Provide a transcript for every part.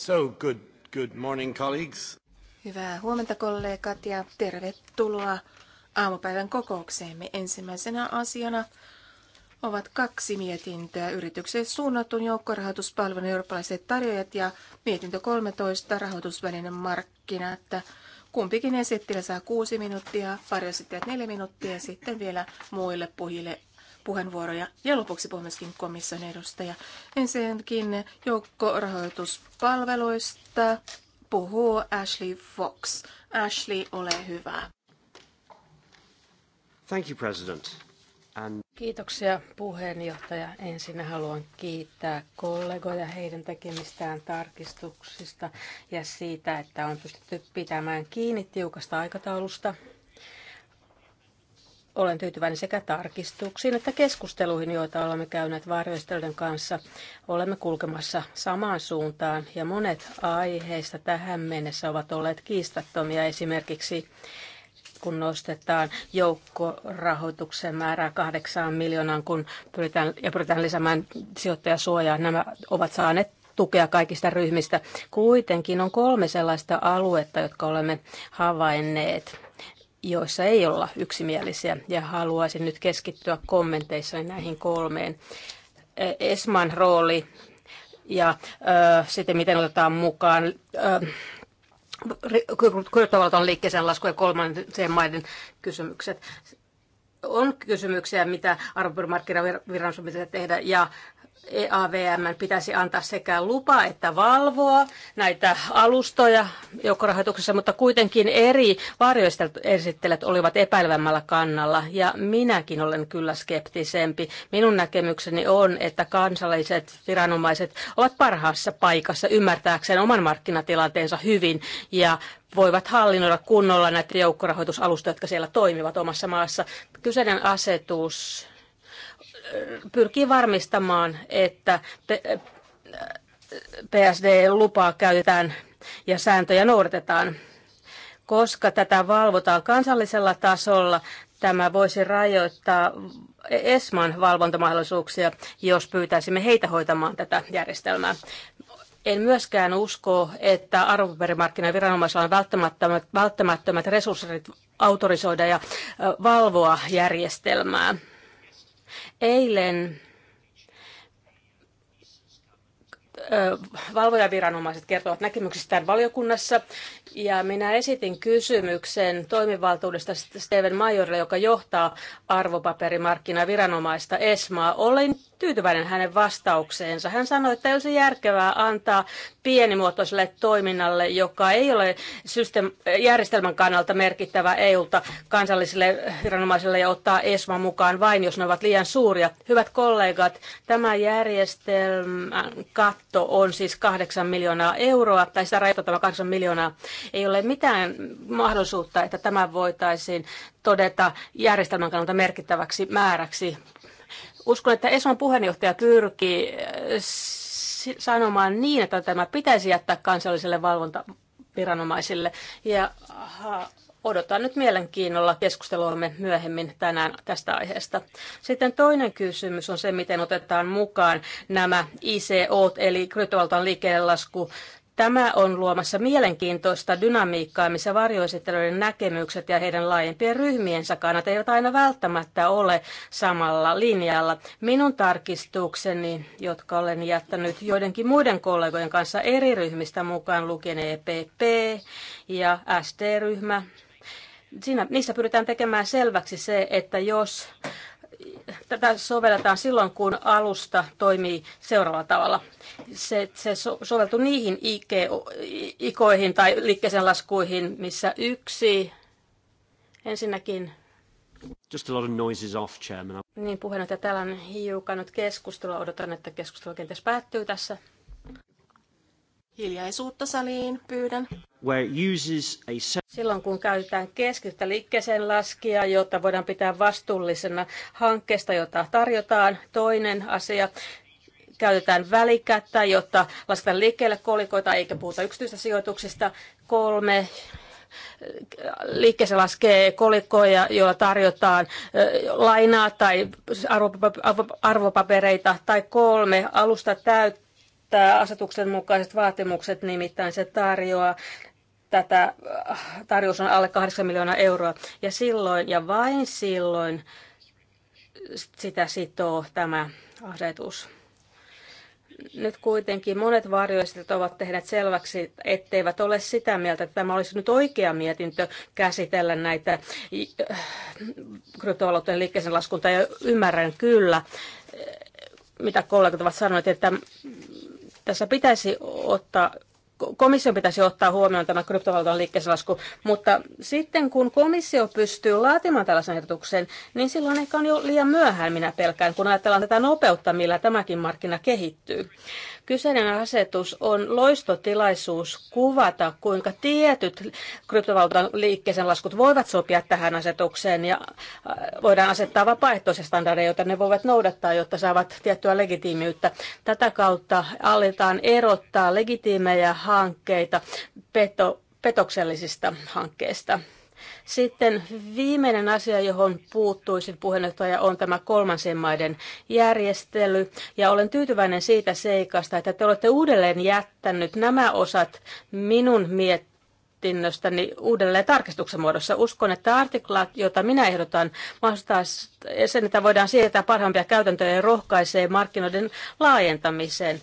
So, good, good morning, colleagues. Hyvää huomenta kollegat ja tervetuloa aamupäivän kokoukseemme. Ensimmäisenä asiana ovat kaksi mietintöä. Yritykselle suunnatun joukkorahoituspalvelun eurooppalaiset tarjoajat ja mietintö 13 rahoitusvälinen markkinat. Kumpikin esittelijä saa kuusi minuuttia, varjosittelijat neljä minuuttia ja sitten vielä muille puhille puheenvuoroja. Ja lopuksi puhun myöskin komission edustaja. Ensinnäkin joukkorahoituspalveluista puhuu Ashley Fox. Ashley, ole hyvä. Thank you, President. And... Kiitoksia puheenjohtaja. Ensin haluan kiittää kollegoja heidän tekemistään tarkistuksista ja siitä, että on pystytty pitämään kiinni tiukasta aikataulusta. Olen tyytyväinen sekä tarkistuksiin että keskusteluihin, joita olemme käyneet varjoistelujen kanssa. Olemme kulkemassa samaan suuntaan ja monet aiheista tähän mennessä ovat olleet kiistattomia. Esimerkiksi kun nostetaan joukkorahoituksen määrää kahdeksaan miljoonaan kun pyritään, ja pyritään lisäämään sijoittajasuojaa. Nämä ovat saaneet tukea kaikista ryhmistä. Kuitenkin on kolme sellaista aluetta, jotka olemme havainneet joissa ei olla yksimielisiä, ja haluaisin nyt keskittyä kommenteissa näihin kolmeen. E, Esman rooli ja äh, sitten miten otetaan mukaan äh, kuluttavaltaan liikkeeseen lasku ja kolmanteen maiden kysymykset. On kysymyksiä, mitä arvopyörimarkkinaviranomaisen tehdä ja EAVM pitäisi antaa sekä lupa että valvoa näitä alustoja joukkorahoituksessa, mutta kuitenkin eri varjoesittelijät olivat epäilevämmällä kannalla ja minäkin olen kyllä skeptisempi. Minun näkemykseni on, että kansalliset viranomaiset ovat parhaassa paikassa ymmärtääkseen oman markkinatilanteensa hyvin ja voivat hallinnoida kunnolla näitä joukkorahoitusalustoja, jotka siellä toimivat omassa maassa. Kyseinen asetus pyrkii varmistamaan, että PSD-lupaa käytetään ja sääntöjä noudatetaan. Koska tätä valvotaan kansallisella tasolla, tämä voisi rajoittaa ESMAn valvontamahdollisuuksia, jos pyytäisimme heitä hoitamaan tätä järjestelmää. En myöskään usko, että arvopaperimarkkinaviranomaisilla on välttämättömät, välttämättömät resurssit autorisoida ja valvoa järjestelmää. Eilen valvojaviranomaiset kertovat näkemyksistään valiokunnassa. Ja minä esitin kysymyksen toimivaltuudesta Steven Majorille, joka johtaa arvopaperimarkkinaviranomaista ESMAa. Olin tyytyväinen hänen vastaukseensa. Hän sanoi, että ei olisi järkevää antaa pienimuotoiselle toiminnalle, joka ei ole systeem- järjestelmän kannalta merkittävä EUlta kansallisille viranomaisille ja ottaa ESMA mukaan vain, jos ne ovat liian suuria. Hyvät kollegat, tämä järjestelmän katto on siis 8 miljoonaa euroa, tai sitä rajoittaa 8 miljoonaa. Ei ole mitään mahdollisuutta, että tämä voitaisiin todeta järjestelmän kannalta merkittäväksi määräksi Uskon, että Eson puheenjohtaja pyrkii äh, sanomaan niin, että tämä pitäisi jättää kansalliselle valvontaviranomaisille. Ja aha, odotan nyt mielenkiinnolla keskusteluamme myöhemmin tänään tästä aiheesta. Sitten toinen kysymys on se, miten otetaan mukaan nämä ICO, eli kryptovaltan liikelasku Tämä on luomassa mielenkiintoista dynamiikkaa, missä varjoesittelyiden näkemykset ja heidän laajempien ryhmiensä kannat eivät aina välttämättä ole samalla linjalla. Minun tarkistukseni, jotka olen jättänyt joidenkin muiden kollegojen kanssa eri ryhmistä mukaan lukien EPP ja sd ryhmä Siinä, niissä pyritään tekemään selväksi se, että jos tätä sovelletaan silloin, kun alusta toimii seuraavalla tavalla. Se, se so, soveltuu niihin IK, ikoihin tai liikkeeseen laskuihin, missä yksi ensinnäkin... Just a lot of noises off, Chairman. Niin puheenjohtaja, täällä on hiukan nyt keskustelua. Odotan, että keskustelu kenties päättyy tässä. Hiljaisuutta saliin pyydän. Silloin kun käytetään keskitystä liikkeeseen laskia, jota voidaan pitää vastuullisena hankkeesta, jota tarjotaan. Toinen asia, käytetään välikättä, jotta lasketaan liikkeelle kolikoita eikä puhuta yksityistä sijoituksista. Kolme, liikkeessä laskee kolikkoja, joilla tarjotaan lainaa tai arvopapereita, tai kolme, alusta täyttää täyttää asetuksen mukaiset vaatimukset, nimittäin se tarjoaa tätä äh, tarjous on alle 8 miljoonaa euroa. Ja silloin ja vain silloin sitä sitoo tämä asetus. Nyt kuitenkin monet varjoiset ovat tehneet selväksi, etteivät ole sitä mieltä, että tämä olisi nyt oikea mietintö käsitellä näitä äh, kryptovaluuttojen liikkeeseen laskunta. Ja ymmärrän kyllä, mitä kollegat ovat sanoneet, että tässä pitäisi ottaa komission pitäisi ottaa huomioon tämä kryptovaluutan liikkeessä lasku, mutta sitten kun komissio pystyy laatimaan tällaisen ehdotuksen, niin silloin ehkä on jo liian myöhään, minä pelkään, kun ajatellaan tätä nopeutta, millä tämäkin markkina kehittyy. Kyseinen asetus on loistotilaisuus kuvata, kuinka tietyt kryptovaluutan liikkeeseen laskut voivat sopia tähän asetukseen ja äh, voidaan asettaa vapaaehtoisia standardeja, joita ne voivat noudattaa, jotta saavat tiettyä legitiimiyttä. Tätä kautta aletaan erottaa legitiimejä hankkeita peto, petoksellisista hankkeista. Sitten viimeinen asia, johon puuttuisin puheenjohtaja, on tämä kolmansien maiden järjestely. Ja olen tyytyväinen siitä seikasta, että te olette uudelleen jättänyt nämä osat minun miettimään mietinnöstäni uudelleen tarkistuksen muodossa. Uskon, että artikla, jota minä ehdotan, mahdollistaa sen, että voidaan siirtää parhaimpia käytäntöjä ja rohkaisee markkinoiden laajentamiseen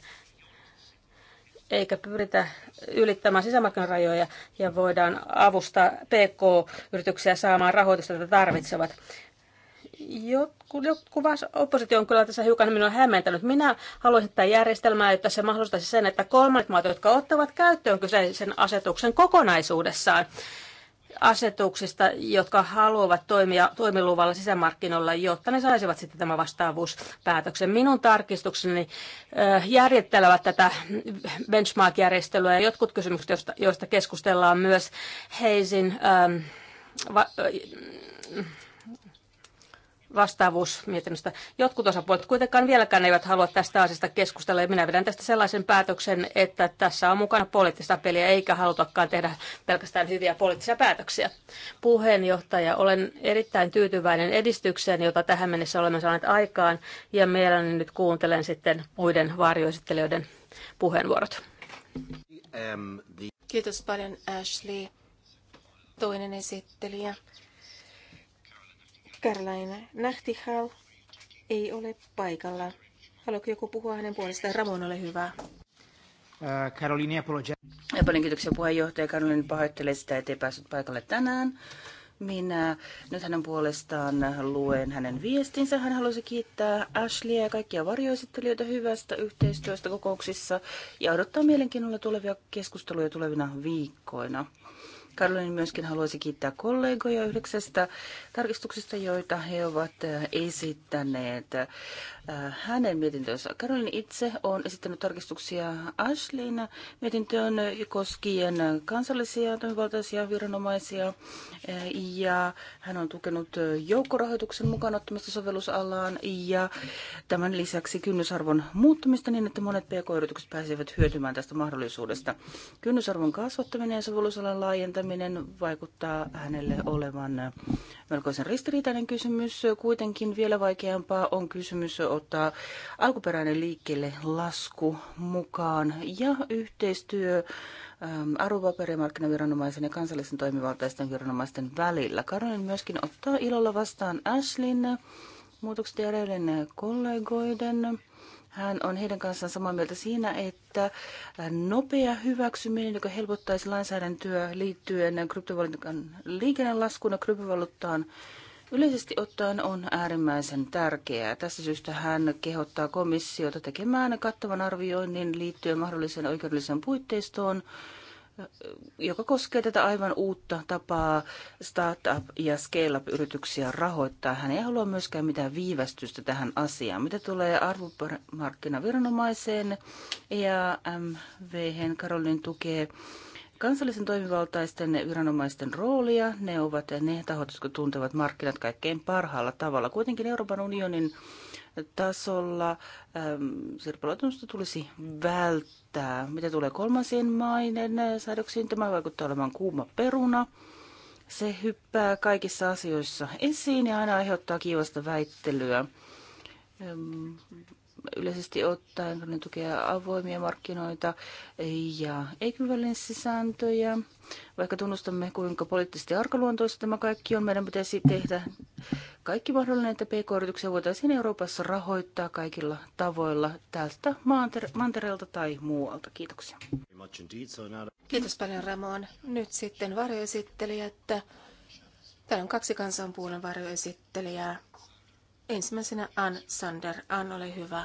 eikä pyritä ylittämään sisämarkkinarajoja ja voidaan avustaa PK-yrityksiä saamaan rahoitusta, jota tarvitsevat. Jotkut, jotkut oppositio on kyllä tässä hiukan minua hämmentänyt. Minä haluaisin tätä järjestelmää, että se mahdollistaisi sen, että kolmannet maat, jotka ottavat käyttöön kyseisen asetuksen kokonaisuudessaan, asetuksista, jotka haluavat toimia toimiluvalla sisämarkkinoilla, jotta ne saisivat sitten tämä vastaavuuspäätöksen. Minun tarkistukseni äh, järjettelevät tätä benchmark-järjestelyä ja jotkut kysymykset, joista keskustellaan myös Heisin ähm, va- äh, mietinnöstä. Jotkut osapuolet kuitenkaan vieläkään eivät halua tästä asiasta keskustella, ja minä vedän tästä sellaisen päätöksen, että tässä on mukana poliittista peliä, eikä halutakaan tehdä pelkästään hyviä poliittisia päätöksiä. Puheenjohtaja, olen erittäin tyytyväinen edistykseen, jota tähän mennessä olemme saaneet aikaan, ja mielelläni nyt kuuntelen sitten muiden varjoesittelijöiden puheenvuorot. Kiitos paljon Ashley, toinen esittelijä. Caroline Nähtihal ei ole paikalla. Haluatko joku puhua hänen puolestaan? Ramon, ole hyvä. Karolinia äh, Apologia. Paljon kiitoksia puheenjohtaja. Karolin pahoittelee sitä, ettei päässyt paikalle tänään. Minä nyt hänen puolestaan luen hänen viestinsä. Hän halusi kiittää Ashleyä ja kaikkia varjoesittelijöitä hyvästä yhteistyöstä kokouksissa ja odottaa mielenkiinnolla tulevia keskusteluja tulevina viikkoina. Karolin myöskin haluaisi kiittää kollegoja yhdeksästä tarkistuksesta, joita he ovat eh, esittäneet. Äh, hänen mietintönsä. Karolin itse on esittänyt tarkistuksia Ashleyn mietintöön koskien kansallisia toimivaltaisia viranomaisia äh, ja hän on tukenut joukkorahoituksen mukaan ottamista sovellusalaan ja tämän lisäksi kynnysarvon muuttamista niin, että monet pk-yritykset pääsevät hyötymään tästä mahdollisuudesta. Kynnysarvon kasvattaminen ja sovellusalan laajentaminen vaikuttaa hänelle olevan melkoisen ristiriitainen kysymys. Kuitenkin vielä vaikeampaa on kysymys ottaa alkuperäinen liikkeelle lasku mukaan ja yhteistyö ähm, arvopaperimarkkinaviranomaisen ja kansallisen toimivaltaisten viranomaisten välillä. Karolin myöskin ottaa ilolla vastaan Ashlin muutokset ja kollegoiden. Hän on heidän kanssaan samaa mieltä siinä, että nopea hyväksyminen, joka helpottaisi lainsäädäntöä liittyen kryptovaluutan liikennelaskuun ja kryptovaluuttaan yleisesti ottaen on äärimmäisen tärkeää. Tästä syystä hän kehottaa komissiota tekemään kattavan arvioinnin liittyen mahdolliseen oikeudelliseen puitteistoon, joka koskee tätä aivan uutta tapaa startup- ja scale-up-yrityksiä rahoittaa. Hän ei halua myöskään mitään viivästystä tähän asiaan. Mitä tulee arvomarkkinaviranomaiseen ja e MVhen Karolin tukee kansallisen toimivaltaisten viranomaisten roolia. Ne ovat ne tahot, jotka tuntevat markkinat kaikkein parhaalla tavalla. Kuitenkin Euroopan unionin tasolla äm, sirpaloitumista tulisi välttää. Mitä tulee kolmansien maiden säädöksiin, tämä vaikuttaa olevan kuuma peruna. Se hyppää kaikissa asioissa esiin ja aina aiheuttaa kiivasta väittelyä. Ehm, yleisesti ottaen ne tukee avoimia markkinoita ja ekvivalenssisääntöjä. Vaikka tunnustamme, kuinka poliittisesti arkaluontoista tämä kaikki on, meidän pitäisi tehdä kaikki mahdollinen, että pk-yrityksiä voitaisiin Euroopassa rahoittaa kaikilla tavoilla tältä mantereelta tai muualta. Kiitoksia. Kiitos paljon Ramon. Nyt sitten varjoesittelijät. Täällä on kaksi kansanpuolen varjoesittelijää. Ensimmäisenä Ann Sander. Ann, ole hyvä.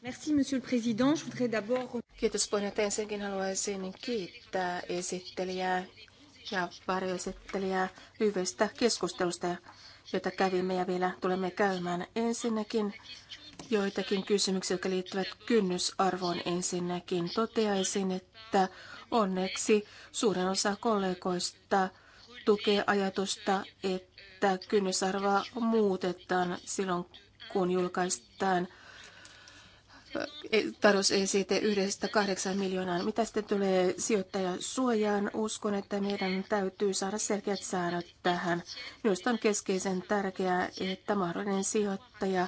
Merci, monsieur le président. Je voudrais d'abord... Kiitos puheenjohtaja. Ensinnäkin haluaisin kiittää esittelijää ja varjoesittelijää hyvästä keskustelusta, jota kävimme ja vielä tulemme käymään. Ensinnäkin joitakin kysymyksiä, jotka liittyvät kynnysarvoon ensinnäkin. Toteaisin, että onneksi suurin osa kollegoista tukee ajatusta, että että kynnysarvoa muutetaan silloin, kun julkaistaan eh, tarjousesite yhdestä kahdeksan miljoonaa. Mitä sitten tulee sijoittajan suojaan? Uskon, että meidän täytyy saada selkeät säännöt tähän. Minusta on keskeisen tärkeää, että mahdollinen sijoittaja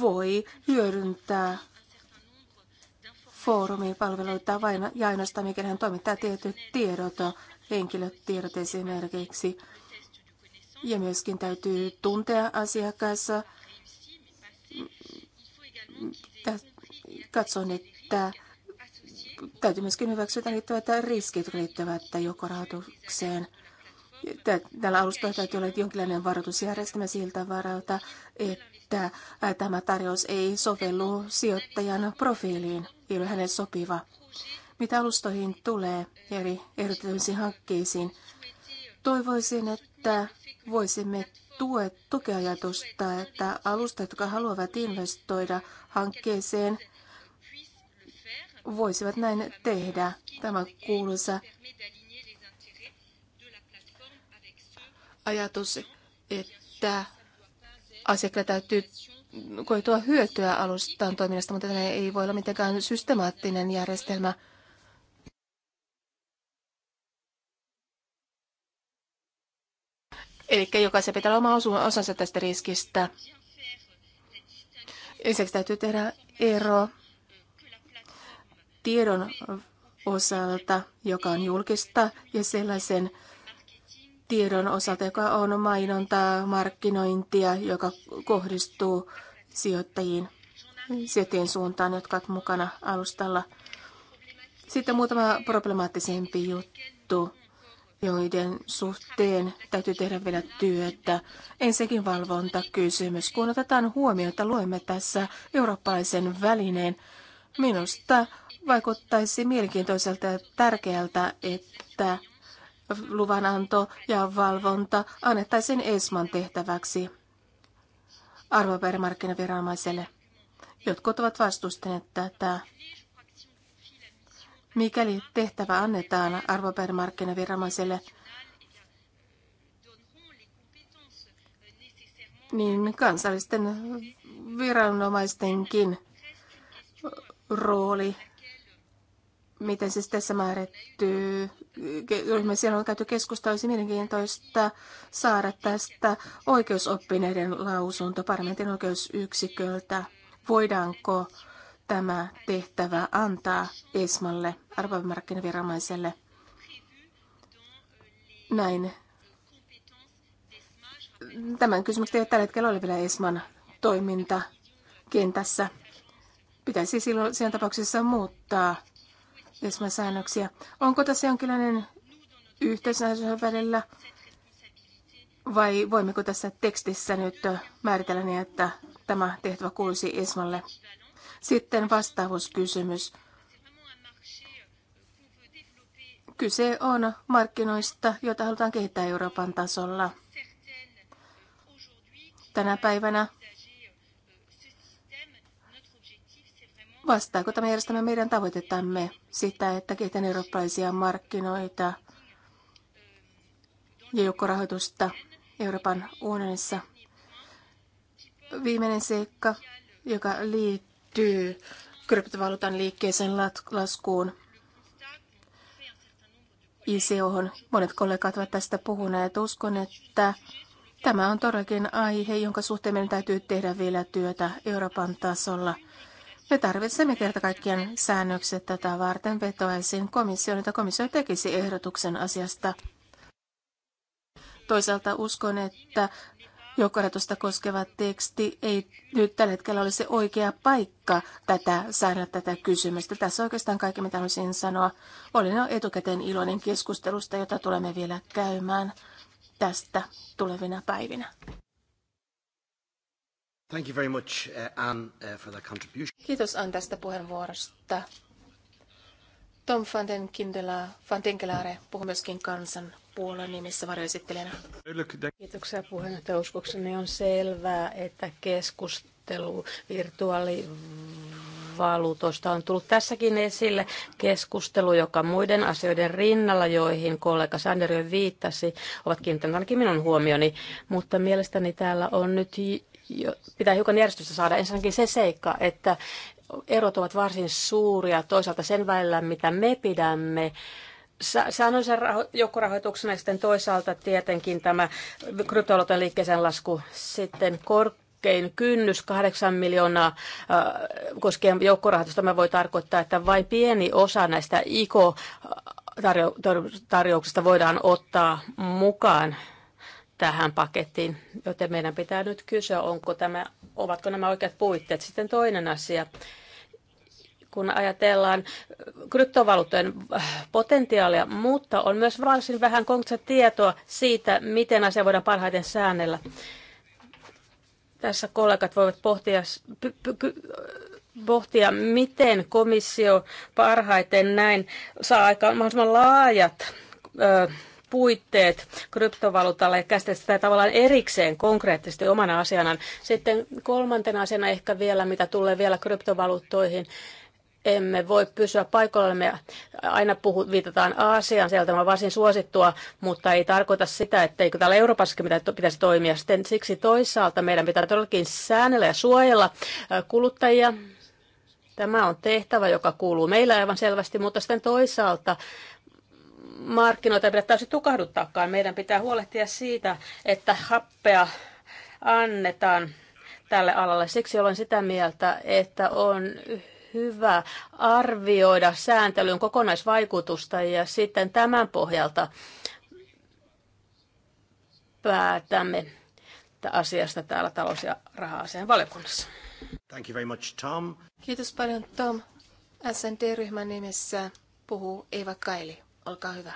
voi hyödyntää foorumin palveluita vain ja ainoastaan, mikä hän toimittaa tietyt tiedot, henkilötiedot esimerkiksi ja myöskin täytyy tuntea asiakkaassa, Katson, että täytyy myöskin hyväksyä riittävät riskit, jotka liittyvät joukkorahoitukseen. Tällä alustalla täytyy olla jonkinlainen varoitusjärjestelmä siltä varalta, että tämä tarjous ei sovellu sijoittajan profiiliin, ei ole hänelle sopiva. Mitä alustoihin tulee eri erityisiin hankkeisiin, toivoisin, että voisimme tue, tukea ajatusta, että alustat, jotka haluavat investoida hankkeeseen, voisivat näin tehdä. Tämä kuuluisa ajatus, että asiakkailla täytyy koitua hyötyä alustan toiminnasta, mutta tämä ei voi olla mitenkään systemaattinen järjestelmä. Eli jokaisen pitää olla oma osansa tästä riskistä. Lisäksi täytyy tehdä ero tiedon osalta, joka on julkista, ja sellaisen tiedon osalta, joka on mainontaa, markkinointia, joka kohdistuu sijoittajiin, sijoittajien suuntaan, jotka ovat mukana alustalla. Sitten muutama problemaattisempi juttu joiden suhteen täytyy tehdä vielä työtä. Ensinnäkin valvontakysymys. Kun otetaan huomioon, että luemme tässä eurooppalaisen välineen, minusta vaikuttaisi mielenkiintoiselta ja tärkeältä, että luvananto ja valvonta annettaisiin ESMAn tehtäväksi arvopäärimarkkinaviranomaiselle. Jotkut ovat vastustaneet tätä Mikäli tehtävä annetaan arvopaperimarkkinaviranomaiselle, niin kansallisten viranomaistenkin rooli, miten se tässä määrittyy, me siellä on käyty keskustelua, olisi mielenkiintoista saada tästä oikeusoppineiden lausunto parlamentin oikeusyksiköltä. Voidaanko tämä tehtävä antaa ESMalle, arvoimarkkinaviranomaiselle. Näin. Tämän kysymyksen ei tällä hetkellä ole vielä ESMan toiminta kentässä. Pitäisi silloin siinä tapauksessa muuttaa ESMan säännöksiä. Onko tässä jonkinlainen yhteys välillä? Vai voimmeko tässä tekstissä nyt määritellä niin, että tämä tehtävä kuulisi Esmalle sitten vastaavuuskysymys. Kyse on markkinoista, joita halutaan kehittää Euroopan tasolla. Tänä päivänä vastaako tämä järjestelmä meidän tavoitettamme sitä, että kehitän eurooppalaisia markkinoita ja joukkorahoitusta Euroopan unionissa. Viimeinen seikka, joka liittyy liittyy kryptovaluutan liikkeeseen laskuun. ICOhon monet kollegat ovat tästä puhuneet. Uskon, että tämä on todellakin aihe, jonka suhteen meidän täytyy tehdä vielä työtä Euroopan tasolla. Me tarvitsemme kerta kaikkien säännökset tätä varten vetoaisin komissioon, että komissio tekisi ehdotuksen asiasta. Toisaalta uskon, että joukkorahoitusta koskeva teksti ei nyt tällä hetkellä ole se oikea paikka tätä, saada tätä kysymystä. Tässä oikeastaan kaikki, mitä haluaisin sanoa. Olin jo etukäteen iloinen keskustelusta, jota tulemme vielä käymään tästä tulevina päivinä. Thank you very much, uh, Anne, uh, for that contribution. Kiitos Anne tästä puheenvuorosta. Tom van den, Kindela, van den Kelare puhuu myöskin kansan puolueen nimissä varjoesittelijänä. Kiitoksia puheenjohtaja. Uskokseni on selvää, että keskustelu virtuaali valuutoista on tullut tässäkin esille keskustelu, joka muiden asioiden rinnalla, joihin kollega Sanderio viittasi, ovat kiinnittäneet ainakin minun huomioni. Mutta mielestäni täällä on nyt pitää hiukan järjestystä saada. Ensinnäkin se seikka, että erot ovat varsin suuria toisaalta sen välillä, mitä me pidämme säännöllisen joukkorahoituksena ja sitten toisaalta tietenkin tämä kryptovaluutan liikkeeseen lasku sitten korkein kynnys 8 miljoonaa koskien joukkorahoitusta. Tämä voi tarkoittaa, että vain pieni osa näistä iko tarjouksista voidaan ottaa mukaan tähän pakettiin, joten meidän pitää nyt kysyä, onko tämä, ovatko nämä oikeat puitteet. Sitten toinen asia, kun ajatellaan kryptovaluuttojen äh, potentiaalia, mutta on myös varsin vähän konkreettista tietoa siitä, miten asia voidaan parhaiten säännellä. Tässä kollegat voivat pohtia, pohtia, miten komissio parhaiten näin saa aika mahdollisimman laajat ö, puitteet kryptovaluutalle ja käsitellä sitä tavallaan erikseen konkreettisesti omana asianaan. Sitten kolmantena asiana ehkä vielä, mitä tulee vielä kryptovaluuttoihin, emme voi pysyä paikoillamme. Aina puhut, viitataan Aasiaan, sieltä on varsin suosittua, mutta ei tarkoita sitä, että eikö täällä Euroopassakin pitäisi toimia. Sitten siksi toisaalta meidän pitää todellakin säännellä ja suojella kuluttajia. Tämä on tehtävä, joka kuuluu meillä aivan selvästi, mutta sitten toisaalta markkinoita ei pidä täysin tukahduttaakaan. Meidän pitää huolehtia siitä, että happea annetaan tälle alalle. Siksi olen sitä mieltä, että on hyvä arvioida sääntelyn kokonaisvaikutusta ja sitten tämän pohjalta päätämme asiasta täällä talous- ja raha-asian valiokunnassa. Thank you very much, Tom. Kiitos paljon, Tom. SND-ryhmän nimessä puhuu Eva Kaili. Olkaa hyvä.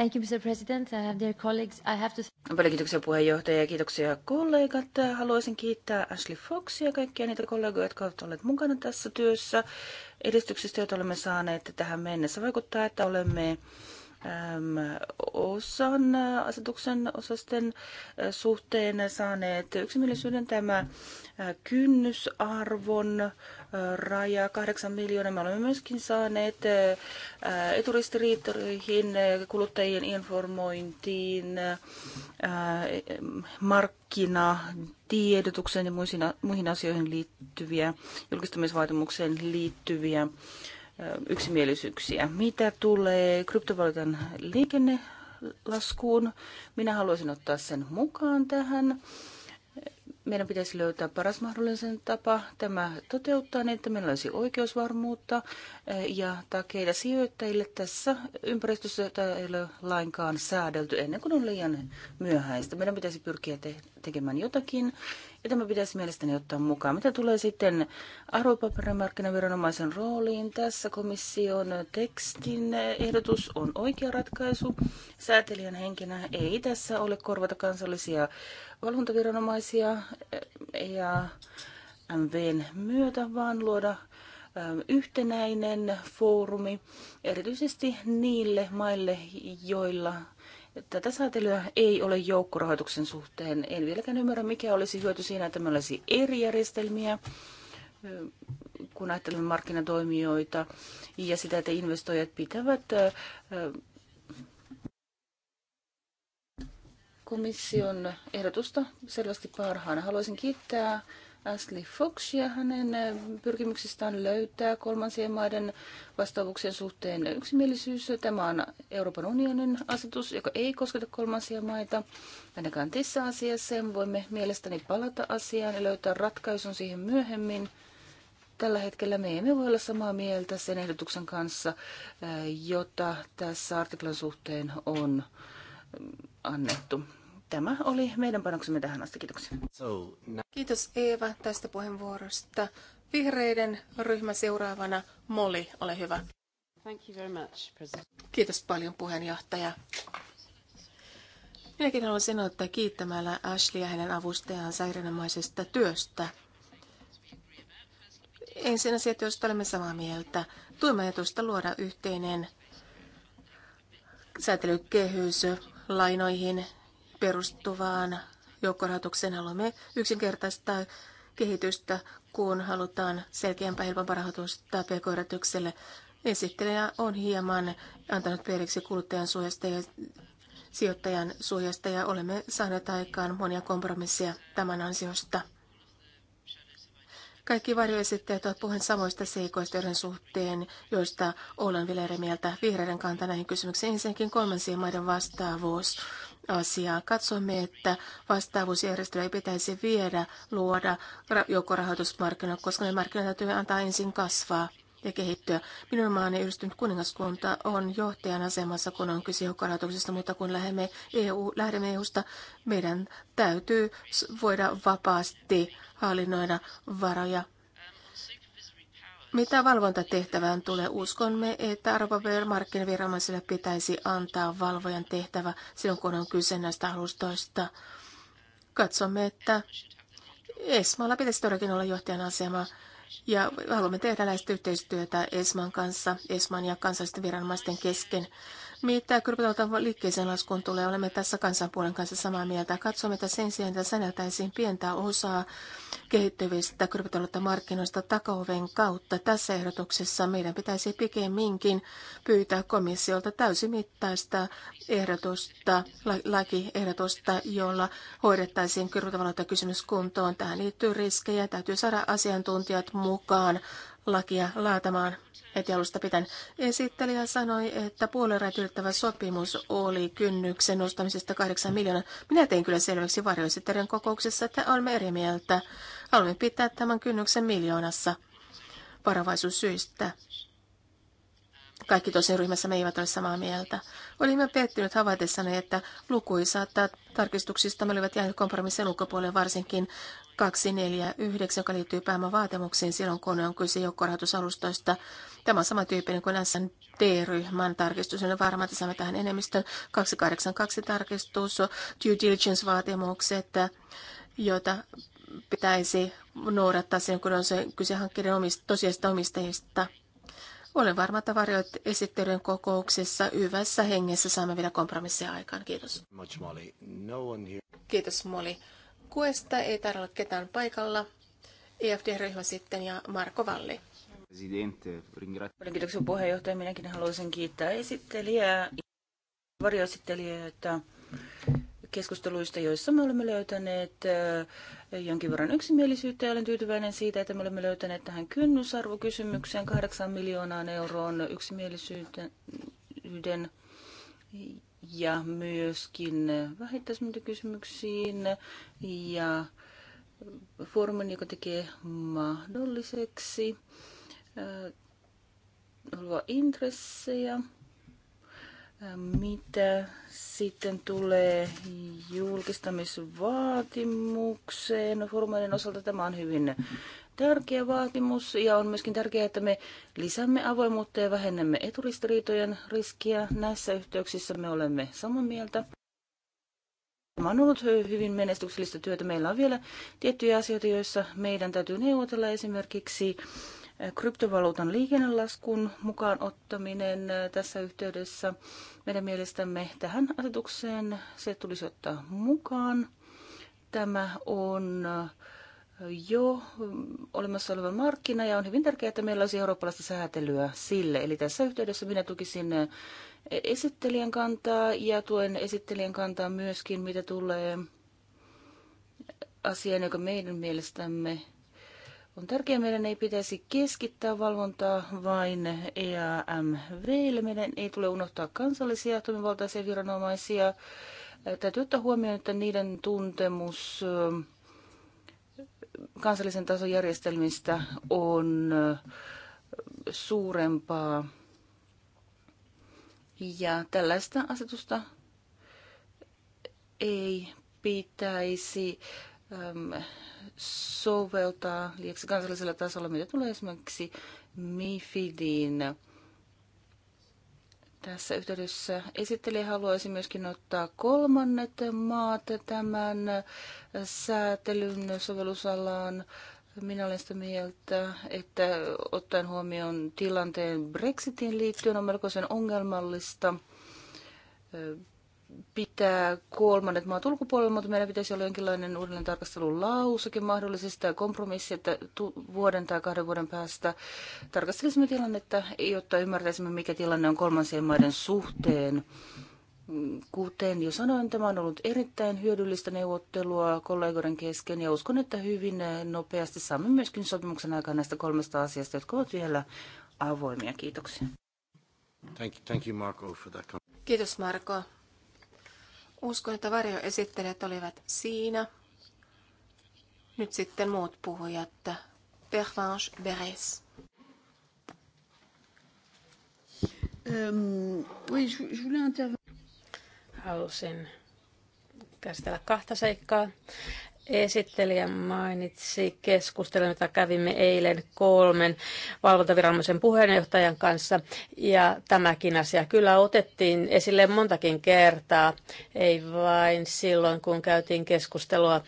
Thank you, Mr. President. Dear colleagues, I have to... Paljon kiitoksia puheenjohtaja ja kiitoksia kollegat. Haluaisin kiittää Ashley Foxia ja kaikkia niitä kollegoja, jotka ovat olleet mukana tässä työssä. Edistyksestä, joita olemme saaneet tähän mennessä, vaikuttaa, että olemme äm, osan äh, asetuksen osasten äh, suhteen saaneet yksimielisyyden tämä äh, kynnysarvon raja, kahdeksan miljoonaa. Me olemme myöskin saaneet eturistiriitoihin, kuluttajien informointiin, markkina, tiedotukseen ja muihin asioihin liittyviä, julkistamisvaatimukseen liittyviä yksimielisyyksiä. Mitä tulee kryptovaluutan liikennelaskuun, minä haluaisin ottaa sen mukaan tähän meidän pitäisi löytää paras mahdollinen tapa tämä toteuttaa niin, että meillä olisi oikeusvarmuutta eh, ja takeita sijoittajille tässä ympäristössä, jota ei ole lainkaan säädelty ennen kuin on liian myöhäistä. Meidän pitäisi pyrkiä te- tekemään jotakin ja tämä pitäisi mielestäni ottaa mukaan. Mitä tulee sitten arvopaperimarkkinaviranomaisen rooliin tässä komission tekstin ehdotus on oikea ratkaisu. Säätelijän henkinä ei tässä ole korvata kansallisia valvontaviranomaisia ja MVn myötä, vaan luoda ähm, yhtenäinen foorumi erityisesti niille maille, joilla Tätä säätelyä ei ole joukkorahoituksen suhteen. En vieläkään ymmärrä, mikä olisi hyöty siinä, että meillä olisi eri järjestelmiä, kun ajattelemme markkinatoimijoita ja sitä, että investoijat pitävät komission ehdotusta selvästi parhaana. Haluaisin kiittää Ashley Fox ja hänen äh, pyrkimyksistään löytää kolmansien maiden vastaavuuksien suhteen yksimielisyys. Tämä on Euroopan unionin asetus, joka ei kosketa kolmansia maita. Ainakaan tässä asiassa voimme mielestäni palata asiaan ja löytää ratkaisun siihen myöhemmin. Tällä hetkellä me emme voi olla samaa mieltä sen ehdotuksen kanssa, äh, jota tässä artiklan suhteen on äh, annettu. Tämä oli meidän panoksemme tähän asti. Kiitoksia. Kiitos Eeva tästä puheenvuorosta. Vihreiden ryhmä seuraavana Moli ole hyvä. Thank you very much, Kiitos paljon puheenjohtaja. Minäkin haluan sanoa, että kiittämällä Ashley ja hänen avustajansa sairaalamaisesta työstä. Ensin asia jos olemme samaa mieltä. Tuemme ajatusta luoda yhteinen säätelykehys lainoihin perustuvaan joukkorahoitukseen haluamme yksinkertaistaa kehitystä, kun halutaan selkeämpää helpompaa rahoitusta pk-yritykselle. Esittelijä on hieman antanut periksi kuluttajan suojasta ja sijoittajan suojasta ja olemme saaneet aikaan monia kompromisseja tämän ansiosta. Kaikki varjoesittäjät ovat puheen samoista seikoista, joiden suhteen, joista olen vielä eri mieltä vihreiden kanta näihin kysymyksiin. Ensinnäkin kolmansien maiden vastaavuus asiaa. Katsomme, että vastaavuusjärjestelyä ei pitäisi viedä luoda joukkorahoitusmarkkinoilla, koska ne markkinat täytyy antaa ensin kasvaa ja kehittyä. Minun maani yhdistynyt kuningaskunta on johtajan asemassa, kun on kyse joukkorahoituksesta, mutta kun lähdemme, EU, lähdemme EUsta, meidän täytyy voida vapaasti hallinnoida varoja mitä valvontatehtävään tulee, uskomme, että arvopaperimarkkinaviranomaiselle pitäisi antaa valvojan tehtävä silloin, kun on kyse näistä alustoista. Katsomme, että Esmalla pitäisi todellakin olla johtajan asema ja haluamme tehdä näistä yhteistyötä Esman kanssa, Esman ja kansallisten viranomaisten kesken. Mitä kyrpätalta liikkeeseen laskuun tulee, olemme tässä kansanpuolen kanssa samaa mieltä. Katsomme, että sen sijaan, että säneltäisiin pientä osaa kehittyvistä kyrpätaloutta markkinoista takaoven kautta. Tässä ehdotuksessa meidän pitäisi pikemminkin pyytää komissiolta täysimittaista ehdotusta, lakiehdotusta, jolla hoidettaisiin kyrpätaloutta kysymys kuntoon. Tähän liittyy riskejä. Täytyy saada asiantuntijat mukaan lakia laatamaan heti alusta pitäen. Esittelijä sanoi, että puolueen sopimus oli kynnyksen nostamisesta 8 miljoonaa. Minä tein kyllä selväksi varjoesittelijän kokouksessa, että olemme eri mieltä. Haluamme pitää tämän kynnyksen miljoonassa varovaisuussyistä kaikki toisen ryhmässä me eivät ole samaa mieltä. Olimme pettynyt havaitessani, että lukuisat tarkistuksista me olivat jääneet kompromissin ulkopuolelle varsinkin 249, joka liittyy pääomavaatimuksiin silloin, kun on kyse joukkorahoitusalustoista. Tämä on niin kuin SND-ryhmän tarkistus. Olen varma, että saamme tähän enemmistön 282 tarkistus, due diligence-vaatimukset, joita pitäisi noudattaa sen, kun on se kyse hankkeiden omist- tosiasta omistajista. Olen varma, että varjoit esittelyjen kokouksessa yvässä hengessä saamme vielä kompromissia aikaan. Kiitos. Much, Molly. No one here. Kiitos Molly. Kuesta ei tarvitse olla ketään paikalla. EFD-ryhmä sitten ja Marko Valli. kiitoksia puheenjohtaja. Minäkin haluaisin kiittää esittelijää, varjoesittelijöitä keskusteluista, joissa me olemme löytäneet jonkin verran yksimielisyyttä ja olen tyytyväinen siitä, että me olemme löytäneet tähän kynnysarvokysymykseen 8 miljoonaan euroon yksimielisyyden ja myöskin vähittäismyyntikysymyksiin ja foorumin, joka tekee mahdolliseksi luo intressejä. Mitä sitten tulee julkistamisvaatimukseen no, foorumeiden osalta, tämä on hyvin tärkeä vaatimus ja on myöskin tärkeää, että me lisäämme avoimuutta ja vähennämme eturistiriitojen riskiä. Näissä yhteyksissä me olemme samaa mieltä. Tämä on ollut hyvin menestyksellistä työtä. Meillä on vielä tiettyjä asioita, joissa meidän täytyy neuvotella esimerkiksi kryptovaluutan liikennelaskun mukaan ottaminen tässä yhteydessä. Meidän mielestämme tähän asetukseen se tulisi ottaa mukaan. Tämä on jo olemassa oleva markkina ja on hyvin tärkeää, että meillä olisi eurooppalaista säätelyä sille. Eli tässä yhteydessä minä tukisin esittelijän kantaa ja tuen esittelijän kantaa myöskin, mitä tulee asiaan, joka meidän mielestämme on tärkeää. Meidän ei pitäisi keskittää valvontaa vain EAMVlle. Meidän ei tule unohtaa kansallisia toimivaltaisia viranomaisia. Täytyy ottaa huomioon, että niiden tuntemus kansallisen tason järjestelmistä on suurempaa. Ja tällaista asetusta ei pitäisi soveltaa liiaksi kansallisella tasolla, mitä tulee esimerkiksi Mifidin Tässä yhteydessä esittelijä haluaisi myöskin ottaa kolmannet maat tämän säätelyn sovellusalaan. Minä olen sitä mieltä, että ottaen huomioon tilanteen Brexitin liittyen on melkoisen ongelmallista pitää kolmannet maat ulkopuolella, mutta meidän pitäisi olla jonkinlainen uudelleen tarkastelun lauseke mahdollisesti tai kompromissi, että vuoden tai kahden vuoden päästä tarkastelisimme tilannetta, jotta ymmärtäisimme, mikä tilanne on kolmansien maiden suhteen. Kuten jo sanoin, tämä on ollut erittäin hyödyllistä neuvottelua kollegoiden kesken ja uskon, että hyvin nopeasti saamme myöskin sopimuksen aikaan näistä kolmesta asiasta, jotka ovat vielä avoimia. Kiitoksia. Thank you, thank you Marco, for that. Kiitos Marko Uskon, että varjoesittelijät olivat siinä. Nyt sitten muut puhujat. Pervanche Beres. Ähm, Haluaisin käsitellä kahta seikkaa. Esittelijä mainitsi keskustelun, jota kävimme eilen kolmen valvontaviranomaisen puheenjohtajan kanssa. Ja tämäkin asia kyllä otettiin esille montakin kertaa, ei vain silloin, kun käytiin keskustelua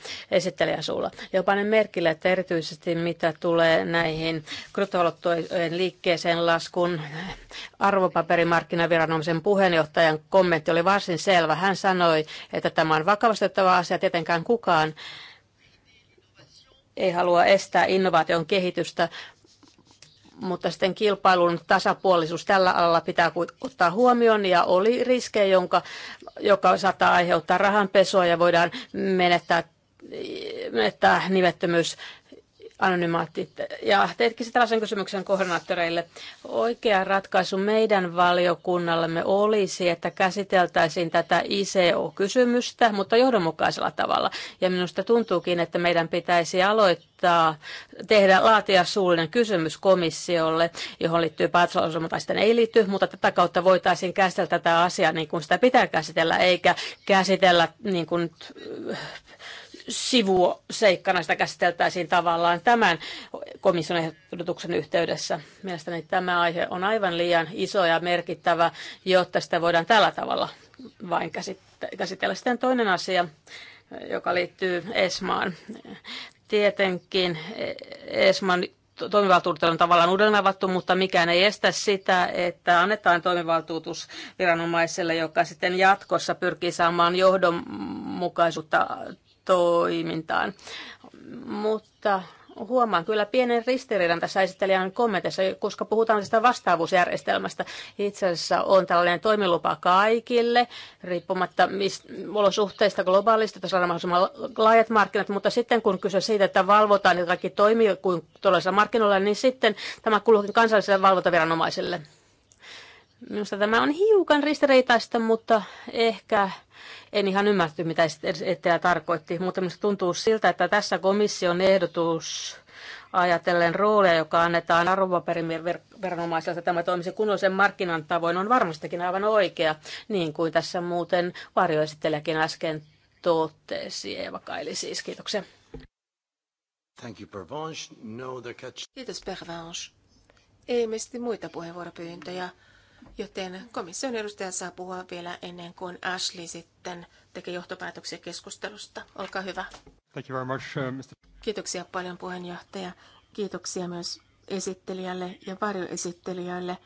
suulla. Ja ne merkille, että erityisesti mitä tulee näihin kryptovaluuttojen liikkeeseen laskun arvopaperimarkkinaviranomaisen puheenjohtajan kommentti oli varsin selvä. Hän sanoi, että tämä on vakavasti otettava asia, tietenkään kukaan ei halua estää innovaation kehitystä, mutta sitten kilpailun tasapuolisuus tällä alalla pitää ottaa huomioon ja oli riskejä, jonka, joka saattaa aiheuttaa rahanpesua ja voidaan menettää menettää nimettömyys anonymaattit. Ja teetkin tällaisen kysymyksen koordinaattoreille. Oikea ratkaisu meidän valiokunnallemme olisi, että käsiteltäisiin tätä ICO-kysymystä, mutta johdonmukaisella tavalla. Ja minusta tuntuukin, että meidän pitäisi aloittaa tehdä laatia suullinen kysymys komissiolle, johon liittyy päätöslausuma tai sitten ei liity, mutta tätä kautta voitaisiin käsitellä tätä asiaa niin kuin sitä pitää käsitellä, eikä käsitellä niin kuin sivuseikkana sitä käsiteltäisiin tavallaan tämän komission ehdotuksen yhteydessä. Mielestäni tämä aihe on aivan liian iso ja merkittävä, jotta sitä voidaan tällä tavalla vain käsitellä. Sitten toinen asia, joka liittyy ESMAan. Tietenkin ESMAn toimivaltuudet on tavallaan uudelleen avattu, mutta mikään ei estä sitä, että annetaan toimivaltuutus viranomaiselle, joka sitten jatkossa pyrkii saamaan johdonmukaisuutta toimintaan. Mutta huomaan kyllä pienen ristiriidan tässä esittelijän kommentissa, koska puhutaan tästä vastaavuusjärjestelmästä. Itse asiassa on tällainen toimilupa kaikille, riippumatta mistä, olosuhteista globaalista, että saadaan mahdollisimman laajat markkinat, mutta sitten kun kyse siitä, että valvotaan, että kaikki toimii kuin todellisella markkinoilla, niin sitten tämä kuuluukin kansalliselle valvontaviranomaiselle. Minusta tämä on hiukan ristiriitaista, mutta ehkä en ihan ymmärtänyt, mitä Etelä tarkoitti, mutta minusta tuntuu siltä, että tässä komission ehdotus ajatellen rooleja, joka annetaan arvopaperiviranomaiselle, tämä toimisi kunnollisen markkinan tavoin, on varmastikin aivan oikea, niin kuin tässä muuten varjoesittelijäkin äsken totesi, Eeva Kaili siis. Kiitoksia. Thank you, Pervanche. No, the catch... Kiitos, Pervanche. Ei muita puheenvuoropyyntöjä. Joten komission edustaja saa puhua vielä ennen kuin Ashley sitten tekee johtopäätöksiä keskustelusta. Olkaa hyvä. Thank you very much, uh, Mr. Kiitoksia paljon puheenjohtaja. Kiitoksia myös esittelijälle ja varjoesittelijälle.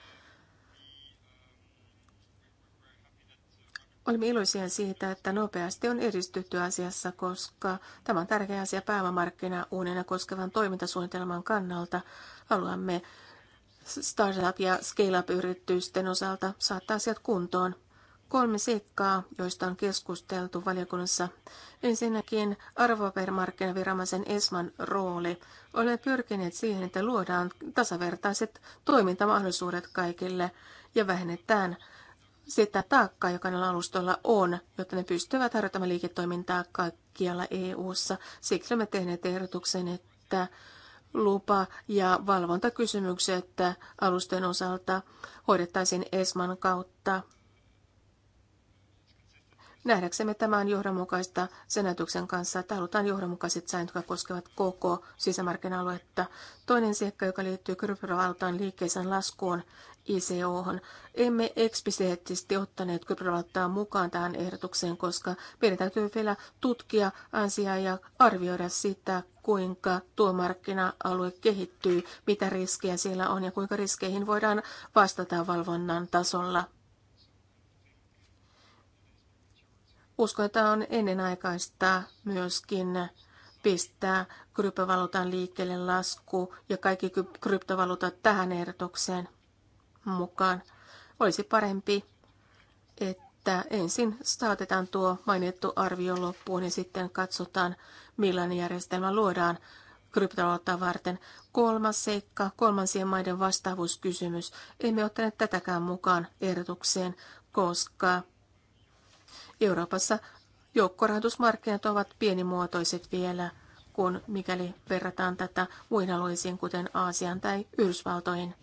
Olemme iloisia siitä, että nopeasti on edistytty asiassa, koska tämä on tärkeä asia päivämarkkina uunena koskevan toimintasuunnitelman kannalta. Haluamme startup- ja scale-up-yritysten osalta saattaa asiat kuntoon. Kolme seikkaa, joista on keskusteltu valiokunnassa. Ensinnäkin arvopaperimarkkinaviranomaisen ESMAn rooli. Olemme pyrkineet siihen, että luodaan tasavertaiset toimintamahdollisuudet kaikille ja vähennetään sitä taakkaa, joka näillä alustoilla on, jotta ne pystyvät harjoittamaan liiketoimintaa kaikkialla EU-ssa. Siksi olemme tehneet ehdotuksen, että lupa- ja valvontakysymykset alusten osalta hoidettaisiin ESMAN kautta. Nähdäksemme tämä on johdonmukaista senätyksen kanssa, että halutaan johdonmukaiset säännöt, jotka koskevat koko sisämarkkina-aluetta. Toinen seikka, joka liittyy kryptovaluutan liikkeeseen laskuun, ICO. -hon. Emme eksplisiittisesti ottaneet kryptovaluuttaa mukaan tähän ehdotukseen, koska meidän täytyy vielä tutkia asiaa ja arvioida sitä, kuinka tuo markkina-alue kehittyy, mitä riskejä siellä on ja kuinka riskeihin voidaan vastata valvonnan tasolla. Uskon, että on ennenaikaista myöskin pistää kryptovaluutan liikkeelle lasku ja kaikki kryptovaluutat tähän ehdotukseen mukaan. Olisi parempi, että että ensin saatetaan tuo mainittu arvio loppuun ja sitten katsotaan, millainen järjestelmä luodaan kryptovaluutta varten. Kolmas seikka, kolmansien maiden vastaavuuskysymys. Emme ottaneet tätäkään mukaan ehdotukseen, koska Euroopassa joukkorahoitusmarkkinat ovat pienimuotoiset vielä, kun mikäli verrataan tätä muihin alueisiin, kuten Aasian tai Yhdysvaltoihin.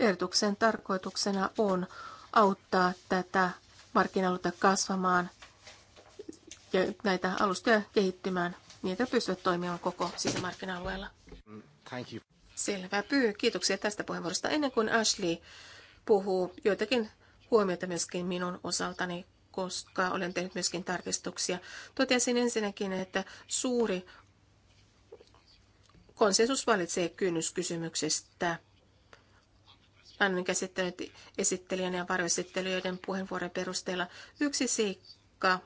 Ehdotuksen tarkoituksena on auttaa tätä markkinaluutta kasvamaan ja näitä alustoja kehittymään niin, että pystyvät toimimaan koko sisämarkkina-alueella. Thank you. Selvä pyy. Kiitoksia tästä puheenvuorosta. Ennen kuin Ashley puhuu, joitakin huomiota myöskin minun osaltani, koska olen tehnyt myöskin tarkistuksia. Totesin ensinnäkin, että suuri konsensus valitsee kynnyskysymyksestä – Lannin käsittänyt esittelijän ja varjoesittelijöiden puheenvuoron perusteella. Yksi seikka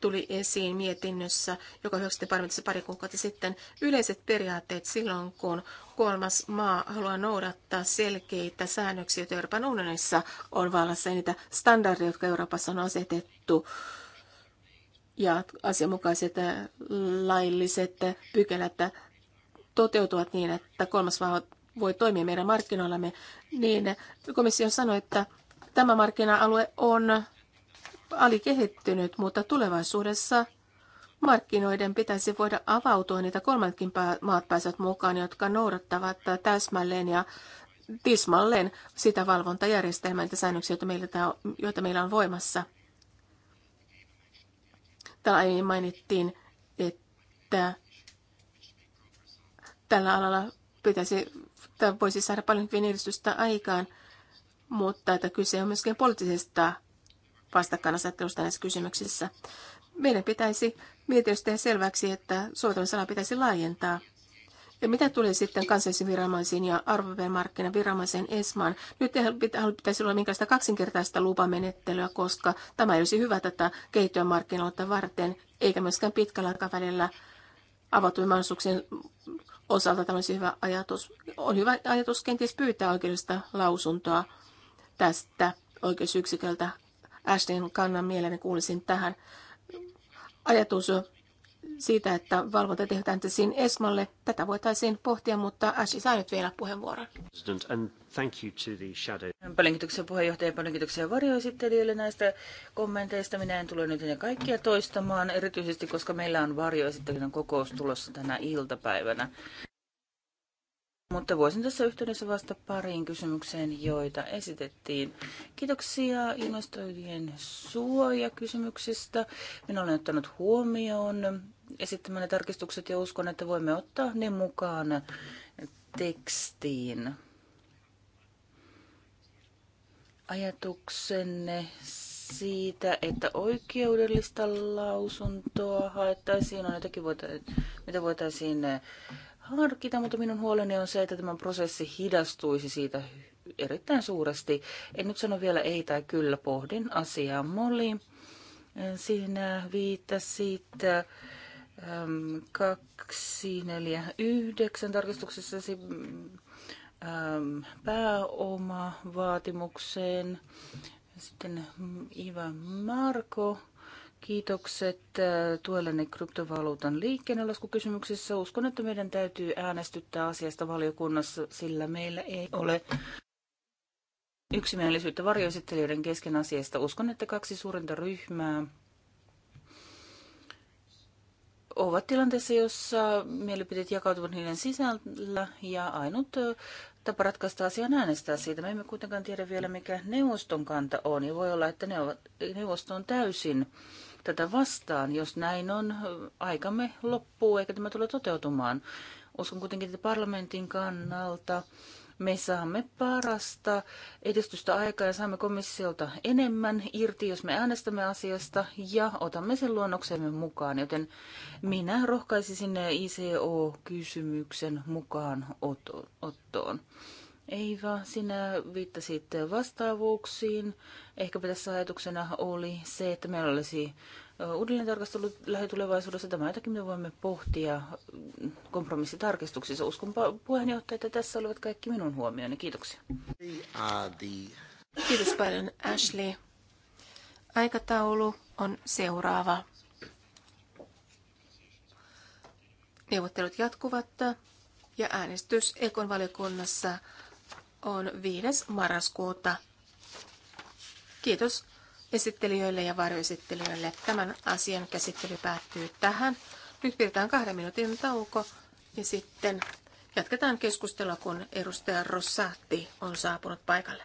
tuli esiin mietinnössä, joka hyväksyttiin parlamentissa pari kuukautta sitten, yleiset periaatteet silloin, kun kolmas maa haluaa noudattaa selkeitä säännöksiä, joita Euroopan unionissa on vallassa ja niitä standardeja, jotka Euroopassa on asetettu ja asianmukaiset äh, lailliset pykälät toteutuvat niin, että kolmas maa voi toimia meidän markkinoillamme, niin komissio sanoi, että tämä markkina-alue on alikehittynyt, mutta tulevaisuudessa markkinoiden pitäisi voida avautua, niitä kolmatkin maat pääsevät mukaan, jotka noudattavat täsmälleen ja tismalleen sitä valvontajärjestelmää, niitä säännöksiä, joita meillä, joita meillä on voimassa. Täällä aiemmin mainittiin, että tällä alalla pitäisi, tai voisi saada paljon hyvin aikaan, mutta että kyse on myöskin poliittisesta vastakkainasettelusta näissä kysymyksissä. Meidän pitäisi mietinnössä tehdä selväksi, että soveltamisala pitäisi laajentaa. Ja mitä tulee sitten kansallisiin viranomaisiin ja arvopaperimarkkinan viranomaiseen ESMAan? Nyt ei pitäisi olla minkäänlaista kaksinkertaista lupamenettelyä, koska tämä ei olisi hyvä tätä kehittyä markkinoilta varten, eikä myöskään pitkällä aikavälillä avautuvien mahdollisuuksien osalta tämä olisi hyvä ajatus. On hyvä ajatus kenties pyytää oikeudellista lausuntoa tästä oikeusyksiköltä. Ashton kannan mielelläni kuulisin tähän. Ajatus siitä, että valvonta tehdään siin Esmalle. Tätä voitaisiin pohtia, mutta Ashi saa nyt vielä puheenvuoron. Paljon kiitoksia puheenjohtaja, paljon kiitoksia varjoesittelijöille näistä kommenteista. Minä en tule nyt ne kaikkia toistamaan, erityisesti koska meillä on varjoesittelijän kokous tulossa tänä iltapäivänä. Mutta voisin tässä yhteydessä vastata pariin kysymykseen, joita esitettiin. Kiitoksia investoijien suojakysymyksistä. Minä olen ottanut huomioon esittämäni tarkistukset ja uskon, että voimme ottaa ne mukaan tekstiin. Ajatuksenne siitä, että oikeudellista lausuntoa haettaisiin, on jotakin, mitä voitaisiin harkita, mutta minun huoleni on se, että tämä prosessi hidastuisi siitä erittäin suuresti. En nyt sano vielä ei tai kyllä, pohdin asiaa. Molly, sinä viittasit äm, 249 tarkistuksessasi äm, pääomavaatimukseen. Sitten Iva Marko Kiitokset äh, tuellenne kryptovaluutan liikkeenlaskukysymyksessä. Uskon, että meidän täytyy äänestyttää asiasta valiokunnassa, sillä meillä ei ole yksimielisyyttä varjoesittelijöiden kesken asiasta. Uskon, että kaksi suurinta ryhmää ovat tilanteessa, jossa mielipiteet jakautuvat niiden sisällä ja ainut äh, tapa ratkaista asiaa on äänestää siitä. Me emme kuitenkaan tiedä vielä, mikä neuvoston kanta on ja voi olla, että neuvosto on täysin tätä vastaan. Jos näin on, aikamme loppuu eikä tämä tule toteutumaan. Uskon kuitenkin, että parlamentin kannalta me saamme parasta edistystä aikaa ja saamme komissiolta enemmän irti, jos me äänestämme asiasta ja otamme sen luonnoksemme mukaan. Joten minä sinne ICO-kysymyksen mukaan ottoon. Eiva, sinä viittasit vastaavuuksiin. Ehkäpä tässä ajatuksena oli se, että meillä olisi uudelleen tarkastelu lähitulevaisuudessa. Tämä jotakin me voimme pohtia mm, kompromissitarkistuksissa. Uskon puheenjohtaja, että tässä olivat kaikki minun huomioni. Kiitoksia. Kiitos paljon Ashley. Aikataulu on seuraava. Neuvottelut jatkuvat ja äänestys Ekon valiokunnassa on 5. marraskuuta. Kiitos esittelijöille ja varjoesittelijöille. Tämän asian käsittely päättyy tähän. Nyt pidetään kahden minuutin tauko ja sitten jatketaan keskustelua, kun edustaja Rossatti on saapunut paikalle.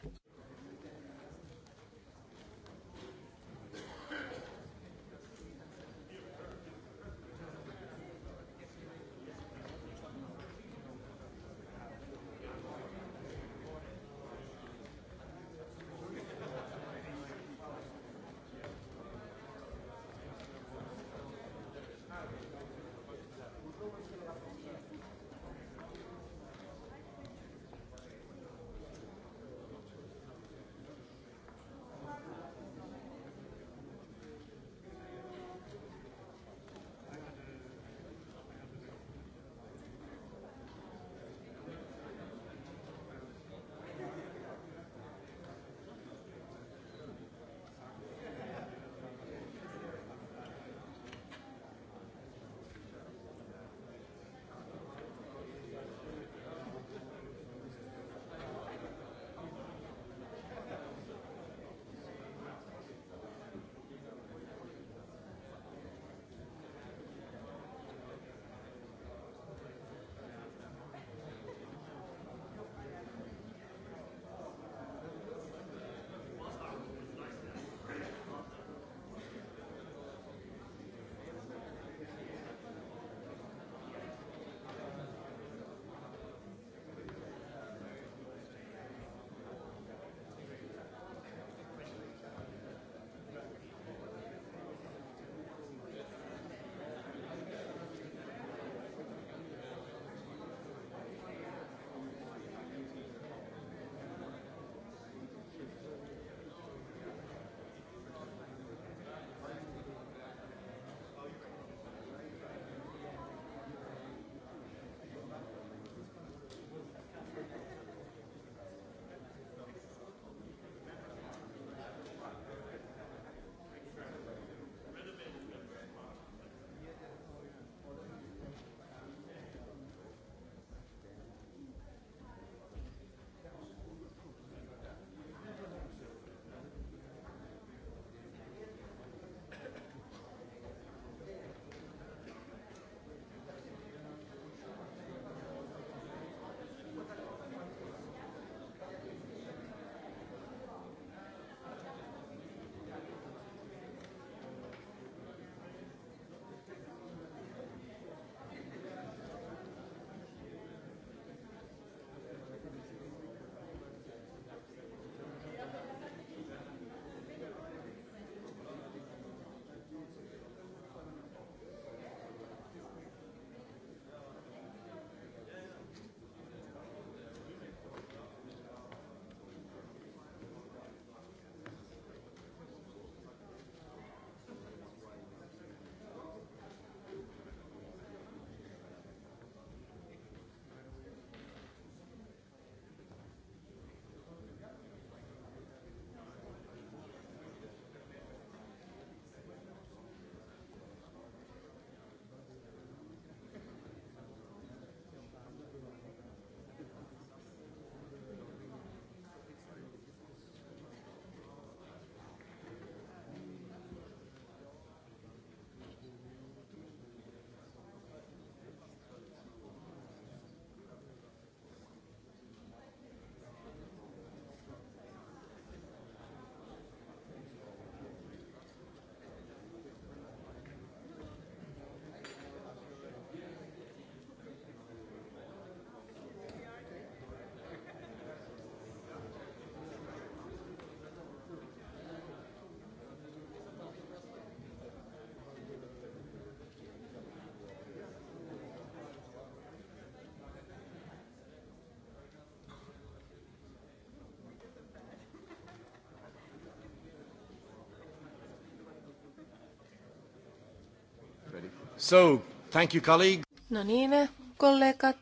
So, thank you, colleague. No niin, kollegat.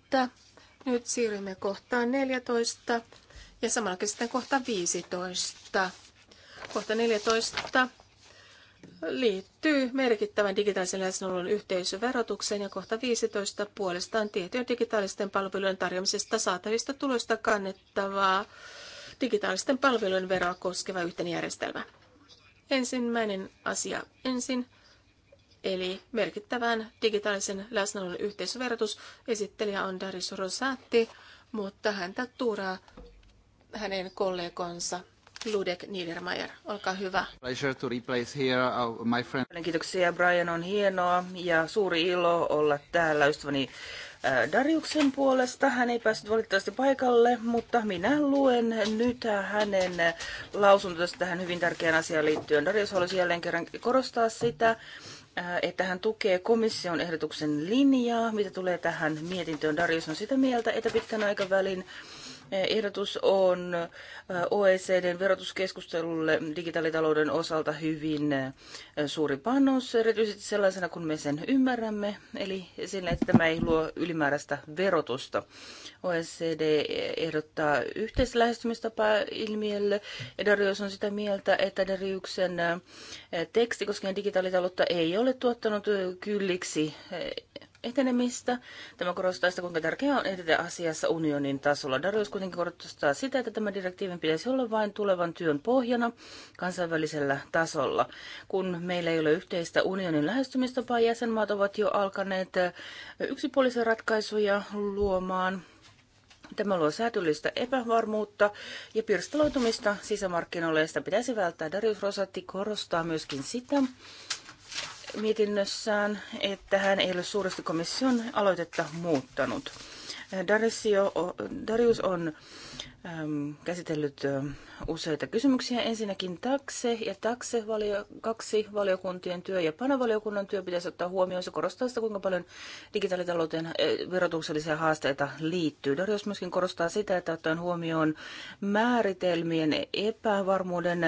Nyt siirrymme kohtaan 14 ja samalla sitten kohtaan 15. Kohta 14 liittyy merkittävän digitaalisen läsnäolon yhteisöverotukseen ja kohta 15 puolestaan tietojen digitaalisten palvelujen tarjoamisesta saatavista tuloista kannettavaa digitaalisten palvelujen veroa koskeva yhteinen järjestelmä. Ensimmäinen asia ensin eli merkittävän digitaalisen läsnäolon yhteisöverotus. Esittelijä on Darius Rosatti, mutta häntä tuuraa hänen kollegonsa Ludek Niedermayer. Olkaa hyvä. Pleasure to replace here uh, my friend. Kiitoksia Brian, on hienoa ja suuri ilo olla täällä ystäväni äh, Dariuksen puolesta. Hän ei päässyt valitettavasti paikalle, mutta minä luen nyt hänen äh, lausuntonsa tähän hyvin tärkeään asiaan liittyen. Darius halusi jälleen kerran korostaa sitä, Äh, että hän tukee komission ehdotuksen linjaa, mitä tulee tähän mietintöön. Darius on sitä mieltä, että pitkän aikavälin ehdotus on äh, OECDn verotuskeskustelulle digitaalitalouden osalta hyvin äh, suuri panos, erityisesti sellaisena kuin me sen ymmärrämme, eli sillä, että tämä ei luo ylimääräistä verotusta. OECD ehdottaa yhteislähestymistapaa ilmiölle, Darius on sitä mieltä, että Dariuksen äh, teksti koskien digitaalitaloutta ei ole tuottanut kylliksi etenemistä. Tämä korostaa sitä, kuinka tärkeää on edetä asiassa unionin tasolla. Darius kuitenkin korostaa sitä, että tämä direktiivin pitäisi olla vain tulevan työn pohjana kansainvälisellä tasolla. Kun meillä ei ole yhteistä unionin lähestymistapaa, jäsenmaat ovat jo alkaneet äh, yksipuolisia ratkaisuja luomaan. Tämä luo säätyllistä epävarmuutta ja pirstaloitumista sisämarkkinoille, sitä pitäisi välttää. Darius Rosatti korostaa myöskin sitä, mietinnössään, että hän ei ole suuresti komission aloitetta muuttanut. Darius on Ähm, käsitellyt ähm, useita kysymyksiä. Ensinnäkin takse ja takse valio, kaksi valiokuntien työ ja panovaliokunnan työ pitäisi ottaa huomioon. Se korostaa sitä, kuinka paljon digitaalitalouteen äh, verotuksellisia haasteita liittyy. Darius myöskin korostaa sitä, että ottaen huomioon määritelmien epävarmuuden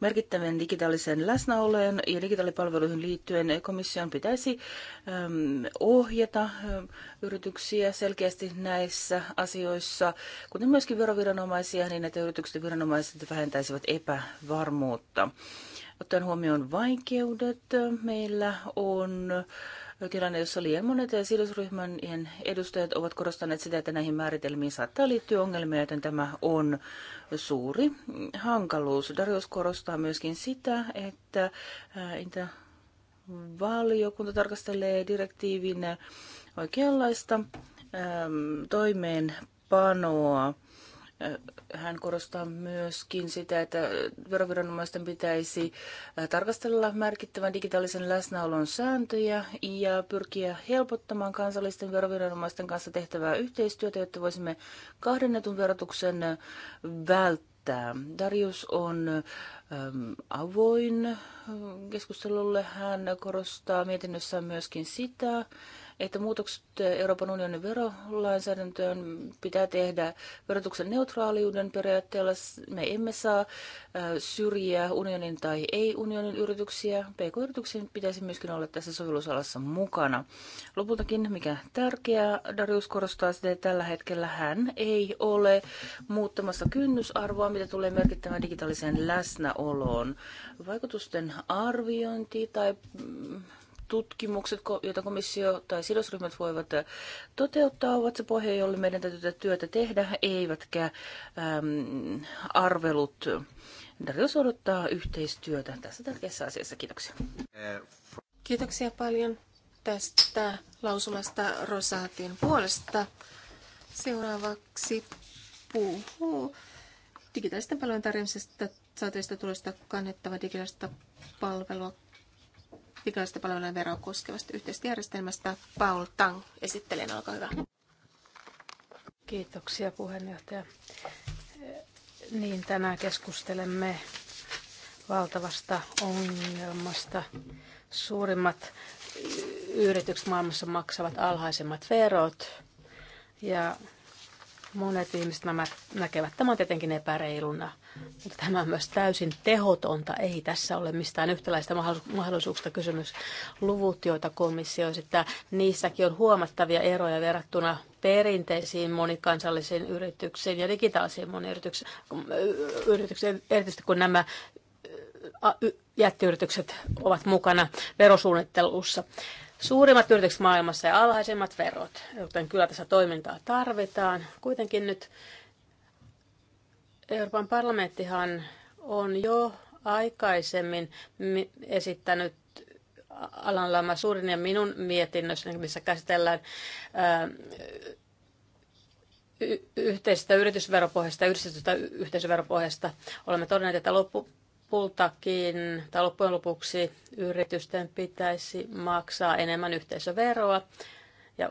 merkittävän digitaalisen läsnäoleen ja digitaalipalveluihin liittyen komission pitäisi ähm, ohjata äh, yrityksiä selkeästi näissä asioissa, kuten myöskin veroviran viranomaisia niin, että yritykset ja viranomaiset vähentäisivät epävarmuutta. Ottaen huomioon vaikeudet, meillä on tilanne, jossa liian monet sidosryhmän edustajat ovat korostaneet sitä, että näihin määritelmiin saattaa liittyä ongelmia, joten tämä on suuri hankaluus. Darius korostaa myöskin sitä, että valiokunta tarkastelee direktiivin oikeanlaista toimeenpanoa hän korostaa myöskin sitä, että veroviranomaisten pitäisi tarkastella merkittävän digitaalisen läsnäolon sääntöjä ja pyrkiä helpottamaan kansallisten veroviranomaisten kanssa tehtävää yhteistyötä, jotta voisimme kahdennetun verotuksen välttää. Darius on avoin keskustelulle. Hän korostaa mietinnössään myöskin sitä, että muutokset Euroopan unionin verolainsäädäntöön pitää tehdä verotuksen neutraaliuden periaatteella. Me emme saa syrjiä unionin tai ei-unionin yrityksiä. pk yrityksiin pitäisi myöskin olla tässä sovellusalassa mukana. Lopultakin, mikä tärkeää, Darius korostaa sitä, että tällä hetkellä hän ei ole muuttamassa kynnysarvoa, mitä tulee merkittävän digitaaliseen läsnäoloon. Vaikutusten arviointi tai mm, tutkimukset, joita komissio tai sidosryhmät voivat äh, toteuttaa, ovat se pohja, jolle meidän täytyy tätä työtä tehdä, eivätkä äm, arvelut. Darius odottaa yhteistyötä tässä tärkeässä asiassa. Kiitoksia. Kiitoksia paljon tästä lausumasta Rosaatin puolesta. Seuraavaksi puhuu digitaalisten palvelujen tarjoamisesta saatavista tulosta kannettava digitaalista palvelua digitaalista palvelujen veroa koskevasta yhteisestä järjestelmästä. Paul Tang, esittelen, olkaa hyvä. Kiitoksia puheenjohtaja. Niin, tänään keskustelemme valtavasta ongelmasta. Suurimmat yritykset maailmassa maksavat alhaisemmat verot ja Monet ihmiset nämä näkevät tämän tietenkin epäreiluna, mutta tämä on myös täysin tehotonta. Ei tässä ole mistään yhtäläistä mahdollisuuksista kysymys. Luvut, joita komissio että niissäkin on huomattavia eroja verrattuna perinteisiin monikansallisiin yrityksiin ja digitaalisiin moniyrityksiin, erityisesti kun nämä jättiyritykset ovat mukana verosuunnittelussa suurimmat yritykset maailmassa ja alhaisemmat verot, joten kyllä tässä toimintaa tarvitaan. Kuitenkin nyt Euroopan parlamenttihan on jo aikaisemmin esittänyt alan lama suurin ja minun mietinnössä, missä käsitellään ää, yhteisestä yritysveropohjasta ja yhdistetystä yhteisöveropohjasta. Olemme todenneet, että loppu, lopultakin tai loppujen lopuksi yritysten pitäisi maksaa enemmän yhteisöveroa ja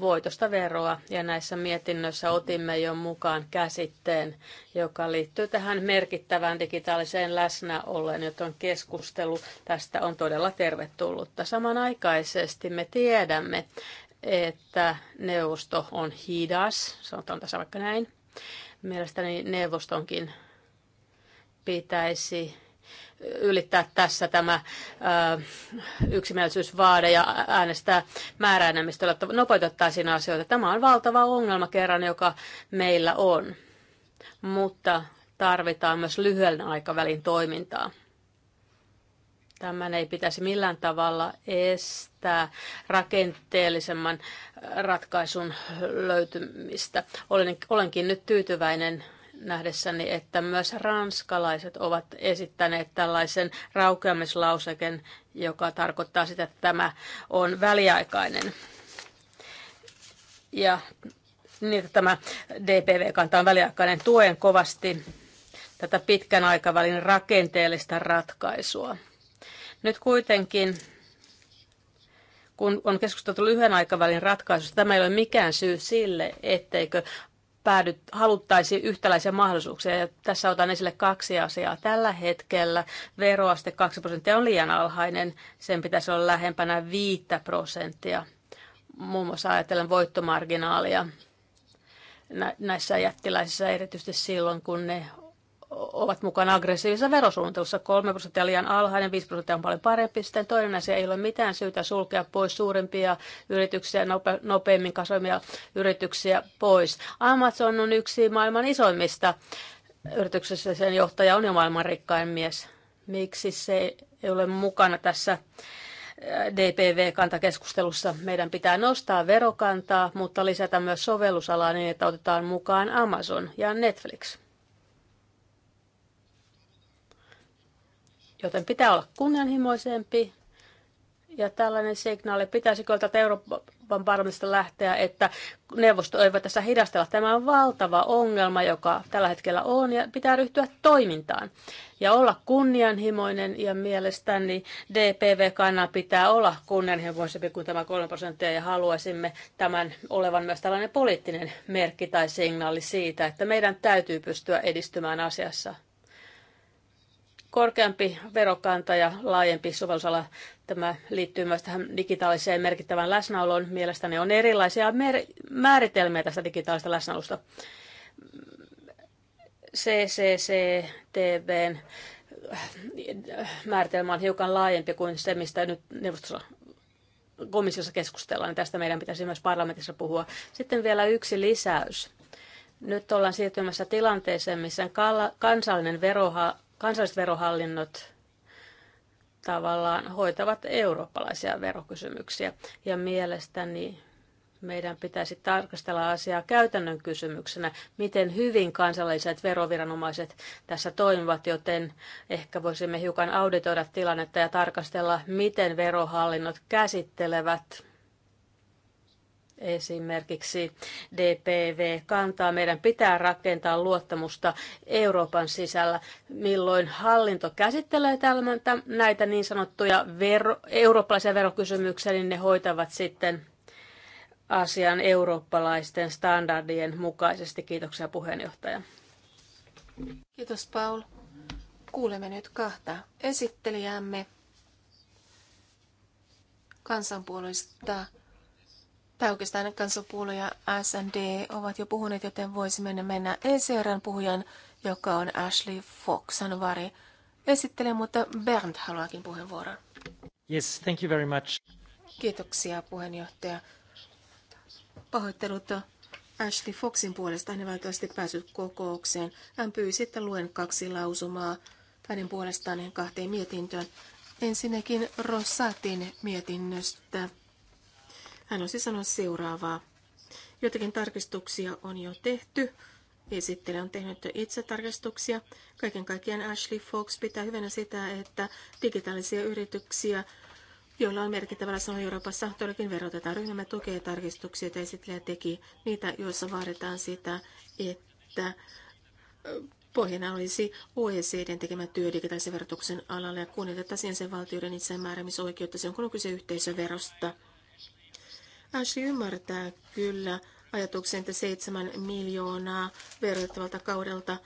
voitosta veroa. Ja näissä mietinnöissä otimme jo mukaan käsitteen, joka liittyy tähän merkittävään digitaaliseen läsnäolleen, joten keskustelu tästä on todella tervetullutta. Samanaikaisesti me tiedämme, että neuvosto on hidas, sanotaan tässä vaikka näin. Mielestäni neuvostonkin pitäisi ylittää tässä tämä ö, yksimielisyysvaade ja äänestää määräenemmistöllä, että nopeutettaisiin asioita. Tämä on valtava ongelma kerran, joka meillä on, mutta tarvitaan myös lyhyen aikavälin toimintaa. Tämän ei pitäisi millään tavalla estää rakenteellisemman ratkaisun löytymistä. Olen, olenkin nyt tyytyväinen nähdessäni, että myös ranskalaiset ovat esittäneet tällaisen raukeamislauseken, joka tarkoittaa sitä, että tämä on väliaikainen. Ja niin, että tämä DPV-kanta on väliaikainen. Tuen kovasti tätä pitkän aikavälin rakenteellista ratkaisua. Nyt kuitenkin kun on keskusteltu lyhyen aikavälin ratkaisusta, tämä ei ole mikään syy sille, etteikö päädyt, haluttaisiin yhtäläisiä mahdollisuuksia. Ja tässä otan esille kaksi asiaa. Tällä hetkellä veroaste 2 prosenttia on liian alhainen. Sen pitäisi olla lähempänä 5 prosenttia, muun muassa ajatellen voittomarginaalia näissä jättiläisissä, erityisesti silloin, kun ne ovat mukana aggressiivisessa verosuunnittelussa. 3 prosenttia liian alhainen, 5 prosenttia on paljon parempi. Sitten toinen asia, ei ole mitään syytä sulkea pois suurimpia yrityksiä, nope, nopeimmin kasvavia yrityksiä pois. Amazon on yksi maailman isoimmista yrityksissä sen johtaja on jo maailman rikkain mies. Miksi se ei ole mukana tässä eh, DPV-kantakeskustelussa? Meidän pitää nostaa verokantaa, mutta lisätä myös sovellusalaa niin, että otetaan mukaan Amazon ja Netflix. Joten pitää olla kunnianhimoisempi, ja tällainen signaali pitäisikö tältä Euroopan parlamentista lähteä, että neuvosto ei voi tässä hidastella. Tämä on valtava ongelma, joka tällä hetkellä on, ja pitää ryhtyä toimintaan. Ja olla kunnianhimoinen, ja mielestäni DPV-kannan pitää olla kunnianhimoisempi kuin tämä 3 prosenttia, ja haluaisimme tämän olevan myös tällainen poliittinen merkki tai signaali siitä, että meidän täytyy pystyä edistymään asiassa korkeampi verokanta ja laajempi sovellusala. Tämä liittyy myös tähän digitaaliseen merkittävään läsnäoloon. Mielestäni on erilaisia määritelmiä tästä digitaalista läsnäolosta. CCCTVn äh, määritelmä on hiukan laajempi kuin se, mistä nyt neuvostossa komissiossa keskustellaan. Niin tästä meidän pitäisi myös parlamentissa puhua. Sitten vielä yksi lisäys. Nyt ollaan siirtymässä tilanteeseen, missä kansallinen veroha verohallinnot tavallaan hoitavat eurooppalaisia verokysymyksiä. Ja mielestäni meidän pitäisi tarkastella asiaa käytännön kysymyksenä, miten hyvin kansalliset veroviranomaiset tässä toimivat, joten ehkä voisimme hiukan auditoida tilannetta ja tarkastella, miten verohallinnot käsittelevät esimerkiksi DPV-kantaa. Meidän pitää rakentaa luottamusta Euroopan sisällä, milloin hallinto käsittelee tämän näitä niin sanottuja vero, eurooppalaisia verokysymyksiä, niin ne hoitavat sitten asian eurooppalaisten standardien mukaisesti. Kiitoksia puheenjohtaja. Kiitos Paul. Kuulemme nyt kahta esittelijäämme kansanpuolista tai oikeastaan kansanpuolue ja SND ovat jo puhuneet, joten voisimme mennä ECRn e puhujan, joka on Ashley Fox, sanvari esittelee, mutta Bernd haluaakin puheenvuoron. Yes, thank you very much. Kiitoksia puheenjohtaja. Pahoittelut Ashley Foxin puolesta. Hän ei valitettavasti päässyt kokoukseen. Hän pyysi, että luen kaksi lausumaa hänen puolestaan kahteen mietintöön. Ensinnäkin Rossatin mietinnöstä – hän olisi sanoa seuraavaa. Jotakin tarkistuksia on jo tehty. Esittelijä on tehnyt itse tarkistuksia. Kaiken kaikkiaan Ashley Fox pitää hyvänä sitä, että digitaalisia yrityksiä, joilla on merkittävällä sanoa Euroopassa, todellakin verotetaan. Ryhmämme tukee tarkistuksia, joita esittelijä teki, niitä, joissa vaaditaan sitä, että Pohjana olisi OECDn tekemä työ digitaalisen verotuksen alalla ja kunnioitettaisiin sen valtioiden itsemääräämisoikeutta silloin, se on kyse yhteisöverosta. Ashley ymmärtää kyllä ajatuksen, että 7 miljoonaa verrattavalta kaudelta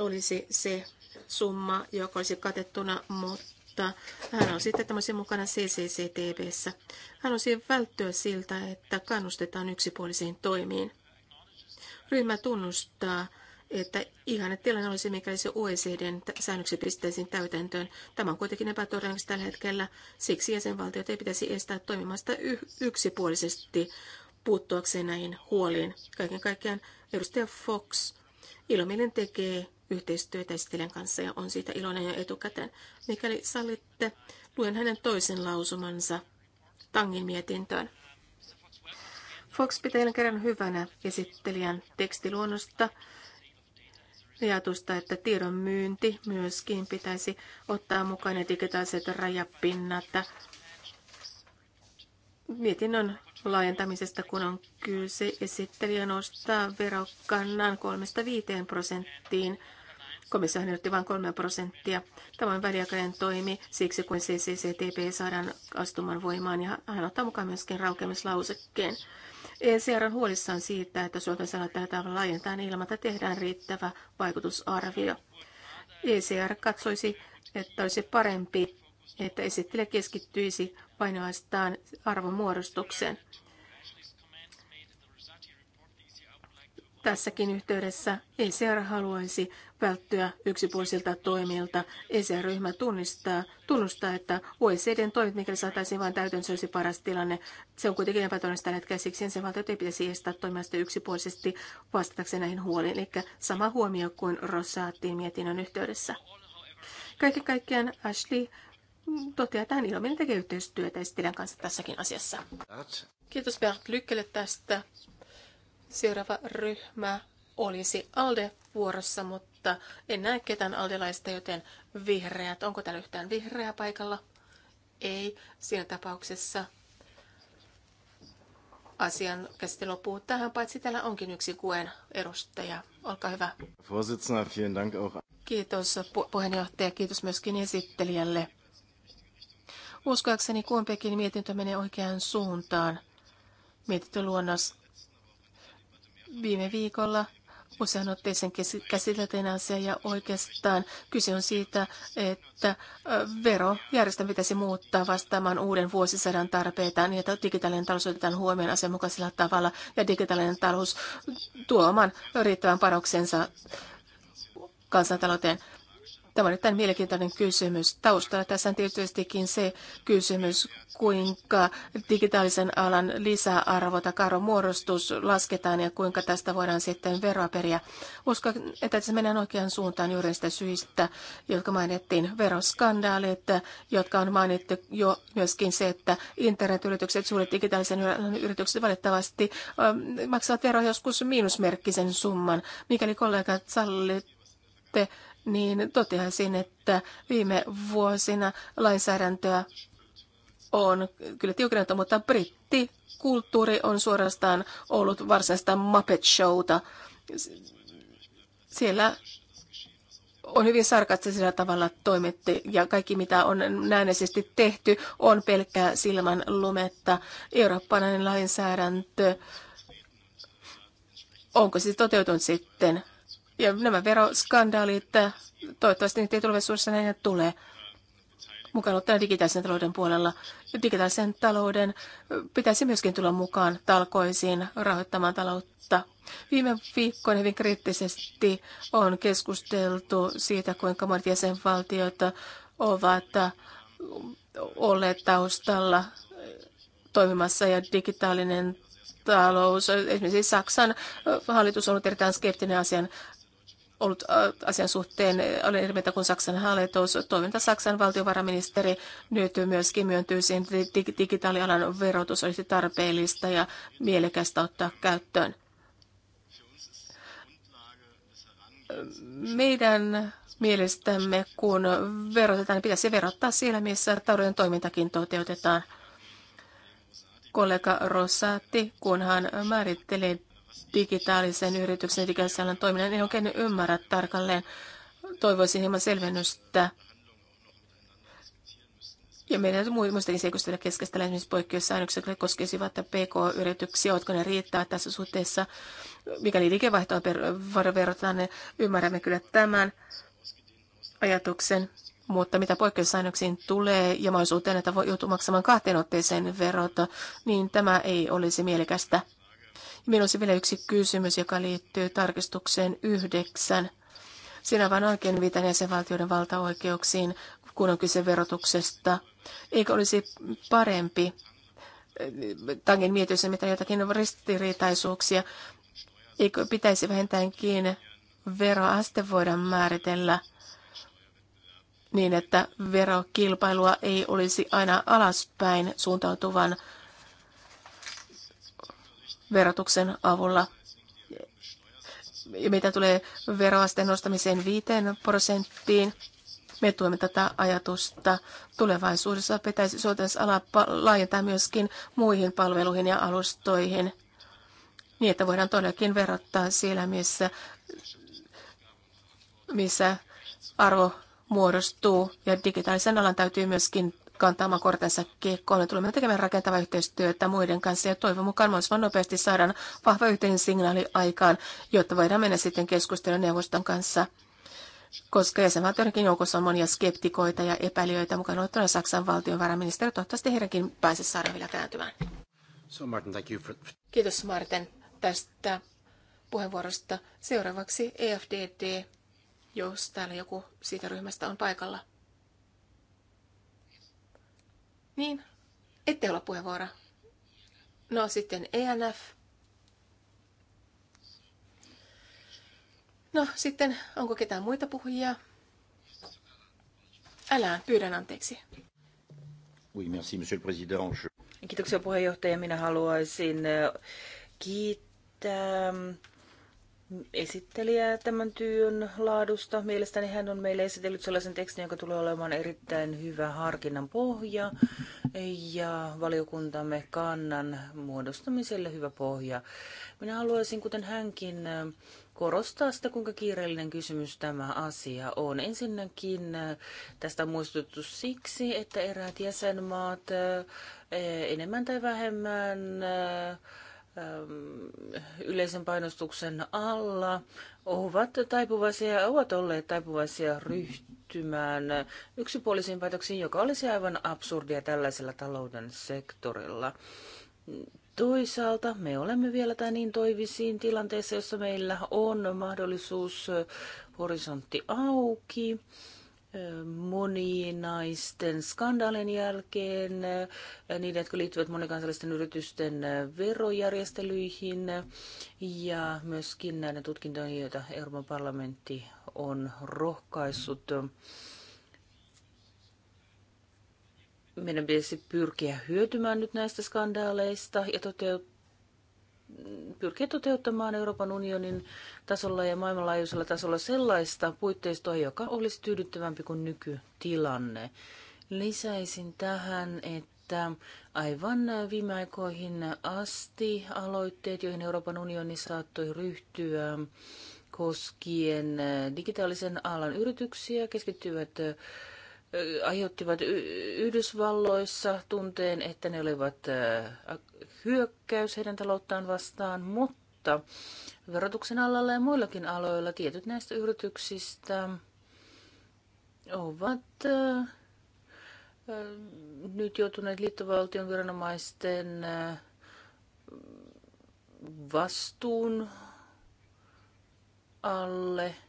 olisi se summa, joka olisi katettuna, mutta hän on sitten tämmöisen mukana CCCTVssä. Hän on siihen välttyä siltä, että kannustetaan yksipuolisiin toimiin. Ryhmä tunnustaa että ihana tilanne olisi, mikäli se OECDn säännökset pistäisiin täytäntöön. Tämä on kuitenkin epätodennäköistä tällä hetkellä. Siksi jäsenvaltiot ei pitäisi estää toimimasta yksipuolisesti puuttuakseen näihin huoliin. Kaiken kaikkiaan edustaja Fox ilomielin tekee yhteistyötä esittelijän kanssa ja on siitä iloinen jo etukäteen. Mikäli sallitte, luen hänen toisen lausumansa Tangin mietintöön. Fox pitää kerran hyvänä esittelijän tekstiluonnosta ajatusta, että tiedon myynti myöskin pitäisi ottaa mukaan ne digitaaliset rajapinnat. Mietinnön laajentamisesta, kun on kyse esittelijä nostaa verokannan 3-5 prosenttiin. Komissio ehdotti vain 3 prosenttia. Tämä on väliaikainen toimi siksi, kun CCCTP saadaan astumaan voimaan ja hän ottaa mukaan myöskin raukemislausekkeen. ECR on huolissaan siitä, että Suomen sanat tällä tavalla laajentaa ilman, että tehdään riittävä vaikutusarvio. ECR katsoisi, että olisi parempi, että esittelijä keskittyisi painoastaan arvonmuodostukseen. Tässäkin yhteydessä ECR haluaisi välttyä yksipuolisilta toimilta. ECR-ryhmä tunnistaa, tunnustaa, että OECDn toimet, mikäli saataisiin vain täytön, se olisi paras tilanne. Se on kuitenkin epätodennäköistä tällä hetkellä, siksi ensivaltiot ei pitäisi estää toimimasta yksipuolisesti vastatakseen näihin huoliin. Eli sama huomio kuin Rosaattiin mietinnön yhteydessä. Kaiken kaikkiaan Ashley toteaa, että hän ilmiin tekee yhteistyötä esittelijän kanssa tässäkin asiassa. Kiitos Bert Lykkelle tästä Seuraava ryhmä olisi ALDE vuorossa, mutta en näe ketään aldelaista, joten vihreät. Onko täällä yhtään vihreää paikalla? Ei. Siinä tapauksessa asian käsittely loppuu tähän, paitsi täällä onkin yksi kuen edustaja. Olkaa hyvä. Kiitos pu- puheenjohtaja, kiitos myöskin esittelijälle. Uskoakseni kumpikin mietintö menee oikeaan suuntaan. mietintö luonnos Viime viikolla usein otteeseen käsiteltiin asia ja oikeastaan kyse on siitä, että verojärjestelmä pitäisi muuttaa vastaamaan uuden vuosisadan tarpeita niin, että digitaalinen talous otetaan huomioon asianmukaisella tavalla ja digitaalinen talous tuo oman riittävän panoksensa kansantalouteen. Tämä on erittäin mielenkiintoinen kysymys. Taustalla tässä on tietystikin se kysymys, kuinka digitaalisen alan lisäarvo tai karon muodostus lasketaan ja kuinka tästä voidaan sitten veroa periä. Uskon, että se mennään oikeaan suuntaan juuri sitä syistä, jotka mainittiin. Veroskandaalit, jotka on mainittu jo myöskin se, että internetyritykset, suuret digitaalisen yritykset valitettavasti ähm, maksavat veroa joskus miinusmerkkisen summan. Mikäli kollegat sallit, niin toteaisin, että viime vuosina lainsäädäntöä on kyllä tiukennettu, mutta brittikulttuuri on suorastaan ollut varsinaista Muppet Showta. Siellä on hyvin sillä tavalla toimittu ja kaikki mitä on näennäisesti tehty on pelkkää silmän lumetta. Eurooppalainen lainsäädäntö, onko se toteutunut sitten ja nämä veroskandaalit, äh, toivottavasti niitä ei tulevaisuudessa näin tule mukaan ottaen digitaalisen talouden puolella. Digitaalisen talouden äh, pitäisi myöskin tulla mukaan talkoisiin rahoittamaan taloutta. Viime viikkoina hyvin kriittisesti on keskusteltu siitä, kuinka monet jäsenvaltiot ovat äh, olleet taustalla toimimassa ja digitaalinen talous. Esimerkiksi Saksan hallitus on ollut erittäin skeptinen asian ollut asian suhteen, olen eri mieltä kuin Saksan hallitus. Toiminta Saksan valtiovarainministeri nyt myöskin myöntyy siihen, että digitaalialan verotus olisi tarpeellista ja mielekästä ottaa käyttöön. Meidän mielestämme, kun verotetaan, niin pitäisi verottaa siellä, missä talouden toimintakin toteutetaan. Kollega Rosatti, kun hän määrittelee digitaalisen yrityksen digitaalisen toiminnan. En oikein ymmärrä tarkalleen. Toivoisin hieman selvennystä. Ja meidän täytyy muistakin seikoista vielä keskustella esimerkiksi poikkeussäännöksiä, jotka koskisivat PK-yrityksiä, ovatko ne riittää tässä suhteessa. Mikäli liikevaihtoa verrataan, niin ymmärrämme kyllä tämän ajatuksen. Mutta mitä poikkeussäännöksiin tulee ja mahdollisuuteen, että voi joutua maksamaan kahteen otteeseen verot, niin tämä ei olisi mielekästä. Meillä olisi vielä yksi kysymys, joka liittyy tarkistukseen yhdeksän. Siinä vain oikein viitan jäsenvaltioiden valtaoikeuksiin, kun on kyse verotuksesta. Eikö olisi parempi eh, Tangen mietissä mitä jotakin ristiriitaisuuksia. Eikö pitäisi vähintäänkin veroaste voida määritellä niin, että verokilpailua ei olisi aina alaspäin suuntautuvan verotuksen avulla. Ja mitä tulee veroasteen nostamiseen 5 prosenttiin, me tuemme tätä ajatusta. Tulevaisuudessa pitäisi soveltamisalaa laajentaa myöskin muihin palveluihin ja alustoihin, niin että voidaan todellakin verottaa siellä, missä, missä arvo muodostuu. Ja digitaalisen alan täytyy myöskin kantaa oman kortensa kekkoon. Me tulemme tekemään rakentavaa yhteistyötä muiden kanssa ja toivon mukaan mahdollisimman nopeasti saadaan vahva yhteinen signaali aikaan, jotta voidaan mennä sitten keskustelun neuvoston kanssa koska jäsenvaltioidenkin joukossa on monia skeptikoita ja epäilijöitä mukaan ottuna Saksan valtionvarainministeri. Toivottavasti heidänkin pääse saadaan vielä kääntymään. So Martin, thank you for... Kiitos Martin tästä puheenvuorosta. Seuraavaksi EFDD, jos täällä joku siitä ryhmästä on paikalla. Niin, ette ole puheenvuoro. No sitten ENF. No sitten, onko ketään muita puhujia? Älä, pyydän anteeksi. Oui, merci, monsieur le président. Je... Kiitoksia puheenjohtaja. Minä haluaisin äh, kiittää esittelijää tämän työn laadusta. Mielestäni hän on meille esitellyt sellaisen tekstin, joka tulee olemaan erittäin hyvä harkinnan pohja ja valiokuntamme kannan muodostamiselle hyvä pohja. Minä haluaisin, kuten hänkin, korostaa sitä, kuinka kiireellinen kysymys tämä asia on. Ensinnäkin äh, tästä on muistutettu siksi, että eräät jäsenmaat äh, enemmän tai vähemmän äh, Ähm, yleisen painostuksen alla ovat taipuvaisia ja ovat olleet taipuvaisia ryhtymään yksipuolisiin päätöksiin, joka olisi aivan absurdia tällaisella talouden sektorilla. Toisaalta me olemme vielä tai niin toivisiin tilanteessa, jossa meillä on mahdollisuus horisontti auki moninaisten skandaalien jälkeen, niiden, jotka liittyvät monikansallisten yritysten verojärjestelyihin ja myöskin näiden tutkintoihin, joita Euroopan parlamentti on rohkaissut. Meidän pitäisi pyrkiä hyötymään nyt näistä skandaaleista ja toteuttaa pyrkii toteuttamaan Euroopan unionin tasolla ja maailmanlaajuisella tasolla sellaista puitteistoa, joka olisi tyydyttävämpi kuin nykytilanne. Lisäisin tähän, että aivan viime aikoihin asti aloitteet, joihin Euroopan unioni saattoi ryhtyä koskien digitaalisen alan yrityksiä, keskittyvät aiheuttivat Yhdysvalloissa tunteen, että ne olivat hyökkäys heidän talouttaan vastaan, mutta verotuksen alalla ja muillakin aloilla tietyt näistä yrityksistä ovat äh, äh, nyt joutuneet liittovaltion viranomaisten äh, vastuun alle –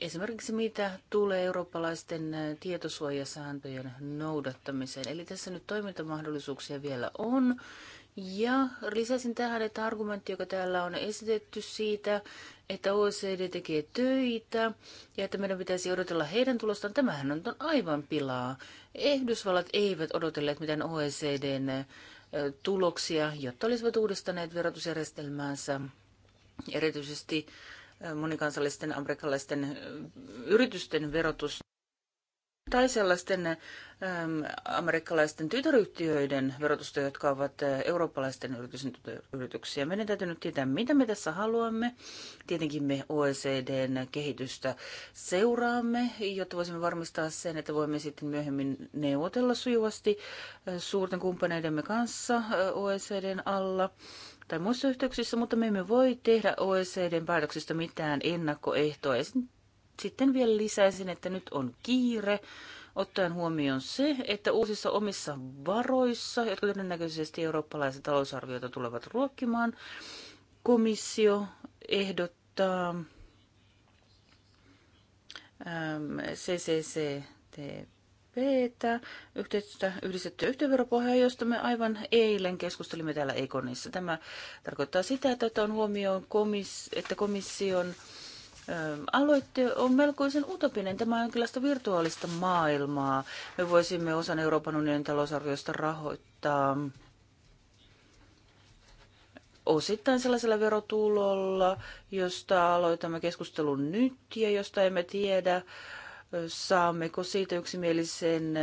Esimerkiksi mitä tulee eurooppalaisten tietosuojasääntöjen noudattamiseen. Eli tässä nyt toimintamahdollisuuksia vielä on. Ja lisäsin tähän, että argumentti, joka täällä on esitetty siitä, että OECD tekee töitä ja että meidän pitäisi odotella heidän tulostaan, tämähän on aivan pilaa. Ehdysvallat eivät odotelleet mitään OECDn tuloksia, jotta olisivat uudistaneet verotusjärjestelmäänsä. Erityisesti monikansallisten amerikkalaisten yritysten verotus tai sellaisten äm, amerikkalaisten tytäryhtiöiden verotusta, jotka ovat eurooppalaisten yritysten yrityksiä. Meidän täytyy nyt tietää, mitä me tässä haluamme. Tietenkin me OECDn kehitystä seuraamme, jotta voisimme varmistaa sen, että voimme sitten myöhemmin neuvotella sujuvasti suurten kumppaneidemme kanssa OECDn alla tai muissa yhteyksissä, mutta me emme voi tehdä OECDn päätöksistä mitään ennakkoehtoa. Ja sitten vielä lisäisin, että nyt on kiire, ottaen huomioon se, että uusissa omissa varoissa, jotka todennäköisesti eurooppalaiset talousarvioita tulevat ruokkimaan, komissio ehdottaa CCCTP B, yhteistä yhdistettyä yhteenveropohjaa, josta me aivan eilen keskustelimme täällä Ekonissa. Tämä tarkoittaa sitä, että on huomioon, komis, että komission aloitte on melkoisen utopinen. Tämä on jonkinlaista virtuaalista maailmaa. Me voisimme osan Euroopan unionin talousarviosta rahoittaa osittain sellaisella verotulolla, josta aloitamme keskustelun nyt ja josta emme tiedä, saammeko siitä yksimielisen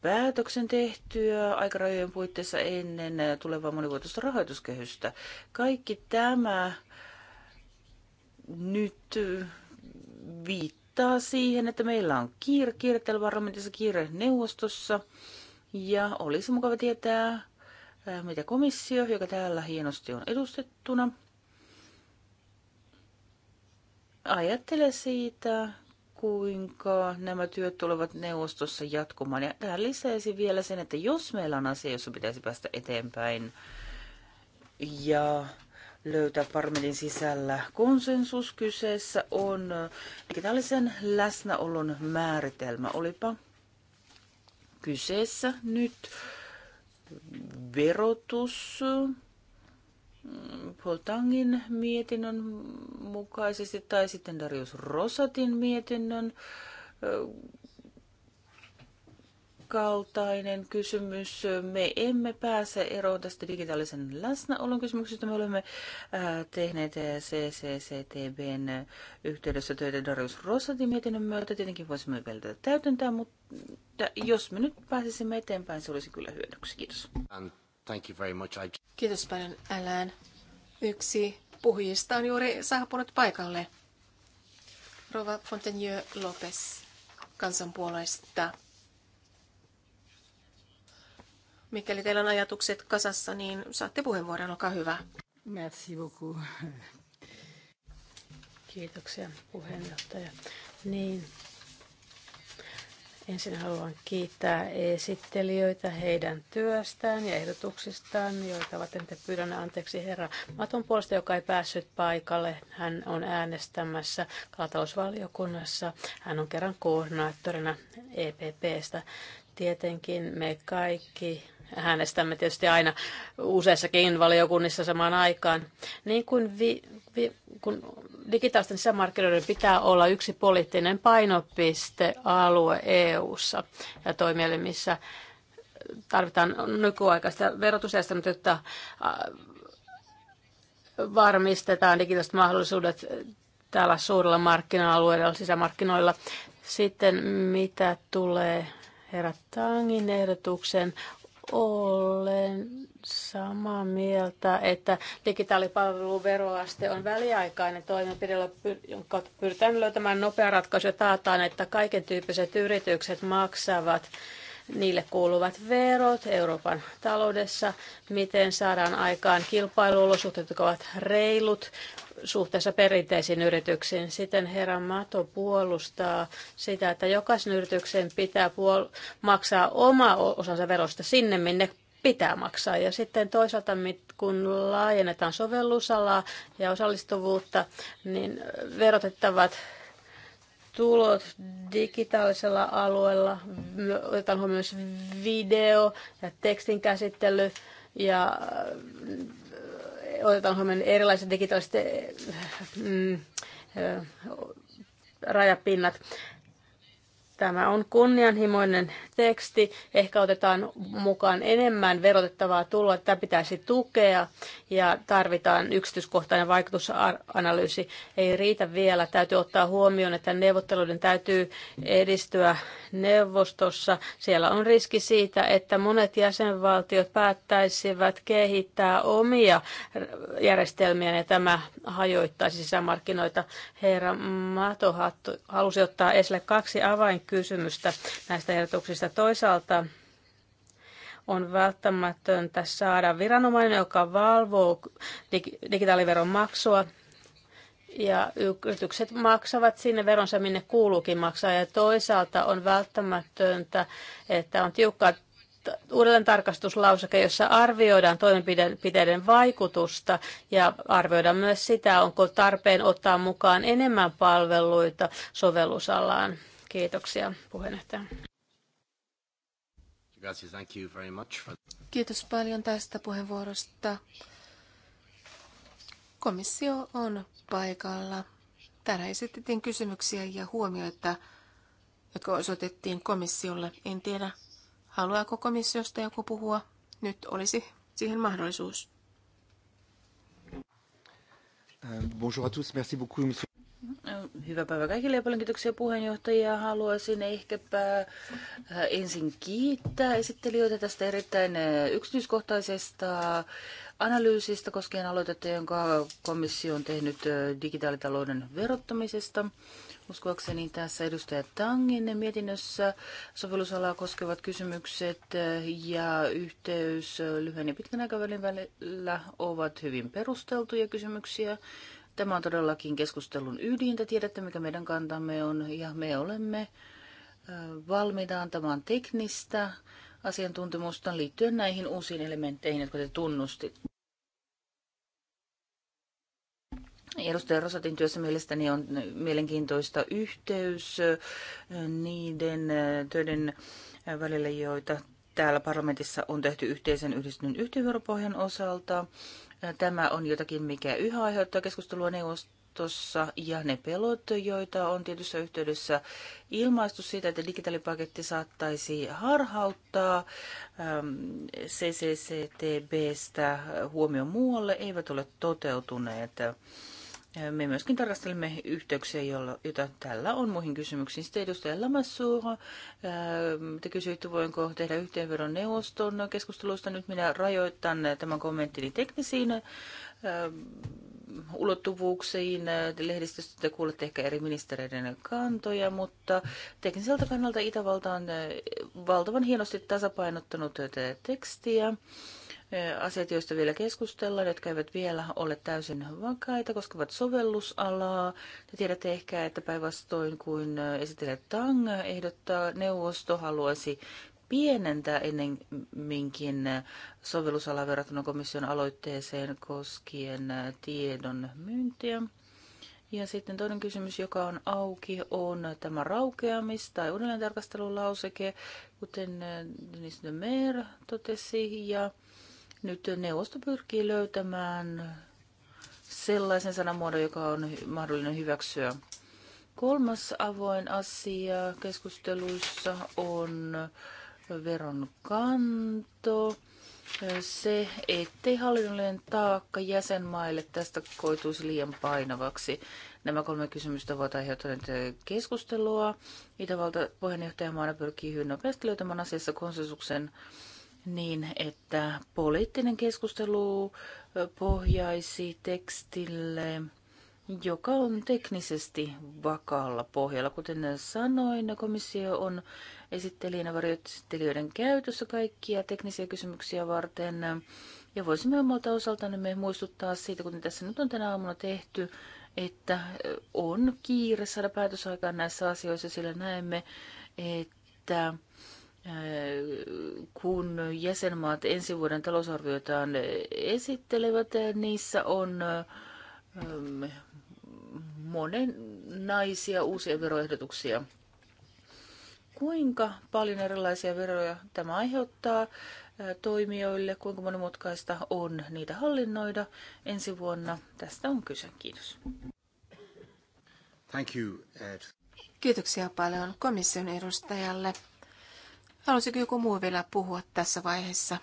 päätöksen tehtyä aikarajojen puitteissa ennen tulevaa monivuotista rahoituskehystä. Kaikki tämä nyt viittaa siihen, että meillä on kiire, kiire täällä parlamentissa, kiire neuvostossa. Ja olisi mukava tietää, mitä komissio, joka täällä hienosti on edustettuna, ajattelee siitä, kuinka nämä työt tulevat neuvostossa jatkumaan. Ja tähän lisäisi vielä sen, että jos meillä on asia, jossa pitäisi päästä eteenpäin ja löytää parlamentin sisällä konsensus kyseessä on digitaalisen läsnäolon määritelmä. Olipa kyseessä nyt verotus, Paul Tangin mietinnön mukaisesti tai sitten Darius Rosatin mietinnön kaltainen kysymys. Me emme pääse eroon tästä digitaalisen läsnäolon kysymyksestä. Me olemme tehneet CCCTBn yhteydessä töitä Darius Rosatin mietinnön myötä. Tietenkin voisimme tätä täytäntää, mutta jos me nyt pääsisimme eteenpäin, se olisi kyllä hyödyksi. Kiitos. Thank you very much. I... Kiitos paljon, Alan. Yksi puhujista on juuri saapunut paikalle. Rova Fontenieu Lopez kansanpuolueesta. Mikäli teillä on ajatukset kasassa, niin saatte puheenvuoron, olkaa hyvä. Merci beaucoup. Kiitoksia puheenjohtaja. Niin, Ensin haluan kiittää esittelijöitä heidän työstään ja ehdotuksistaan, joita ovat te pyydän anteeksi herra Maton puolesta, joka ei päässyt paikalle. Hän on äänestämässä kalatalousvaliokunnassa. Hän on kerran koordinaattorina EPPstä. Tietenkin me kaikki Äänestämme tietysti aina useissakin valiokunnissa samaan aikaan. Niin kuin vi, vi, kun digitaalisten sisämarkkinoiden pitää olla yksi poliittinen painopistealue EU-ssa ja toimielimissä, tarvitaan nykyaikaista verotusjärjestelmää, jotta varmistetaan digitaaliset mahdollisuudet täällä suurella markkina alueella sisämarkkinoilla. Sitten mitä tulee Tangin ehdotuksen olen samaa mieltä, että digitaalipalvelun veroaste on väliaikainen toimenpide, jonka pyritään löytämään nopea ratkaisu ja taataan, että kaiken tyyppiset yritykset maksavat niille kuuluvat verot Euroopan taloudessa, miten saadaan aikaan kilpailuolosuhteet, jotka ovat reilut suhteessa perinteisiin yrityksiin. sitten herra Mato puolustaa sitä, että jokaisen yrityksen pitää puol- maksaa oma osansa verosta sinne, minne pitää maksaa. Ja sitten toisaalta, kun laajennetaan sovellusalaa ja osallistuvuutta, niin verotettavat tulot digitaalisella alueella. Otetaan huomioon myös video ja tekstin käsittely ja äh, otetaan huomioon erilaiset digitaaliset äh, mm, äh, rajapinnat. Tämä on kunnianhimoinen teksti. Ehkä otetaan mukaan enemmän verotettavaa tuloa. Tämä pitäisi tukea ja tarvitaan yksityiskohtainen vaikutusanalyysi. Ei riitä vielä. Täytyy ottaa huomioon, että neuvotteluiden täytyy edistyä neuvostossa. Siellä on riski siitä, että monet jäsenvaltiot päättäisivät kehittää omia järjestelmiä ja tämä hajoittaisi sisämarkkinoita. Herra Mato halusi ottaa esille kaksi avainkysymystä näistä ehdotuksista. Toisaalta on välttämätöntä saada viranomainen, joka valvoo digitaaliveron maksua ja yritykset maksavat sinne veronsa, minne kuuluukin maksaa. Ja toisaalta on välttämätöntä, että on tiukka uudelleen tarkastuslausake, jossa arvioidaan toimenpiteiden vaikutusta ja arvioidaan myös sitä, onko tarpeen ottaa mukaan enemmän palveluita sovellusalaan. Kiitoksia puheenjohtaja. Kiitos paljon tästä puheenvuorosta. Komissio on paikalla. Täällä esitettiin kysymyksiä ja huomioita, jotka osoitettiin komissiolle. En tiedä, haluaako komissiosta joku puhua. Nyt olisi siihen mahdollisuus. Euh, bonjour à tous, merci beaucoup. Hyvää päivää kaikille ja paljon kiitoksia puheenjohtajia. Haluaisin ehkäpä äh, ensin kiittää esittelijöitä tästä erittäin äh, yksityiskohtaisesta analyysistä koskien aloitetta, jonka komissio on tehnyt äh, digitaalitalouden verottamisesta. Uskoakseni tässä edustaja Tangin mietinnössä sovellusalaa koskevat kysymykset ja yhteys lyhyen ja pitkän aikavälin välillä ovat hyvin perusteltuja kysymyksiä. Tämä on todellakin keskustelun ydintä. Tiedätte, mikä meidän kantamme on, ja me olemme valmiita antamaan teknistä asiantuntemusta liittyen näihin uusiin elementteihin, jotka te tunnustit. Edustaja Rosatin työssä mielestäni on mielenkiintoista yhteys niiden töiden välillä, joita täällä parlamentissa on tehty yhteisen yhdistyneen yhteenvuoropohjan osalta Tämä on jotakin, mikä yhä aiheuttaa keskustelua neuvostossa ja ne pelot, joita on tietyssä yhteydessä ilmaistu siitä, että digitaalipaketti saattaisi harhauttaa ähm, CCCTBstä huomioon muualle, eivät ole toteutuneet. Me myöskin tarkastelemme yhteyksiä, joita tällä on muihin kysymyksiin. Sitten edustaja Lamassuur, te kysyitte, voinko tehdä yhteenvedon neuvoston keskusteluista. Nyt minä rajoitan tämän kommenttini teknisiin ulottuvuuksiin. Lehdistöstä te kuulette ehkä eri ministereiden kantoja, mutta tekniseltä kannalta Itävalta on valtavan hienosti tasapainottanut tekstiä asiat, joista vielä keskustellaan, jotka eivät vielä ole täysin vakaita, koskevat sovellusalaa. Te tiedätte ehkä, että päinvastoin kuin esitellä Tang ehdottaa, neuvosto haluaisi pienentää ennemminkin sovellusalaa verrattuna komission aloitteeseen koskien tiedon myyntiä. Ja sitten toinen kysymys, joka on auki, on tämä raukeamis- tai uudelleentarkastelulauseke, kuten Denis de Mer totesi, ja nyt neuvosto pyrkii löytämään sellaisen sanamuodon, joka on mahdollinen hyväksyä. Kolmas avoin asia keskusteluissa on veronkanto. Se, ettei hallinnollinen taakka jäsenmaille tästä koituisi liian painavaksi. Nämä kolme kysymystä ovat aiheuttaneet keskustelua. Itävalta puheenjohtajamaana pyrkii hyvin nopeasti löytämään asiassa konsensuksen niin, että poliittinen keskustelu pohjaisi tekstille, joka on teknisesti vakaalla pohjalla. Kuten sanoin, komissio on esittelijänä varjoittelijoiden käytössä kaikkia teknisiä kysymyksiä varten. Ja voisimme omalta osaltamme muistuttaa siitä, kuten tässä nyt on tänä aamuna tehty, että on kiire saada päätösaikaan näissä asioissa, sillä näemme, että Äh, kun jäsenmaat ensi vuoden talousarvioitaan esittelevät, äh, niissä on ähm, monen naisia uusia veroehdotuksia. Kuinka paljon erilaisia veroja tämä aiheuttaa äh, toimijoille, kuinka monimutkaista on niitä hallinnoida ensi vuonna? Tästä on kyse. Kiitos. Thank you, Ed. Kiitoksia paljon komission edustajalle. Haluaisiko joku muu vielä puhua tässä vaiheessa?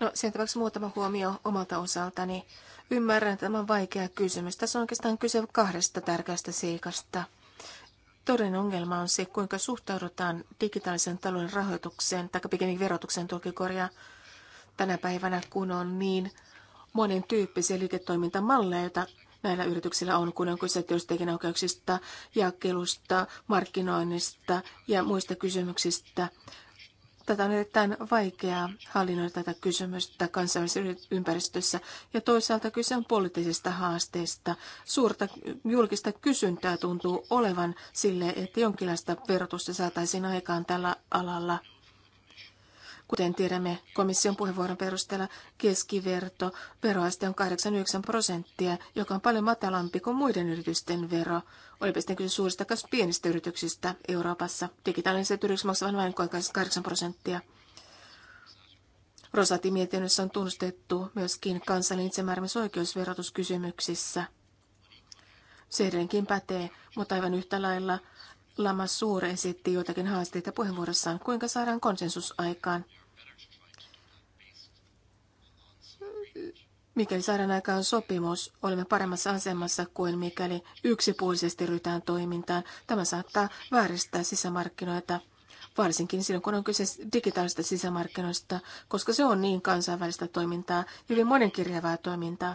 No, sen tapauksessa muutama huomio omalta osaltani. Ymmärrän tämän vaikea kysymys. Tässä on oikeastaan kyse kahdesta tärkeästä seikasta. Toden ongelma on se, kuinka suhtaudutaan digitaalisen talouden rahoitukseen, tai pikemminkin verotuksen tulkikorjaa tänä päivänä, kun on niin monen tyyppisiä liiketoimintamalleja, joita näillä yrityksillä on, kun on kyse tekijänoikeuksista, jakelusta, markkinoinnista ja muista kysymyksistä. Tätä on erittäin vaikeaa hallinnoida tätä kysymystä kansainvälisessä ympäristössä ja toisaalta kyse on poliittisista haasteista. Suurta julkista kysyntää tuntuu olevan sille, että jonkinlaista verotusta saataisiin aikaan tällä alalla – Kuten tiedämme komission puheenvuoron perusteella, keskiverto veroaste on 89 prosenttia, joka on paljon matalampi kuin muiden yritysten vero. Olipa sitten kyse suurista tai pienistä yrityksistä Euroopassa. Digitaaliset yritykset maksavat vain 8 prosenttia. Rosati mietinnössä on tunnustettu myöskin kansallinen itsemääräämisoikeusverotuskysymyksissä. Se edelleenkin pätee, mutta aivan yhtä lailla Lama Suure esitti joitakin haasteita puheenvuorossaan, kuinka saadaan konsensus aikaan. Mikäli saadaan aikaan sopimus, olemme paremmassa asemassa kuin mikäli yksipuolisesti ryhdytään toimintaan. Tämä saattaa vääristää sisämarkkinoita, varsinkin silloin kun on kyse digitaalista sisämarkkinoista, koska se on niin kansainvälistä toimintaa, hyvin monenkirjavaa toimintaa.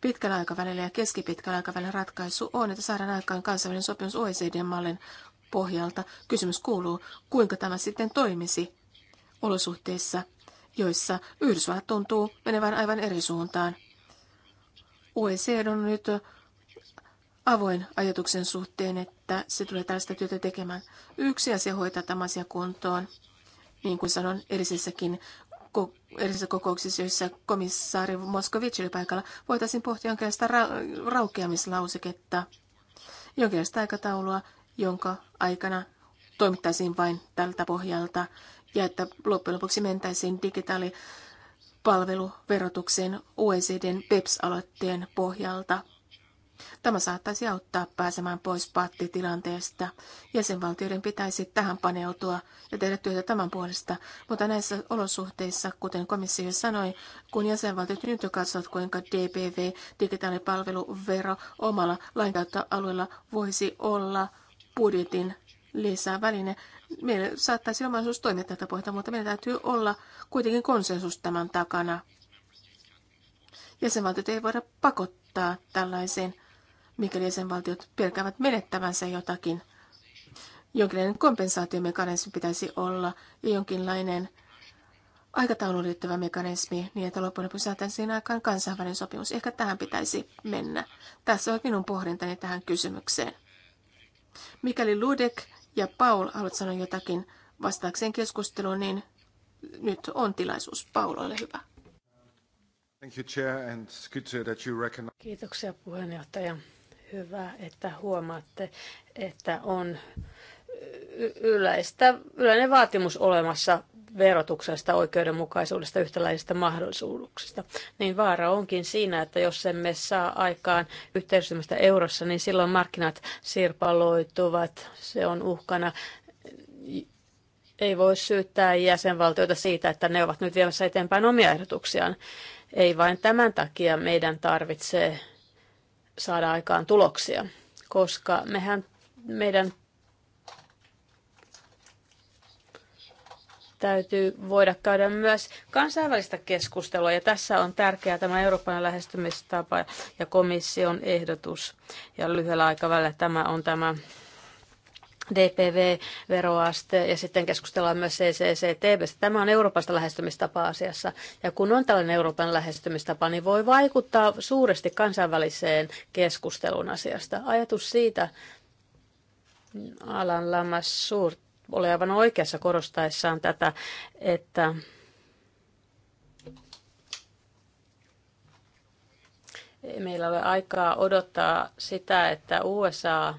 Pitkällä aikavälillä ja keskipitkällä aikavälillä ratkaisu on, että saadaan aikaan kansainvälinen sopimus OECD-mallin pohjalta. Kysymys kuuluu, kuinka tämä sitten toimisi olosuhteissa, joissa Yhdysvallat tuntuu menevän aivan eri suuntaan. OECD on nyt avoin ajatuksen suhteen, että se tulee tällaista työtä tekemään. Yksi asia hoitaa tämän asian kuntoon, niin kuin sanon erisessäkin erisissä kokouksissa, joissa komissaari Moskovic oli paikalla, voitaisiin pohtia jonkinlaista ra- raukeamislauseketta, jonkinlaista aikataulua, jonka aikana toimittaisiin vain tältä pohjalta ja että loppujen lopuksi mentäisiin digitaalipalveluverotukseen OECDn BEPS-aloitteen pohjalta. Tämä saattaisi auttaa pääsemään pois pattitilanteesta. Jäsenvaltioiden pitäisi tähän paneutua ja tehdä työtä tämän puolesta, mutta näissä olosuhteissa, kuten komissio sanoi, kun jäsenvaltiot nyt jo katsovat, kuinka DPV, digitaalipalveluvero, omalla lainkäyttöalueella voisi olla budjetin lisää väline. Meillä saattaisi olla mahdollisuus toimia tätä pohjalta, mutta meillä täytyy olla kuitenkin konsensus tämän takana. Jäsenvaltiot ei voida pakottaa tällaiseen, mikäli jäsenvaltiot pelkäävät menettävänsä jotakin. Jonkinlainen kompensaatiomekanismi pitäisi olla ja jonkinlainen aikatauluun liittyvä mekanismi, niin että loppujen lopuksi saataisiin aikaan kansainvälinen sopimus. Ehkä tähän pitäisi mennä. Tässä on minun pohdintani tähän kysymykseen. Mikäli Ludek ja Paul, haluat sanoa jotakin vastaakseen keskusteluun, niin nyt on tilaisuus. Paul, ole hyvä. Thank you, Chair, and good that you recognize... Kiitoksia puheenjohtaja. Hyvä, että huomaatte, että on yleistä, yleinen vaatimus olemassa verotuksesta, oikeudenmukaisuudesta, yhtäläisistä mahdollisuuksista, niin vaara onkin siinä, että jos emme saa aikaan yhteisymmistä eurossa, niin silloin markkinat sirpaloituvat, se on uhkana. Ei voi syyttää jäsenvaltioita siitä, että ne ovat nyt viemässä eteenpäin omia ehdotuksiaan. Ei vain tämän takia meidän tarvitsee saada aikaan tuloksia, koska mehän, meidän täytyy voida käydä myös kansainvälistä keskustelua, ja tässä on tärkeää tämä Euroopan lähestymistapa ja komission ehdotus, ja lyhyellä aikavälillä tämä on tämä DPV-veroaste ja sitten keskustellaan myös CCCTV. Tämä on Euroopasta lähestymistapa asiassa. Ja kun on tällainen Euroopan lähestymistapa, niin voi vaikuttaa suuresti kansainväliseen keskusteluun asiasta. Ajatus siitä, Alan Lamas suurta oli aivan oikeassa korostaessaan tätä, että meillä ole aikaa odottaa sitä, että USA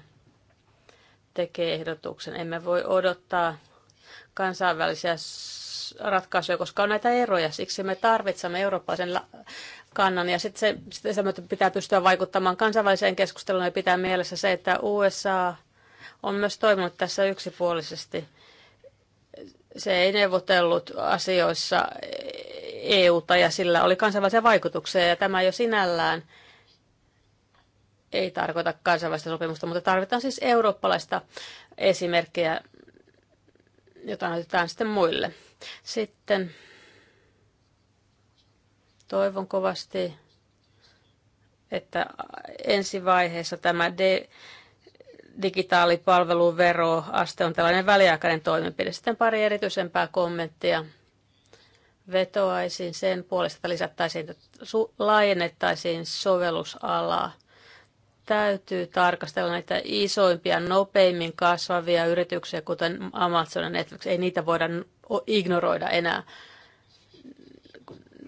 tekee ehdotuksen. Emme voi odottaa kansainvälisiä ratkaisuja, koska on näitä eroja. Siksi me tarvitsemme eurooppalaisen kannan ja sitten se, sit se pitää pystyä vaikuttamaan kansainväliseen keskusteluun ja pitää mielessä se, että USA on myös toiminut tässä yksipuolisesti. Se ei neuvotellut asioissa EUta ja sillä oli kansainvälisiä vaikutuksia ja tämä jo sinällään ei tarkoita kansainvälistä sopimusta, mutta tarvitaan siis eurooppalaista esimerkkiä, jota näytetään sitten muille. Sitten toivon kovasti, että ensi vaiheessa tämä de- veroaste on tällainen väliaikainen toimenpide. Sitten pari erityisempää kommenttia. Vetoaisin sen puolesta, että lisättäisiin, että laajennettaisiin sovellusalaa. Täytyy tarkastella näitä isoimpia, nopeimmin kasvavia yrityksiä, kuten Amazon ja Netflix. Ei niitä voida ignoroida enää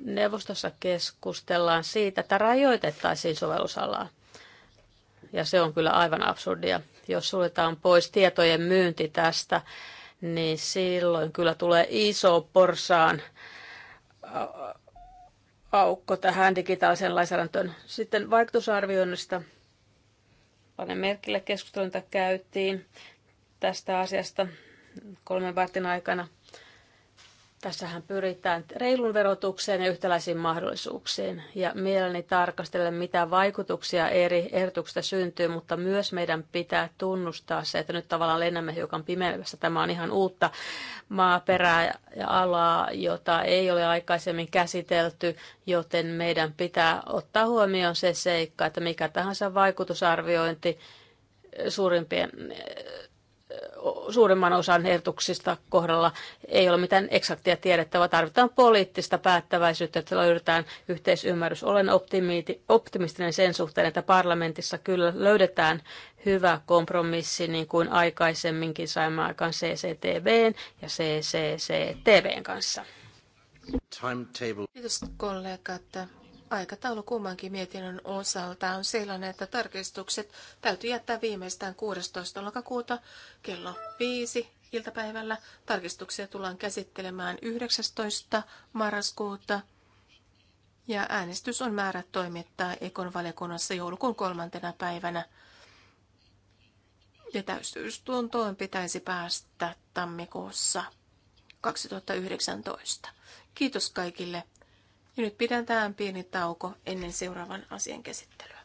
neuvostossa keskustellaan siitä, että rajoitettaisiin sovellusalaa. Ja se on kyllä aivan absurdia jos suljetaan pois tietojen myynti tästä, niin silloin kyllä tulee iso porsaan aukko tähän digitaalisen lainsäädäntöön. Sitten vaikutusarvioinnista. Panen merkille keskustelua, käytiin tästä asiasta kolmen vartin aikana – Tässähän pyritään reilun verotukseen ja yhtäläisiin mahdollisuuksiin. Ja mielelläni tarkastella, mitä vaikutuksia eri ehdotuksista syntyy, mutta myös meidän pitää tunnustaa se, että nyt tavallaan lennämme hiukan pimeydessä. Tämä on ihan uutta maaperää ja alaa, jota ei ole aikaisemmin käsitelty, joten meidän pitää ottaa huomioon se seikka, että mikä tahansa vaikutusarviointi suurimpien suurimman osan ehdotuksista kohdalla ei ole mitään eksaktia tiedettä, vaan tarvitaan poliittista päättäväisyyttä, että löydetään yhteisymmärrys. Olen optimistinen sen suhteen, että parlamentissa kyllä löydetään hyvä kompromissi, niin kuin aikaisemminkin saimme aikaan CCTVn ja CCCTVn kanssa. Kiitos kollegat. Aikataulu kummankin mietinnön osalta on sellainen, että tarkistukset täytyy jättää viimeistään 16. lokakuuta kello 5 iltapäivällä. Tarkistuksia tullaan käsittelemään 19. marraskuuta ja äänestys on määrä toimittaa Ekon valiokunnassa joulukuun kolmantena päivänä. Ja täysistuntoon pitäisi päästä tammikuussa 2019. Kiitos kaikille ja nyt pidetään pieni tauko ennen seuraavan asian käsittelyä.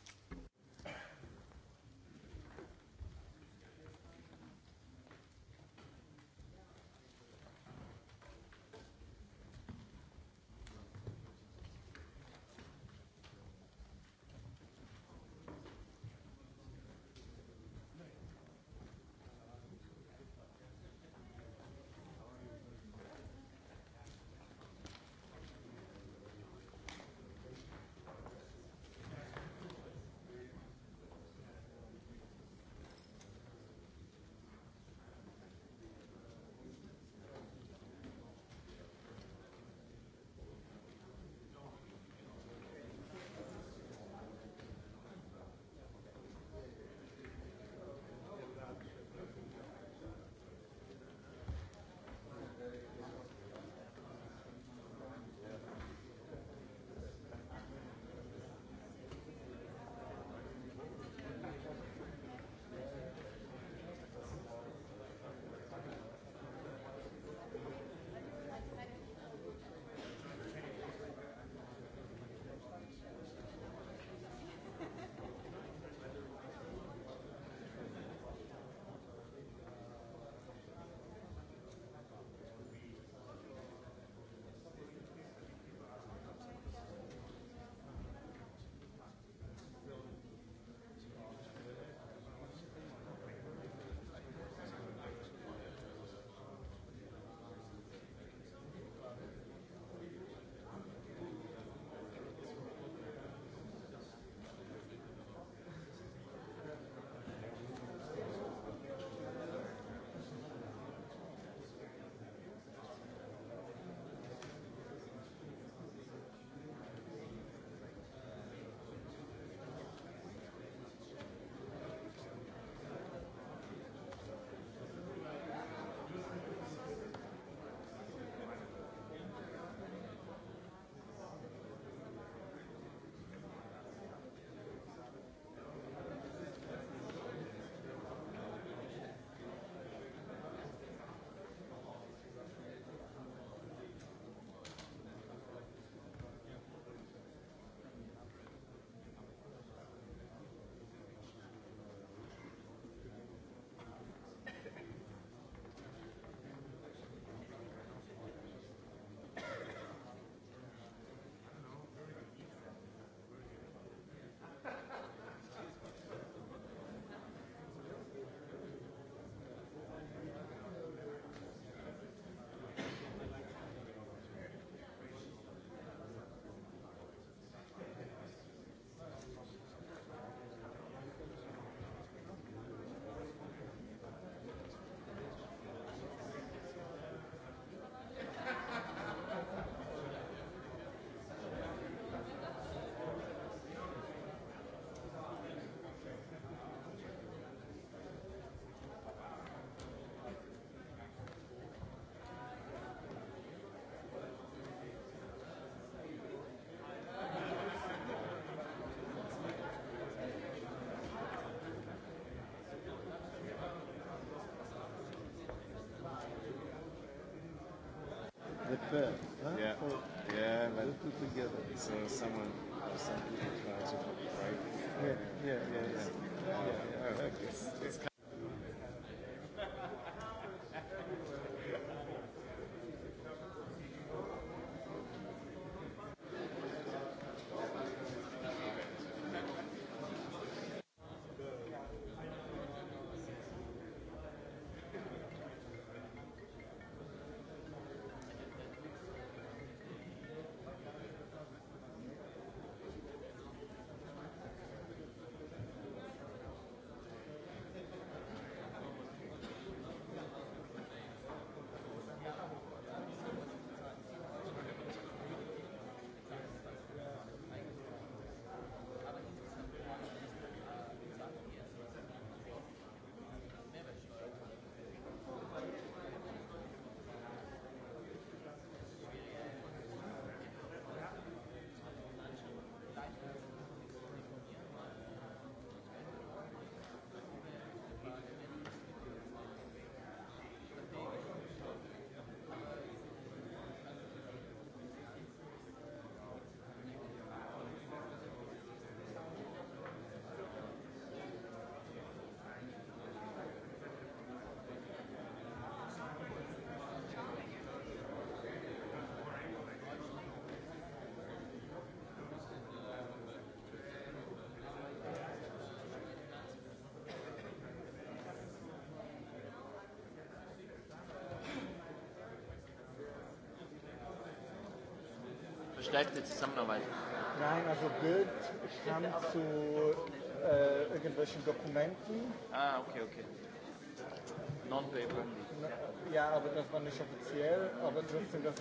fair. Huh? Yeah. Or yeah, but put together. So someone, some people try to break. Yeah, yeah. yeah. yeah. yeah. yeah. yeah. yeah. yeah. yeah. yeah. stärkte Zusammenarbeit? Nein, also Bild stand zu äh, irgendwelchen Dokumenten. Ah, okay, okay. Non-paper. Ja, aber das war nicht offiziell, aber trotzdem, das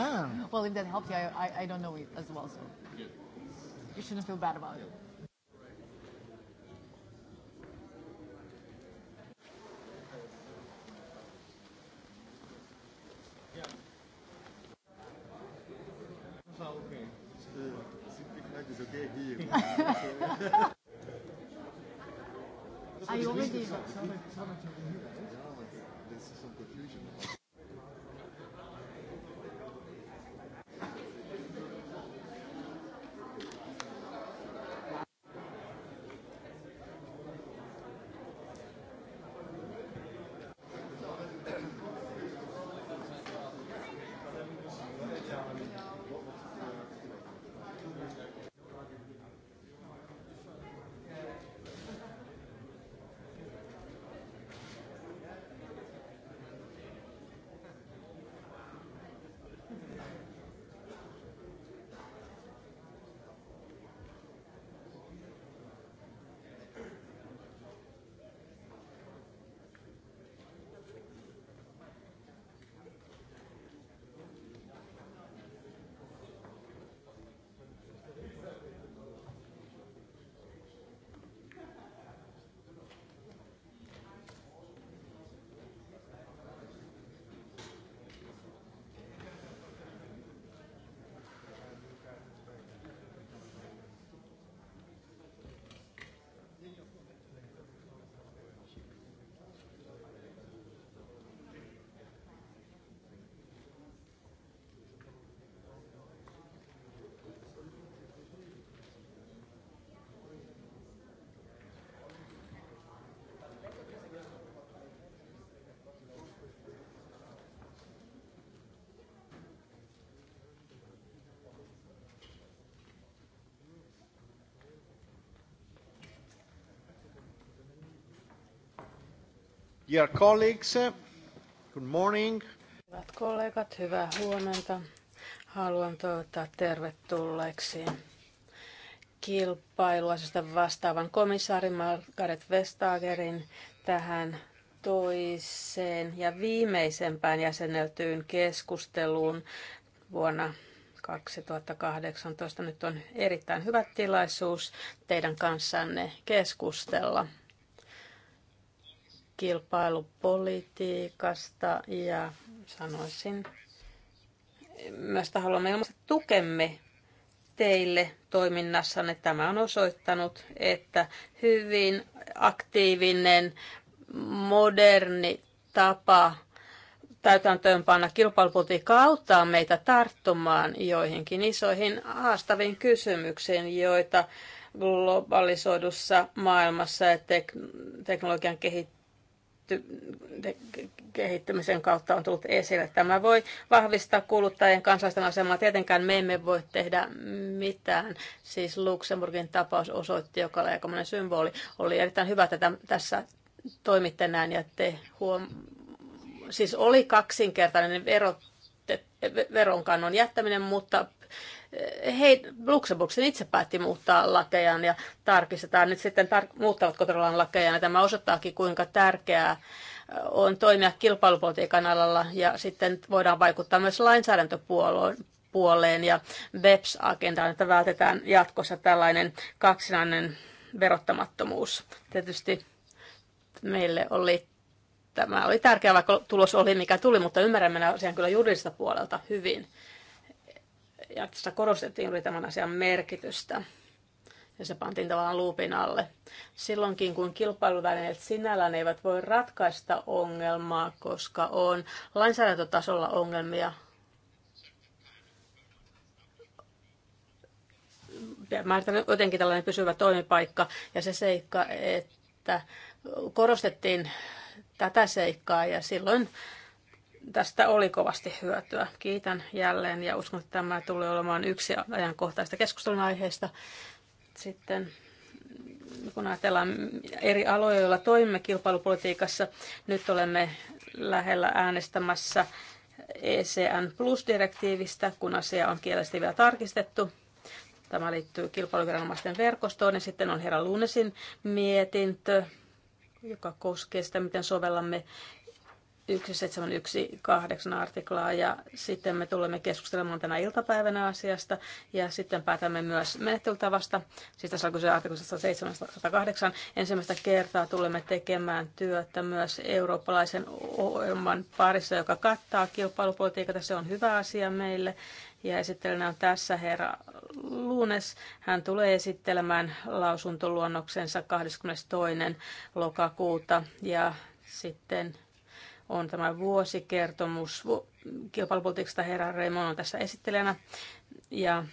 Ah. Well, if that helps you, I, I don't know it as well, so you shouldn't feel bad about it. I already. Dear colleagues, good morning. Hyvät kollegat, hyvää huomenta. Haluan toivottaa tervetulleeksi kilpailuasioista vastaavan komissaari Margaret Vestagerin tähän toiseen ja viimeisempään jäseneltyyn keskusteluun vuonna 2018. Nyt on erittäin hyvä tilaisuus teidän kanssanne keskustella kilpailupolitiikasta ja sanoisin myös, haluamme ilmaista tukemme teille toiminnassanne. Tämä on osoittanut, että hyvin aktiivinen, moderni tapa täytäntöönpanna kilpailupolitiikka auttaa meitä tarttumaan joihinkin isoihin haastaviin kysymyksiin, joita globalisoidussa maailmassa ja tek- teknologian kehittämisessä kehittymisen kautta on tullut esille. Tämä voi vahvistaa kuluttajien kansallisten asemaa. Tietenkään me emme voi tehdä mitään. Siis Luxemburgin tapaus osoitti, joka oli aikamoinen symboli. Oli erittäin hyvä, että tässä toimitte näin ja te huom... Siis oli kaksinkertainen verot, veronkannon jättäminen, mutta hei, sen itse päätti muuttaa lakejaan ja tarkistetaan nyt sitten, tar- muuttavatko todella lakejaan. Ja tämä osoittaakin, kuinka tärkeää on toimia kilpailupolitiikan alalla ja sitten voidaan vaikuttaa myös lainsäädäntöpuoleen ja BEPS-agendaan, että vältetään jatkossa tällainen kaksinainen verottamattomuus. Tietysti meille oli tämä oli tärkeää, vaikka tulos oli mikä tuli, mutta ymmärrämme asian kyllä juridista puolelta hyvin ja korostettiin juuri tämän asian merkitystä. Ja se pantiin tavallaan luupin alle. Silloinkin, kun kilpailuvälineet sinällään eivät voi ratkaista ongelmaa, koska on lainsäädäntötasolla ongelmia, määrittänyt jotenkin tällainen pysyvä toimipaikka ja se seikka, että korostettiin tätä seikkaa ja silloin tästä oli kovasti hyötyä. Kiitän jälleen ja uskon, että tämä tulee olemaan yksi ajankohtaista keskustelun aiheesta. Sitten kun ajatellaan eri aloja, joilla toimimme kilpailupolitiikassa, nyt olemme lähellä äänestämässä ECN Plus-direktiivistä, kun asia on kielellisesti vielä tarkistettu. Tämä liittyy kilpailuviranomaisten verkostoon ja sitten on herra Lunesin mietintö, joka koskee sitä, miten sovellamme 1718 artiklaa ja sitten me tulemme keskustelemaan tänä iltapäivänä asiasta ja sitten päätämme myös menettelytavasta. Siis tässä on kyse artiklasta 708. Ensimmäistä kertaa tulemme tekemään työtä myös eurooppalaisen ohjelman parissa, joka kattaa kilpailupolitiikata. Se on hyvä asia meille. Ja esittelenä on tässä herra Luunes. Hän tulee esittelemään lausuntoluonnoksensa 22. lokakuuta ja sitten on tämä vuosikertomus kilpailupolitiikasta. Herra Raimon on tässä esittelijänä ja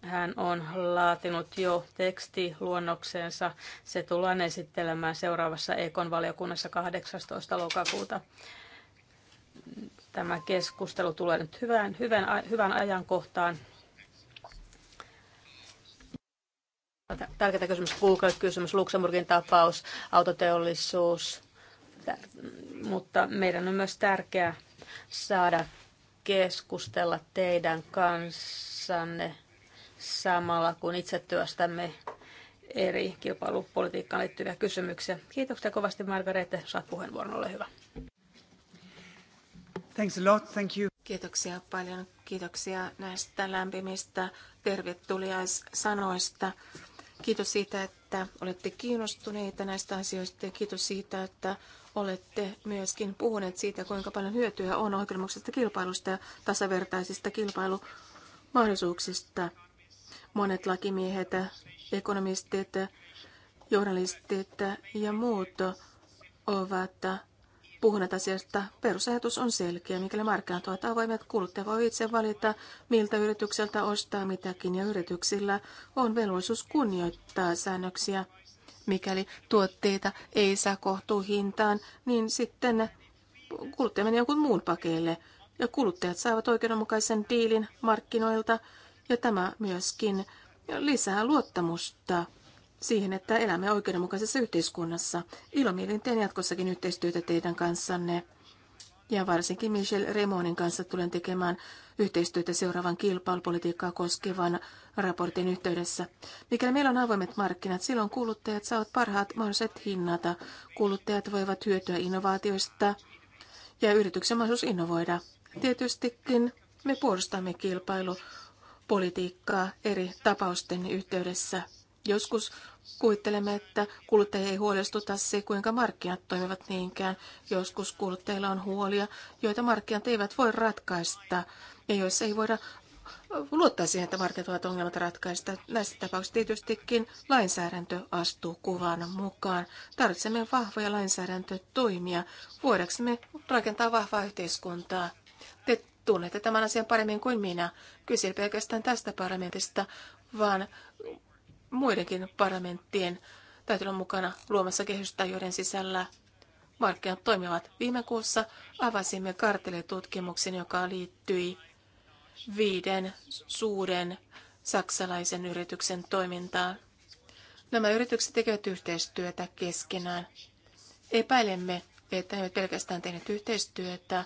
hän on laatinut jo tekstiluonnoksensa. Se tullaan esittelemään seuraavassa Ekon valiokunnassa 18. lokakuuta. Tämä keskustelu tulee nyt hyvään, hyvän, hyvän ajankohtaan. Tärkeä kysymys, Google-kysymys, Luxemburgin tapaus, autoteollisuus, mutta meidän on myös tärkeää saada keskustella teidän kanssanne samalla, kun itse työstämme eri kilpailupolitiikkaan liittyviä kysymyksiä. Kiitoksia kovasti Margarete, saat puheenvuoron, ole hyvä. Thanks a lot, thank you. Kiitoksia paljon, kiitoksia näistä lämpimistä tervetuliaissanoista. Kiitos siitä, että olette kiinnostuneita näistä asioista ja kiitos siitä, että olette myöskin puhuneet siitä, kuinka paljon hyötyä on oikeudenmukaisesta kilpailusta ja tasavertaisista kilpailumahdollisuuksista. Monet lakimiehet, ekonomistit, journalistit ja muut ovat puhuneet asiasta. Perusajatus on selkeä, mikäli markkinat ovat avoimet, kuluttaja voi itse valita, miltä yritykseltä ostaa mitäkin, ja yrityksillä on velvollisuus kunnioittaa säännöksiä Mikäli tuotteita ei saa kohtuuhintaan, niin sitten kuluttaja menee jonkun muun pakeille. Ja kuluttajat saavat oikeudenmukaisen diilin markkinoilta, ja tämä myöskin lisää luottamusta siihen, että elämme oikeudenmukaisessa yhteiskunnassa. Ilomielin teen jatkossakin yhteistyötä teidän kanssanne. Ja varsinkin Michel Remonin kanssa tulen tekemään yhteistyötä seuraavan kilpailupolitiikkaa koskevan raportin yhteydessä. Mikäli meillä on avoimet markkinat, silloin kuluttajat saavat parhaat mahdolliset hinnata. Kuluttajat voivat hyötyä innovaatioista ja yrityksen mahdollisuus innovoida. Tietystikin me puolustamme kilpailupolitiikkaa eri tapausten yhteydessä. Joskus Kuvittelemme, että kuluttajia ei huolestuta se, kuinka markkinat toimivat niinkään. Joskus kuluttajilla on huolia, joita markkinat eivät voi ratkaista ja joissa ei voida luottaa siihen, että markkinat ovat ongelmat ratkaista. Näissä tapauksissa tietystikin lainsäädäntö astuu kuvan mukaan. Tarvitsemme vahvoja lainsäädäntötoimia, voidaksemme rakentaa vahvaa yhteiskuntaa. Te tunnette tämän asian paremmin kuin minä. Kysyn pelkästään tästä parlamentista, vaan muidenkin parlamenttien täytyy olla mukana luomassa kehystä, joiden sisällä markkinat toimivat. Viime kuussa avasimme kartelitutkimuksen, joka liittyi viiden suuren saksalaisen yrityksen toimintaan. Nämä yritykset tekevät yhteistyötä keskenään. Epäilemme, että ne pelkästään tehneet yhteistyötä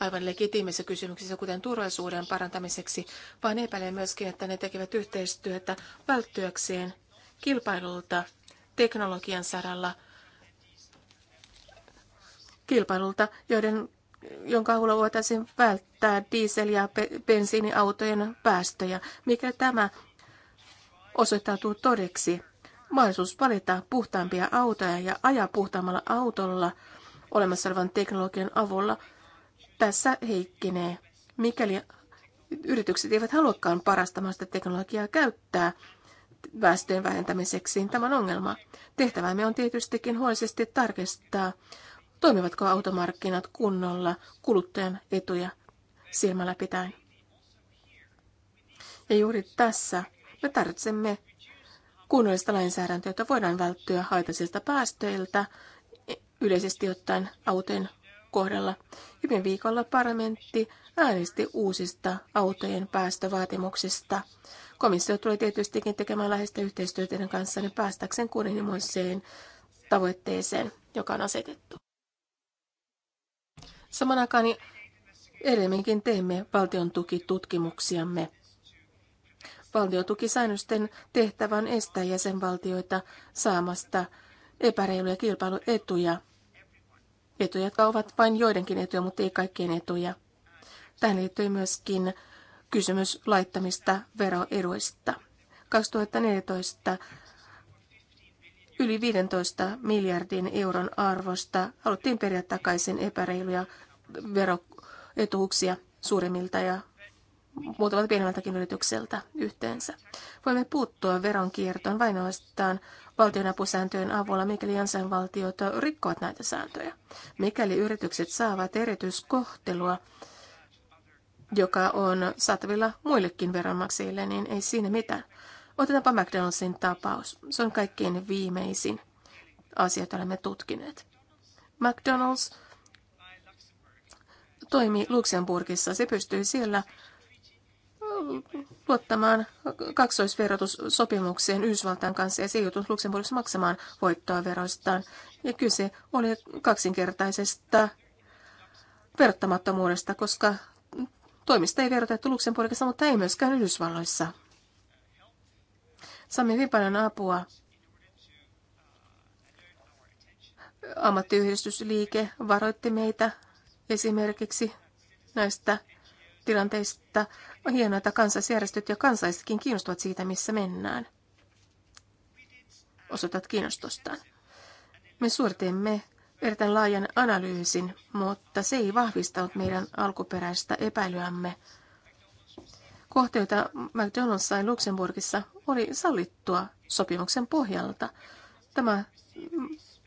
aivan legitiimissä kysymyksissä, kuten turvallisuuden parantamiseksi, vaan epäilen myöskin, että ne tekevät yhteistyötä välttyäkseen kilpailulta teknologian saralla, kilpailulta, joiden, jonka avulla voitaisiin välttää diesel- ja bensiiniautojen päästöjä. Mikä tämä osoittautuu todeksi? Mahdollisuus valita puhtaampia autoja ja ajaa puhtaammalla autolla olemassa olevan teknologian avulla – tässä heikkenee, mikäli yritykset eivät haluakaan parastamasta teknologiaa käyttää väestön vähentämiseksi. Tämä ongelma. Tehtävämme on tietystikin huolisesti tarkistaa, toimivatko automarkkinat kunnolla kuluttajan etuja silmällä pitäen. Ja juuri tässä me tarvitsemme kunnollista lainsäädäntöä, jotta voidaan välttyä haitallisilta päästöiltä yleisesti ottaen autojen kohdalla. Viime viikolla parlamentti äänesti uusista autojen päästövaatimuksista. Komissio tulee tietystikin tekemään läheistä yhteistyötä teidän kanssanne päästäkseen kunnianhimoiseen tavoitteeseen, joka on asetettu. Saman aikaan niin edelleenkin teemme valtion tukitutkimuksiamme. Valtiotukisäännösten tehtävän estää jäsenvaltioita saamasta epäreiluja kilpailuetuja etuja, jotka ovat vain joidenkin etuja, mutta ei kaikkien etuja. Tähän liittyy myöskin kysymys laittamista veroeduista. 2014 yli 15 miljardin euron arvosta haluttiin periä takaisin epäreiluja veroetuuksia suurimmilta ja muutamalta pienemmältäkin yritykseltä yhteensä. Voimme puuttua veronkiertoon vain ainoastaan valtionapusääntöjen avulla, mikäli jäsenvaltiot rikkovat näitä sääntöjä. Mikäli yritykset saavat erityiskohtelua, joka on saatavilla muillekin veronmaksajille, niin ei siinä mitään. Otetaanpa McDonaldsin tapaus. Se on kaikkein viimeisin asia, jota olemme tutkineet. McDonald's toimi Luxemburgissa. Se pystyi siellä luottamaan kaksoisverotussopimukseen Yhdysvaltain kanssa ja se joutui Luxemburgissa maksamaan voittoa veroistaan. Ja kyse oli kaksinkertaisesta verottamattomuudesta, koska toimista ei verotettu Luxemburgissa, mutta ei myöskään Yhdysvalloissa. Sami Vipanen apua ammattiyhdistysliike varoitti meitä esimerkiksi näistä tilanteista. On hienoa, että kansalaisjärjestöt ja kansalaisetkin kiinnostuvat siitä, missä mennään. Osoitat kiinnostustaan. Me suoritimme erittäin laajan analyysin, mutta se ei vahvistanut meidän alkuperäistä epäilyämme. Kohteita McDonald's sai Luxemburgissa oli sallittua sopimuksen pohjalta. Tämä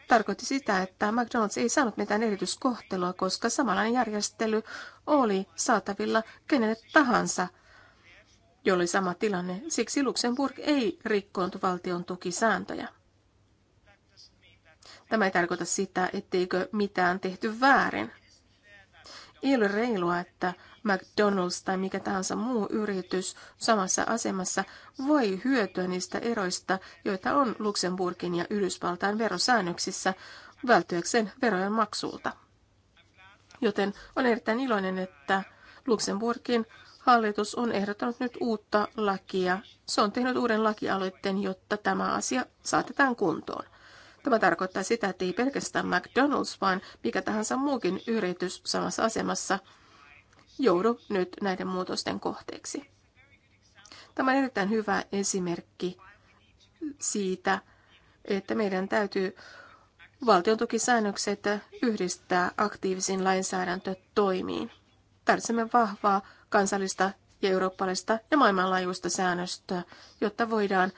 tarkoitti sitä, että McDonald's ei saanut mitään erityiskohtelua, koska samanlainen järjestely oli saatavilla kenelle tahansa, jolla oli sama tilanne. Siksi Luxemburg ei rikkoontu valtion tukisääntöjä. Tämä ei tarkoita sitä, etteikö mitään tehty väärin. Ei ole reilua, että McDonald's tai mikä tahansa muu yritys samassa asemassa voi hyötyä niistä eroista, joita on Luxemburgin ja Yhdysvaltain verosäännöksissä välttyäkseen verojen maksulta. Joten on erittäin iloinen, että Luxemburgin hallitus on ehdottanut nyt uutta lakia. Se on tehnyt uuden lakialoitteen, jotta tämä asia saatetaan kuntoon. Tämä tarkoittaa sitä, että ei pelkästään McDonald's, vaan mikä tahansa muukin yritys samassa asemassa – joudu nyt näiden muutosten kohteeksi. Tämä on erittäin hyvä esimerkki siitä, että meidän täytyy tukisäännökset yhdistää aktiivisiin lainsäädäntötoimiin. Tarvitsemme vahvaa kansallista ja eurooppalaista ja maailmanlaajuista säännöstöä, jotta voidaan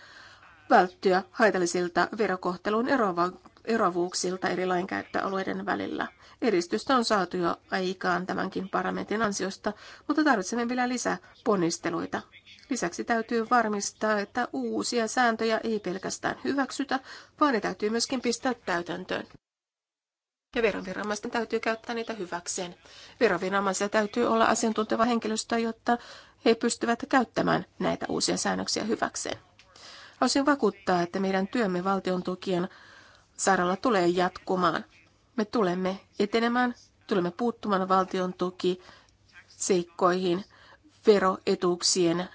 välttyä haitallisilta verokohtelun eroavan eroavuuksilta eri lainkäyttöalueiden välillä. Edistystä on saatu jo aikaan tämänkin parlamentin ansiosta, mutta tarvitsemme vielä lisää ponnisteluita. Lisäksi täytyy varmistaa, että uusia sääntöjä ei pelkästään hyväksytä, vaan ne täytyy myöskin pistää täytäntöön. Ja veroviranomaisten täytyy käyttää niitä hyväkseen. Veroviranomaisia täytyy olla asiantunteva henkilöstö, jotta he pystyvät käyttämään näitä uusia säännöksiä hyväkseen. Haluaisin vakuuttaa, että meidän työmme valtion tukien saralla tulee jatkumaan. Me tulemme etenemään, tulemme puuttumaan valtion tuki seikkoihin veroetuuksien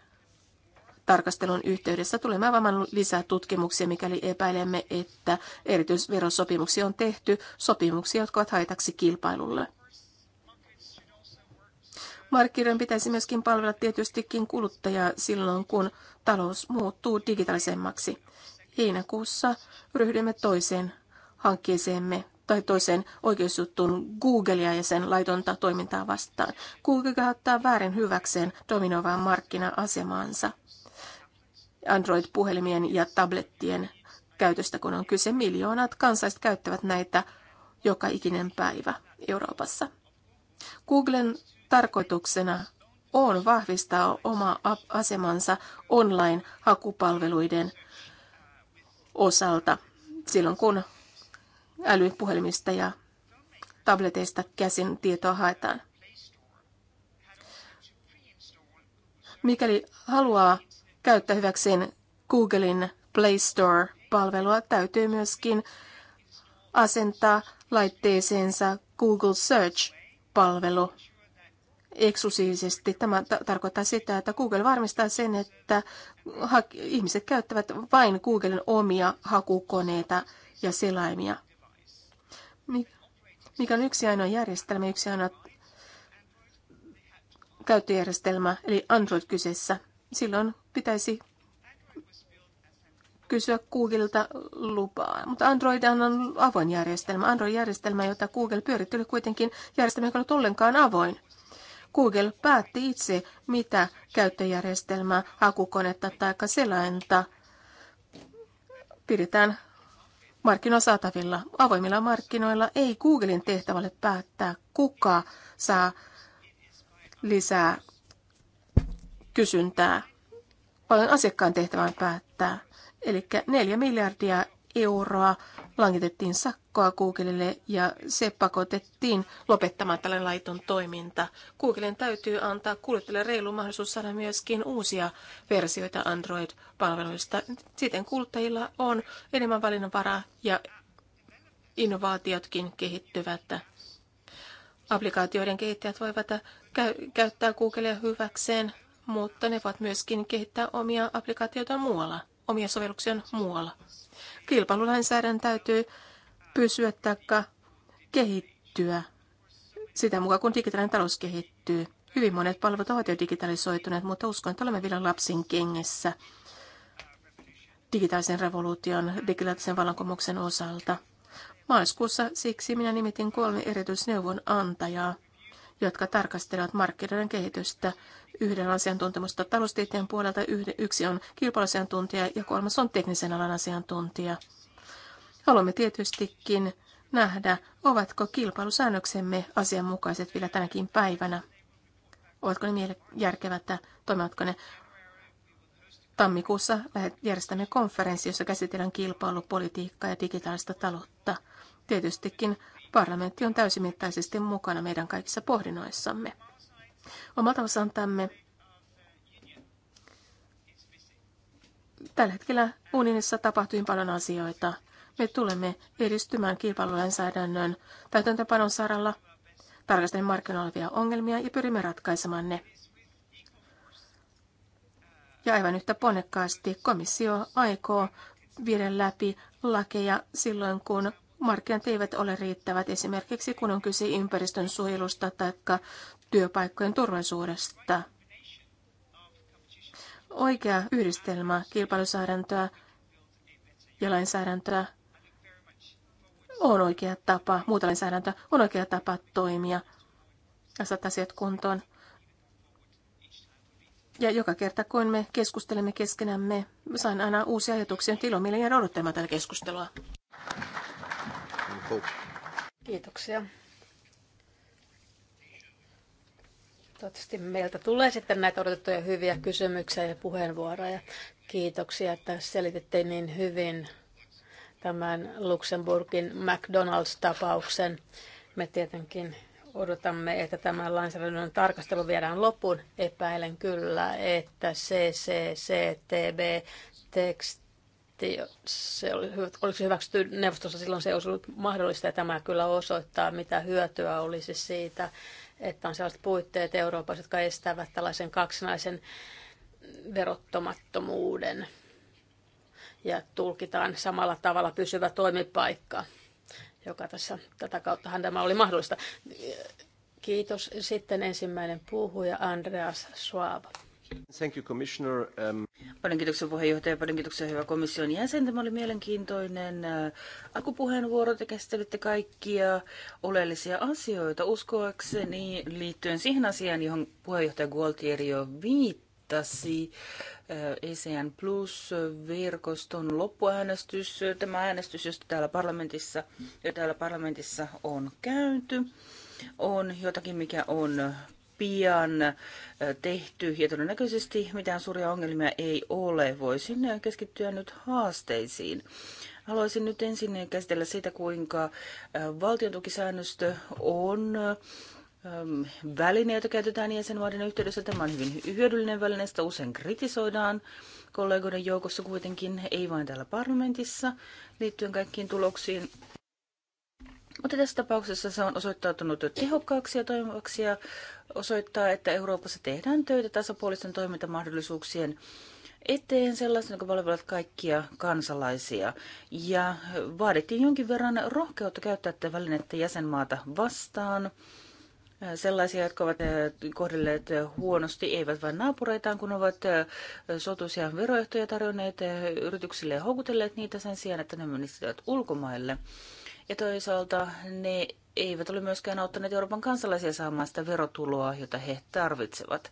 tarkastelun yhteydessä. Tulemme avaamaan lisää tutkimuksia, mikäli epäilemme, että erityisverosopimuksia on tehty, sopimuksia, jotka ovat haitaksi kilpailulle. Markkinoiden pitäisi myöskin palvella tietystikin kuluttajaa silloin, kun talous muuttuu digitaalisemmaksi heinäkuussa ryhdymme toiseen hankkeeseemme tai toiseen oikeusjuttuun Googlea ja sen laitonta toimintaa vastaan. Google käyttää väärin hyväkseen dominovaan markkina-asemaansa Android-puhelimien ja tablettien käytöstä, kun on kyse miljoonat kansalaiset käyttävät näitä joka ikinen päivä Euroopassa. Googlen tarkoituksena on vahvistaa oma asemansa online-hakupalveluiden osalta silloin, kun älypuhelimista ja tableteista käsin tietoa haetaan. Mikäli haluaa käyttää hyväkseen Googlein Play Store-palvelua, täytyy myöskin asentaa laitteeseensa Google Search-palvelu eksklusiivisesti. Tämä tarkoittaa sitä, että Google varmistaa sen, että ihmiset käyttävät vain Googlen omia hakukoneita ja selaimia. Mikä on yksi ainoa järjestelmä, yksi ainoa käyttöjärjestelmä, eli Android kyseessä. Silloin pitäisi kysyä Googlelta lupaa. Mutta Android on avoin järjestelmä. Android-järjestelmä, jota Google pyöritteli kuitenkin järjestelmä, joka on ollenkaan avoin. Google päätti itse, mitä käyttöjärjestelmää, hakukonetta tai selainta pidetään markkinoilla saatavilla. Avoimilla markkinoilla ei Googlen tehtävälle päättää, kuka saa lisää kysyntää, vaan asiakkaan tehtävän päättää. Eli 4 miljardia euroa langitettiin sakkoa Googlelle ja se pakotettiin lopettamaan tällainen laiton toiminta. Googlen täytyy antaa kuluttajille reilu mahdollisuus saada myöskin uusia versioita Android-palveluista. Siten kuluttajilla on enemmän valinnanvaraa ja innovaatiotkin kehittyvät. Applikaatioiden kehittäjät voivat käy- käyttää Googlea hyväkseen, mutta ne voivat myöskin kehittää omia applikaatioita muualla omia sovelluksia muualla. Kilpailulainsäädännön täytyy pysyä taikka kehittyä sitä mukaan, kun digitaalinen talous kehittyy. Hyvin monet palvelut ovat jo digitalisoituneet, mutta uskon, että olemme vielä lapsin kengessä digitaalisen revoluution, digitaalisen vallankumouksen osalta. Maaliskuussa siksi minä nimitin kolme erityisneuvonantajaa jotka tarkastelevat markkinoiden kehitystä. Yhden asiantuntemusta taloustieteen puolelta, yksi on kilpailuasiantuntija ja kolmas on teknisen alan asiantuntija. Haluamme tietystikin nähdä, ovatko kilpailusäännöksemme asianmukaiset vielä tänäkin päivänä. Ovatko ne järkevät että toimivatko ne? Tammikuussa järjestämme konferenssi, jossa käsitellään kilpailupolitiikkaa ja digitaalista taloutta. Tietystikin Parlamentti on täysimittaisesti mukana meidän kaikissa pohdinnoissamme. Omalta osaltamme tällä hetkellä unionissa tapahtuu paljon asioita. Me tulemme edistymään kilpailulainsäädännön täytäntöpanon saralla, tarkastelemme markkinoilla olevia ongelmia ja pyrimme ratkaisemaan ne. Ja aivan yhtä ponnekkaasti komissio aikoo viedä läpi lakeja silloin, kun markkinat eivät ole riittävät esimerkiksi kun on kyse ympäristön suojelusta tai työpaikkojen turvallisuudesta. Oikea yhdistelmä kilpailusäädäntöä ja lainsäädäntöä on oikea tapa, muuta lainsäädäntöä on oikea tapa toimia ja saattaa asiat kuntoon. Ja joka kerta, kun me keskustelemme keskenämme, saan aina uusia ajatuksia. Ilomielin ja odottamaan tätä keskustelua. Hope. Kiitoksia. Toivottavasti meiltä tulee sitten näitä odotettuja hyviä kysymyksiä ja puheenvuoroja. Kiitoksia, että selititte niin hyvin tämän Luxemburgin McDonald's-tapauksen. Me tietenkin odotamme, että tämä lainsäädännön tarkastelu viedään loppuun. Epäilen kyllä, että CCCTB teksti se oli, oliko se hyväksytty neuvostossa silloin, se ei olisi ollut mahdollista ja tämä kyllä osoittaa, mitä hyötyä olisi siitä, että on sellaiset puitteet Euroopassa, jotka estävät tällaisen kaksinaisen verottomattomuuden ja tulkitaan samalla tavalla pysyvä toimipaikka, joka tässä tätä kauttahan tämä oli mahdollista. Kiitos. Sitten ensimmäinen puhuja Andreas Schwab. Thank you, Commissioner. Um... Paljon kiitoksia puheenjohtaja, paljon kiitoksia hyvä komission jäsen. Tämä oli mielenkiintoinen äh, alkupuheenvuoro. Te käsittelitte kaikkia oleellisia asioita uskoakseni liittyen siihen asiaan, johon puheenjohtaja Gualtieri jo viittasi. Äh, ECN Plus-verkoston loppuäänestys, tämä äänestys, josta täällä parlamentissa, jo täällä parlamentissa on käyty, on jotakin, mikä on pian tehty ja todennäköisesti mitään suuria ongelmia ei ole. Voisin keskittyä nyt haasteisiin. Haluaisin nyt ensin käsitellä sitä, kuinka valtiontukisäännöstö on väline, jota käytetään jäsenmaiden yhteydessä. Tämä on hyvin hyödyllinen väline, sitä usein kritisoidaan kollegoiden joukossa kuitenkin, ei vain täällä parlamentissa, liittyen kaikkiin tuloksiin, mutta tässä tapauksessa se on osoittautunut tehokkaaksi ja toimivaksi ja osoittaa, että Euroopassa tehdään töitä tasapuolisten toimintamahdollisuuksien eteen sellaisen, joka palvelevat kaikkia kansalaisia. Ja vaadittiin jonkin verran rohkeutta käyttää tätä välinettä jäsenmaata vastaan. Sellaisia, jotka ovat eh, kohdelleet huonosti, eivät vain naapureitaan, kun ovat eh, sotuisia veroehtoja tarjonneet eh, yrityksille ja houkutelleet niitä sen sijaan, että ne menisivät ulkomaille. Ja toisaalta ne eivät ole myöskään auttaneet Euroopan kansalaisia saamaan sitä verotuloa, jota he tarvitsevat.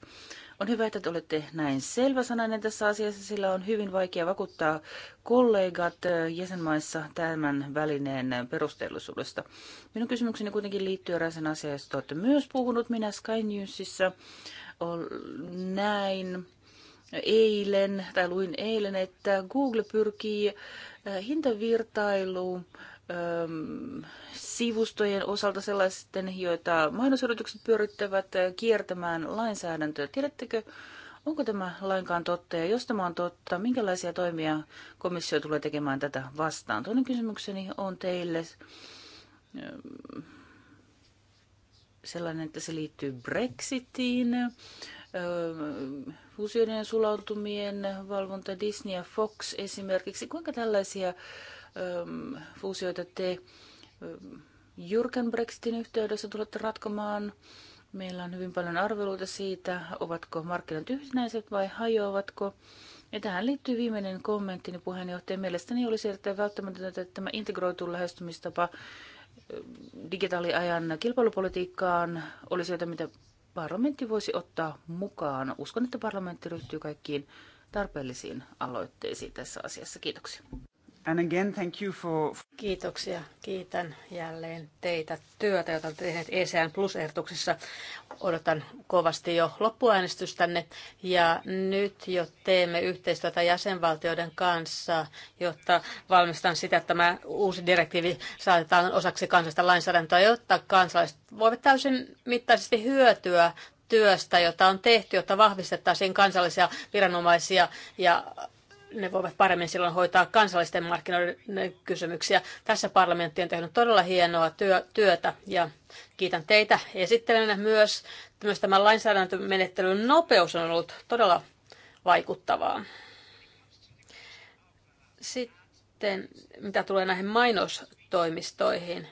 On hyvä, että te olette näin selväsanainen tässä asiassa, sillä on hyvin vaikea vakuuttaa kollegat eh, jäsenmaissa tämän välineen perusteellisuudesta. Minun kysymykseni kuitenkin liittyy erääseen asiaan, josta olette myös puhunut. Minä Sky Newsissa näin eilen, tai luin eilen, että Google pyrkii eh, hintavirtailuun sivustojen osalta sellaisten, joita mainosyritykset pyörittävät kiertämään lainsäädäntöä. Tiedättekö, onko tämä lainkaan totta ja jos tämä on totta, minkälaisia toimia komissio tulee tekemään tätä vastaan? Toinen kysymykseni on teille sellainen, että se liittyy Brexitiin, fuusioiden ja sulautumien valvonta, Disney ja Fox esimerkiksi. Kuinka tällaisia fuusioita te jyrkän Brexitin yhteydessä tulette ratkomaan. Meillä on hyvin paljon arveluita siitä, ovatko markkinat yhtenäiset vai hajoavatko. Ja tähän liittyy viimeinen kommenttini puheenjohtajan. Mielestäni olisi erittäin välttämätöntä, että tämä integroitu lähestymistapa digitaaliajan kilpailupolitiikkaan olisi jotain, mitä parlamentti voisi ottaa mukaan. Uskon, että parlamentti ryhtyy kaikkiin tarpeellisiin aloitteisiin tässä asiassa. Kiitoksia. And again, thank you for... Kiitoksia. Kiitän jälleen teitä työtä, jota olette tehneet ECN Plus-ehdotuksessa. Odotan kovasti jo loppuäänestystänne. Ja nyt jo teemme yhteistyötä jäsenvaltioiden kanssa, jotta valmistan sitä, että tämä uusi direktiivi saatetaan osaksi kansallista lainsäädäntöä, jotta kansalaiset voivat täysin mittaisesti hyötyä työstä, jota on tehty, jotta vahvistettaisiin kansallisia viranomaisia ja ne voivat paremmin silloin hoitaa kansallisten markkinoiden kysymyksiä. Tässä parlamentti on tehnyt todella hienoa työ, työtä ja kiitän teitä esittelenä myös. Myös tämä lainsäädäntömenettelyn nopeus on ollut todella vaikuttavaa. Sitten mitä tulee näihin mainostoimistoihin,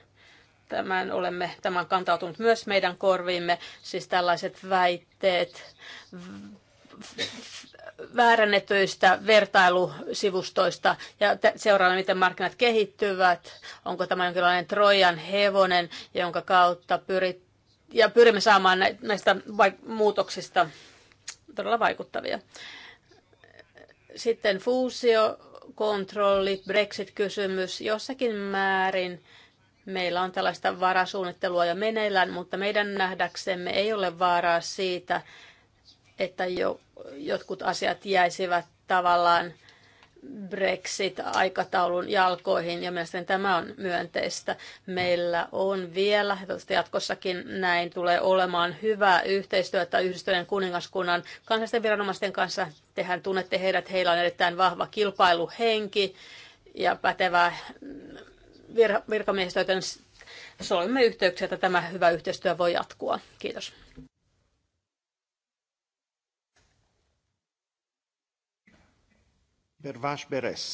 tämän olemme, tämän kantautunut myös meidän korviimme, siis tällaiset väitteet väärännettyistä vertailusivustoista ja seuraalla, miten markkinat kehittyvät. Onko tämä jonkinlainen Trojan hevonen, jonka kautta pyrit, ja pyrimme saamaan näistä muutoksista todella vaikuttavia. Sitten fuusio, kontrolli, Brexit-kysymys jossakin määrin. Meillä on tällaista varasuunnittelua jo meneillään, mutta meidän nähdäksemme ei ole vaaraa siitä, että jo, jotkut asiat jäisivät tavallaan Brexit-aikataulun jalkoihin ja mielestäni tämä on myönteistä. Meillä on vielä, ja jatkossakin näin tulee olemaan hyvää yhteistyötä yhdistyneen kuningaskunnan kansallisten viranomaisten kanssa. Tehän tunnette heidät, heillä on erittäin vahva kilpailuhenki ja pätevää vir- virkamiehistöä, joten yhteyksiä, että tämä hyvä yhteistyö voi jatkua. Kiitos. Pervash Beres.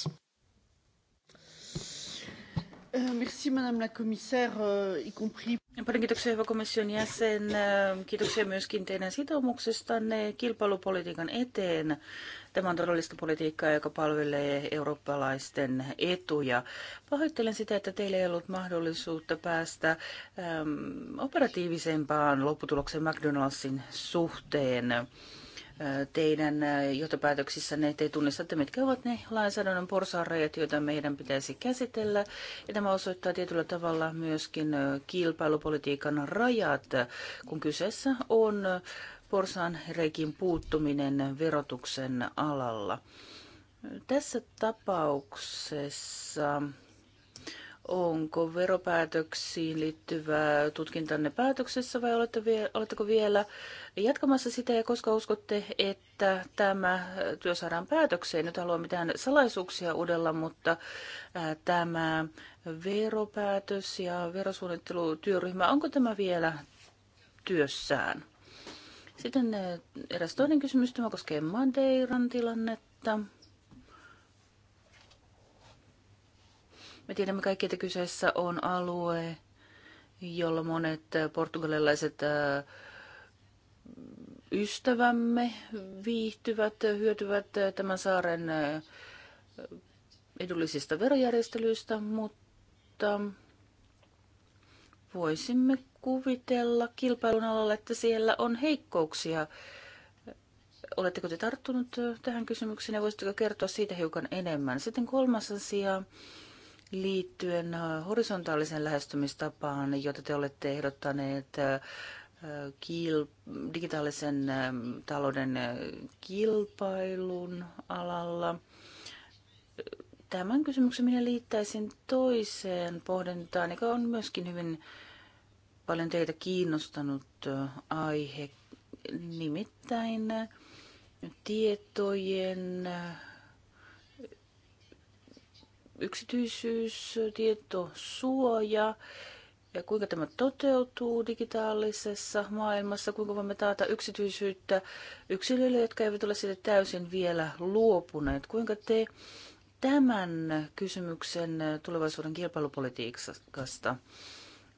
Euh, merci, Madame la Commissaire, euh, y compris... Paljon kiitoksia, hyvä komission jäsen. Ähm, kiitoksia myöskin teidän sitoumuksestanne kilpailupolitiikan eteen. Tämä on todellista politiikkaa, joka palvelee eurooppalaisten etuja. Pahoittelen sitä, että teillä ei ollut mahdollisuutta päästä äm, operatiivisempaan lopputulokseen McDonaldsin suhteen teidän johtopäätöksissänne, te tunnistatte, mitkä ovat ne lainsäädännön porsaarajat, joita meidän pitäisi käsitellä. Ja tämä osoittaa tietyllä tavalla myöskin kilpailupolitiikan rajat, kun kyseessä on porsaan reikin puuttuminen verotuksen alalla. Tässä tapauksessa Onko veropäätöksiin liittyvää tutkintanne päätöksessä vai oletteko vielä jatkamassa sitä ja koska uskotte, että tämä työ saadaan päätökseen? Nyt haluan mitään salaisuuksia uudella, mutta tämä veropäätös ja verosuunnittelutyöryhmä, onko tämä vielä työssään? Sitten eräs toinen kysymys, tämä koskee Madeiran tilannetta. Me tiedämme kaikki, että kyseessä on alue, jolla monet portugalilaiset äh, ystävämme viihtyvät, hyötyvät äh, tämän saaren äh, edullisista verojärjestelyistä, mutta voisimme kuvitella kilpailun alalla, että siellä on heikkouksia. Oletteko te tarttunut tähän kysymykseen ja voisitteko kertoa siitä hiukan enemmän? Sitten kolmas asia liittyen äh, horisontaalisen lähestymistapaan, jota te olette ehdottaneet äh, digitaalisen äh, talouden kilpailun alalla. Tämän kysymyksen minä liittäisin toiseen pohdintaan, joka on myöskin hyvin paljon teitä kiinnostanut aihe, nimittäin tietojen yksityisyys, tietosuoja ja kuinka tämä toteutuu digitaalisessa maailmassa, kuinka voimme taata yksityisyyttä yksilöille, jotka eivät ole siitä täysin vielä luopuneet. Kuinka te tämän kysymyksen tulevaisuuden kilpailupolitiikasta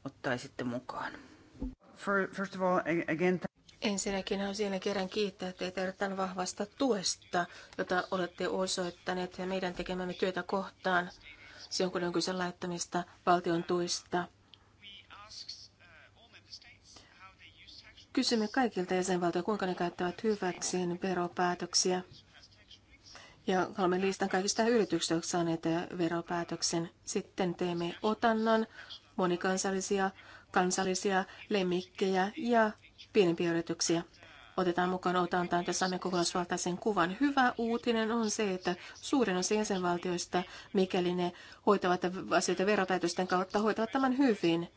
ottaisitte mukaan? First of all, again, Ensinnäkin haluan siinä kerran kiittää teitä erittäin vahvasta tuesta, jota olette osoittaneet ja meidän tekemämme työtä kohtaan. Se on kuitenkin sen laittamista valtion tuista. Kysymme kaikilta jäsenvaltioilta, kuinka ne käyttävät hyväksi veropäätöksiä. Ja haluamme listan kaikista yrityksistä, jotka saaneet veropäätöksen. Sitten teemme otannan monikansallisia, kansallisia lemmikkejä ja pienempiä yrityksiä otetaan mukaan otantaan tässä saamme kokonaisvaltaisen kuvan. Hyvä uutinen on se, että suurin osa jäsenvaltioista, mikäli ne hoitavat asioita veropäätösten kautta, hoitavat tämän hyvin.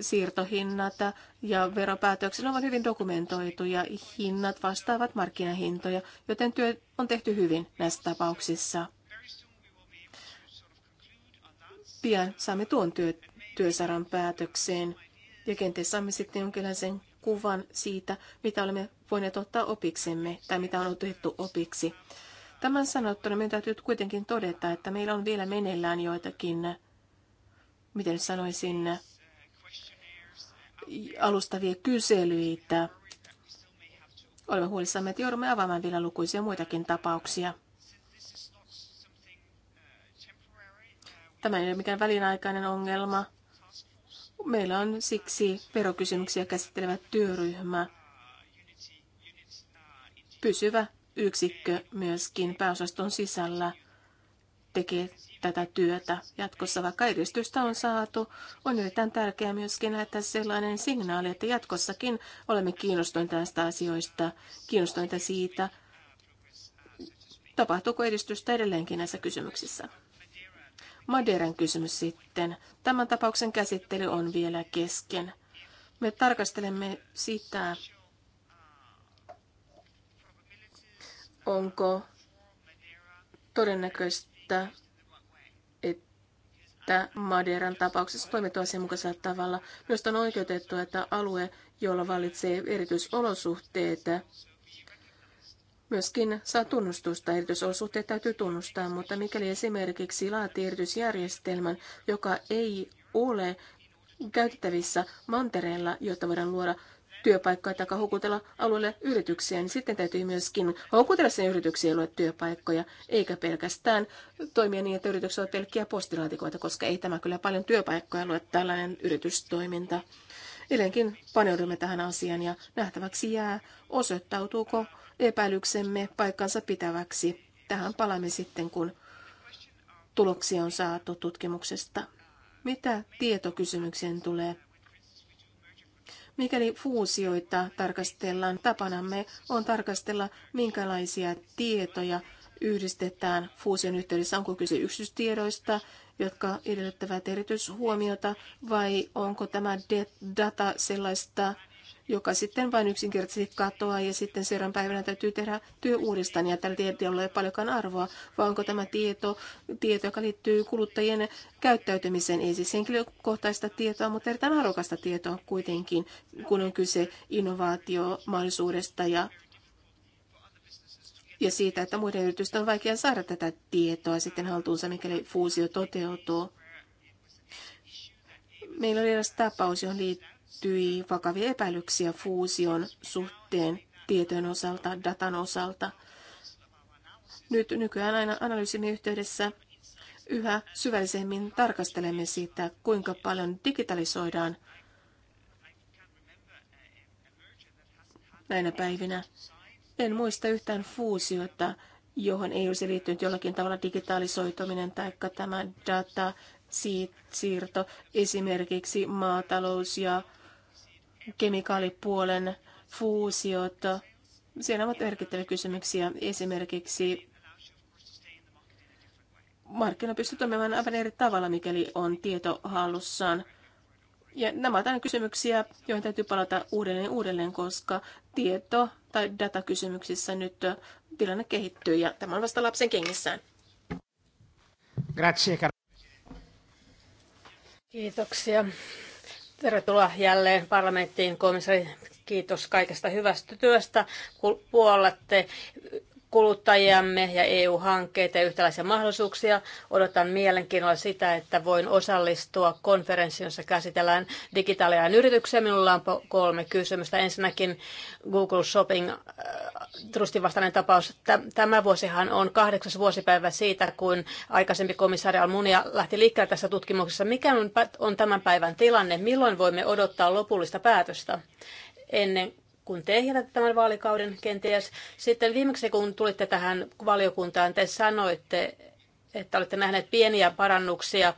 Siirtohinnat ja veropäätökset ovat hyvin dokumentoituja hinnat vastaavat markkinahintoja, joten työ on tehty hyvin näissä tapauksissa. Pian saamme tuon työ, työsaran päätökseen ja kenties saamme sitten jonkinlaisen kuvan siitä, mitä olemme voineet ottaa opiksemme tai mitä on otettu opiksi. Tämän sanottuna meidän täytyy kuitenkin todeta, että meillä on vielä meneillään joitakin, miten sanoisin, alustavia kyselyitä. Olemme huolissamme, että joudumme avaamaan vielä lukuisia muitakin tapauksia. Tämä ei ole mikään välinaikainen ongelma Meillä on siksi verokysymyksiä käsittelevä työryhmä, pysyvä yksikkö myöskin pääosaston sisällä tekee tätä työtä jatkossa, vaikka edistystä on saatu. On erittäin tärkeää myöskin näyttää sellainen signaali, että jatkossakin olemme kiinnostuneita tästä asioista, kiinnostuneita siitä, tapahtuuko edistystä edelleenkin näissä kysymyksissä. Madeiran kysymys sitten. Tämän tapauksen käsittely on vielä kesken. Me tarkastelemme sitä, onko todennäköistä, että Madeiran tapauksessa toimitaan asianmukaisella tavalla. Myös on oikeutettu, että alue, jolla valitsee erityisolosuhteita, myöskin saa tunnustusta. Erityisolosuhteet täytyy tunnustaa, mutta mikäli esimerkiksi laatii erityisjärjestelmän, joka ei ole käytettävissä mantereella, jotta voidaan luoda työpaikkoja tai houkutella alueelle yrityksiä, niin sitten täytyy myöskin houkutella sen yrityksiä luoda työpaikkoja, eikä pelkästään toimia niin, että yritykset ovat pelkkiä postilaatikoita, koska ei tämä kyllä paljon työpaikkoja luo tällainen yritystoiminta. Edelleenkin paneudumme tähän asiaan ja nähtäväksi jää, osoittautuuko epäilyksemme paikkansa pitäväksi. Tähän palaamme sitten, kun tuloksia on saatu tutkimuksesta. Mitä tietokysymykseen tulee? Mikäli fuusioita tarkastellaan, tapanamme on tarkastella, minkälaisia tietoja yhdistetään fuusion yhteydessä. Onko kyse yksityistiedoista, jotka edellyttävät erityishuomiota, vai onko tämä data sellaista joka sitten vain yksinkertaisesti katoaa ja sitten seuraavan päivänä täytyy tehdä työ uudestaan ja tällä tiedolla ei ole paljonkaan arvoa, vaan onko tämä tieto, tieto, joka liittyy kuluttajien käyttäytymiseen, ei siis henkilökohtaista tietoa, mutta erittäin arvokasta tietoa kuitenkin, kun on kyse innovaatiomahdollisuudesta ja ja siitä, että muiden yritysten on vaikea saada tätä tietoa sitten haltuunsa, mikäli fuusio toteutuu. Meillä oli eräs tapaus, johon liittyy liittyi vakavia epäilyksiä fuusion suhteen tietojen osalta, datan osalta. Nyt nykyään aina analyysimme yhteydessä yhä syvällisemmin tarkastelemme sitä, kuinka paljon digitalisoidaan näinä päivinä. En muista yhtään fuusiota, johon ei olisi liittynyt jollakin tavalla digitalisoituminen tai tämä data siirto, esimerkiksi maatalous ja kemikaalipuolen fuusiot. Siellä ovat merkittäviä kysymyksiä. Esimerkiksi markkina pystyy toimimaan aivan eri tavalla, mikäli on tieto hallussaan. Ja nämä ovat aina kysymyksiä, joihin täytyy palata uudelleen uudelleen, koska tieto- tai datakysymyksissä nyt tilanne kehittyy ja tämä on vasta lapsen kengissään. Grazie. Kiitoksia Tervetuloa jälleen parlamenttiin, komissari. Kiitos kaikesta hyvästä työstä, kun puolette kuluttajiamme ja EU-hankkeita ja yhtäläisiä mahdollisuuksia. Odotan mielenkiinnolla sitä, että voin osallistua konferenssiin, jossa käsitellään digitaalia yrityksiä. Minulla on kolme kysymystä. Ensinnäkin Google Shopping äh, trustin vastainen tapaus. Tämä vuosihan on kahdeksas vuosipäivä siitä, kun aikaisempi komissaari Almunia lähti liikkeelle tässä tutkimuksessa. Mikä on tämän päivän tilanne? Milloin voimme odottaa lopullista päätöstä? ennen kun te ehdotatte tämän vaalikauden kenties. Sitten viimeksi, kun tulitte tähän valiokuntaan, te sanoitte, että olette nähneet pieniä parannuksia äh,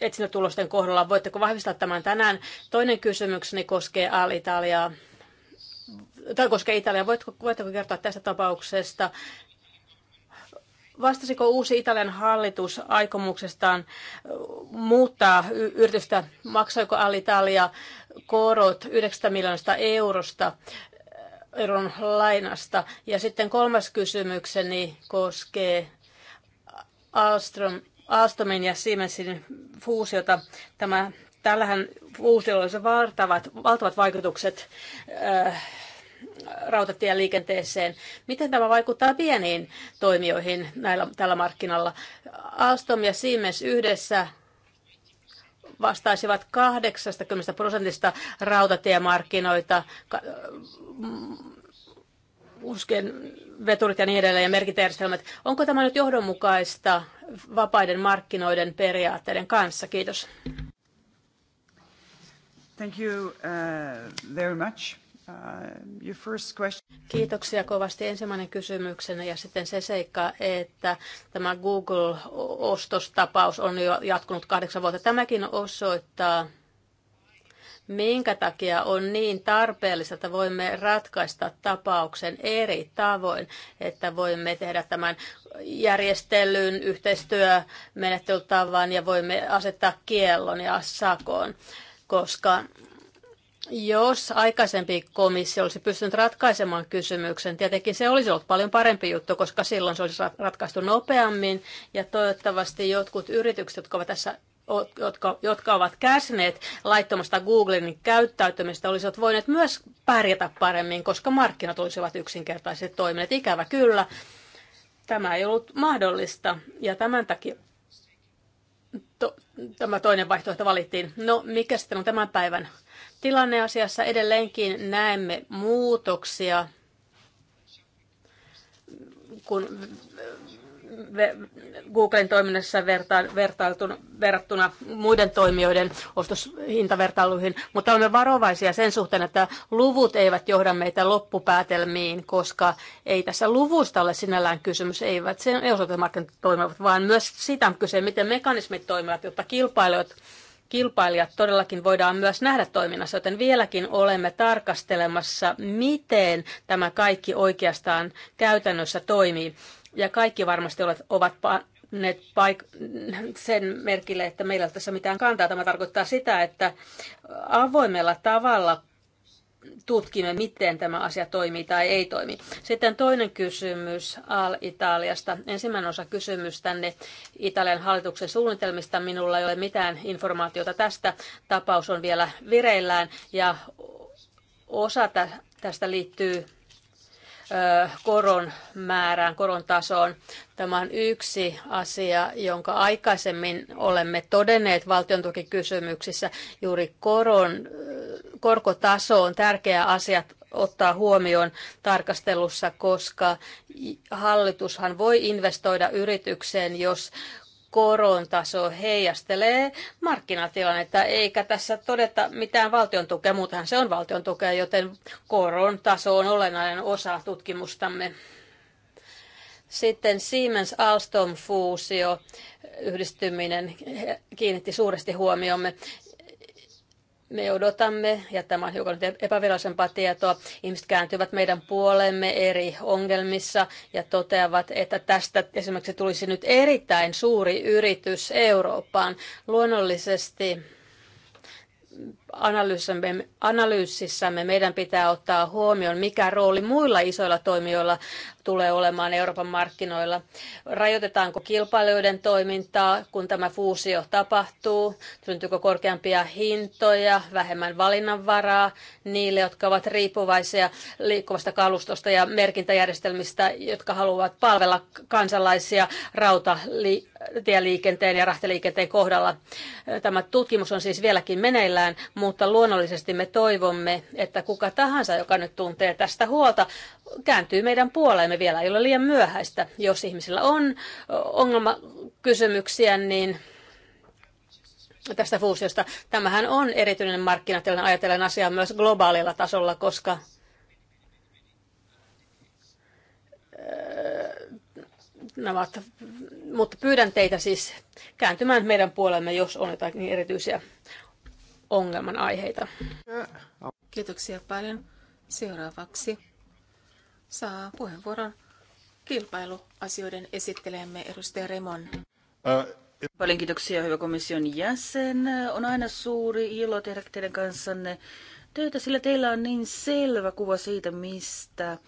etsintätulosten kohdalla. Voitteko vahvistaa tämän tänään? Toinen kysymykseni koskee Al-Italiaa. Tai koskee Italiaa. Voitko, voitteko kertoa tästä tapauksesta? Vastasiko uusi Italian hallitus aikomuksestaan muuttaa yritystä, maksoiko Alitalia korot 9 miljoonasta eurosta euron lainasta? Ja sitten kolmas kysymykseni koskee Alström, Alstomin ja Siemensin fuusiota. Tämä, tällähän fuusiolla olisi valtavat, valtavat vaikutukset äh, rautatieliikenteeseen. Miten tämä vaikuttaa pieniin toimijoihin näillä, tällä markkinalla? Alstom ja Siemens yhdessä vastaisivat 80 prosentista rautatiemarkkinoita, mm, usken veturit ja niin edelleen ja merkitärjestelmät. Onko tämä nyt johdonmukaista vapaiden markkinoiden periaatteiden kanssa? Kiitos. Thank you uh, very much. Uh, Kiitoksia kovasti ensimmäinen kysymyksenä ja sitten se seikka, että tämä Google-ostostapaus on jo jatkunut kahdeksan vuotta. Tämäkin osoittaa, minkä takia on niin tarpeellista, että voimme ratkaista tapauksen eri tavoin, että voimme tehdä tämän järjestelyn, yhteistyömenettelytavan ja voimme asettaa kiellon ja sakon, koska jos aikaisempi komissio olisi pystynyt ratkaisemaan kysymyksen, tietenkin se olisi ollut paljon parempi juttu, koska silloin se olisi ratkaistu nopeammin ja toivottavasti jotkut yritykset, jotka ovat tässä jotka, jotka ovat kärsineet laittomasta Googlen käyttäytymistä, olisivat voineet myös pärjätä paremmin, koska markkinat olisivat yksinkertaisesti toimineet. Ikävä kyllä, tämä ei ollut mahdollista ja tämän takia to, tämä toinen vaihtoehto valittiin. No, mikä sitten on tämän päivän Tilanneasiassa edelleenkin näemme muutoksia, kun Googlen toiminnassa verrattuna muiden toimijoiden ostoshintavertailuihin, mutta olemme varovaisia sen suhteen, että luvut eivät johda meitä loppupäätelmiin, koska ei tässä luvusta ole sinällään kysymys, eivät sen osoitemarkkinat toimivat, vaan myös sitä on kyse, miten mekanismit toimivat, jotta kilpailijat kilpailijat todellakin voidaan myös nähdä toiminnassa, joten vieläkin olemme tarkastelemassa, miten tämä kaikki oikeastaan käytännössä toimii. Ja kaikki varmasti ovat paik- sen merkille, että meillä ei ole tässä mitään kantaa. Tämä tarkoittaa sitä, että avoimella tavalla tutkimme, miten tämä asia toimii tai ei toimi. Sitten toinen kysymys Al-Italiasta. Ensimmäinen osa kysymys tänne Italian hallituksen suunnitelmista. Minulla ei ole mitään informaatiota tästä. Tapaus on vielä vireillään ja osa tästä liittyy koron määrään, koron tasoon. Tämä on yksi asia, jonka aikaisemmin olemme todenneet kysymyksissä. Juuri koron, korkotaso on tärkeä asia ottaa huomioon tarkastelussa, koska hallitushan voi investoida yritykseen, jos koron taso heijastelee markkinatilannetta, eikä tässä todeta mitään valtion tukea, muutenhan se on valtion tukea, joten koron taso on olennainen osa tutkimustamme. Sitten Siemens-Alstom-fuusio yhdistyminen kiinnitti suuresti huomiomme me odotamme, ja tämä on hiukan epävirallisempaa tietoa, ihmiset kääntyvät meidän puolemme eri ongelmissa ja toteavat, että tästä esimerkiksi tulisi nyt erittäin suuri yritys Eurooppaan. Luonnollisesti analyysissämme, analyysissämme meidän pitää ottaa huomioon, mikä rooli muilla isoilla toimijoilla tulee olemaan Euroopan markkinoilla. Rajoitetaanko kilpailijoiden toimintaa, kun tämä fuusio tapahtuu? Syntyykö korkeampia hintoja, vähemmän valinnanvaraa niille, jotka ovat riippuvaisia liikkuvasta kalustosta ja merkintäjärjestelmistä, jotka haluavat palvella kansalaisia rautatieliikenteen ja rahtiliikenteen kohdalla? Tämä tutkimus on siis vieläkin meneillään, mutta luonnollisesti me toivomme, että kuka tahansa, joka nyt tuntee tästä huolta, kääntyy meidän puoleemme vielä, ei ole liian myöhäistä. Jos ihmisillä on ongelmakysymyksiä, niin tästä fuusiosta. Tämähän on erityinen markkinatilanne ajatellen asiaa myös globaalilla tasolla, koska nämä, mutta pyydän teitä siis kääntymään meidän puolemme, jos on jotakin erityisiä ongelman aiheita. Kiitoksia paljon. Seuraavaksi saa puheenvuoron kilpailuasioiden esittelemme edustaja Remon. Paljon kiitoksia, hyvä komission jäsen. On aina suuri ilo tehdä teidän kanssanne töitä, sillä teillä on niin selvä kuva siitä, mistä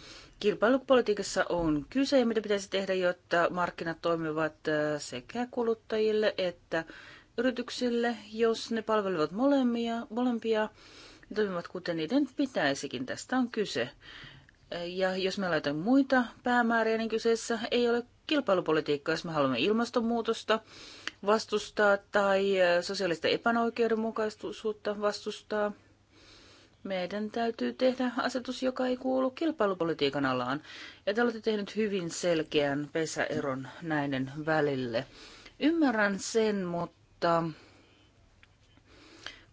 kilpailupolitiikassa on kyse ja mitä pitäisi tehdä, jotta markkinat toimivat eh, sekä kuluttajille että yritykselle, jos ne palvelevat molemmia, molempia toimivat kuten niiden pitäisikin. Tästä on kyse. Ja jos me laitan muita päämääriä, niin kyseessä ei ole kilpailupolitiikkaa, jos me haluamme ilmastonmuutosta vastustaa tai sosiaalista epänoikeudenmukaisuutta vastustaa. Meidän täytyy tehdä asetus, joka ei kuulu kilpailupolitiikan alaan. Ja te olette tehneet hyvin selkeän pesäeron näiden välille. Ymmärrän sen, mutta mutta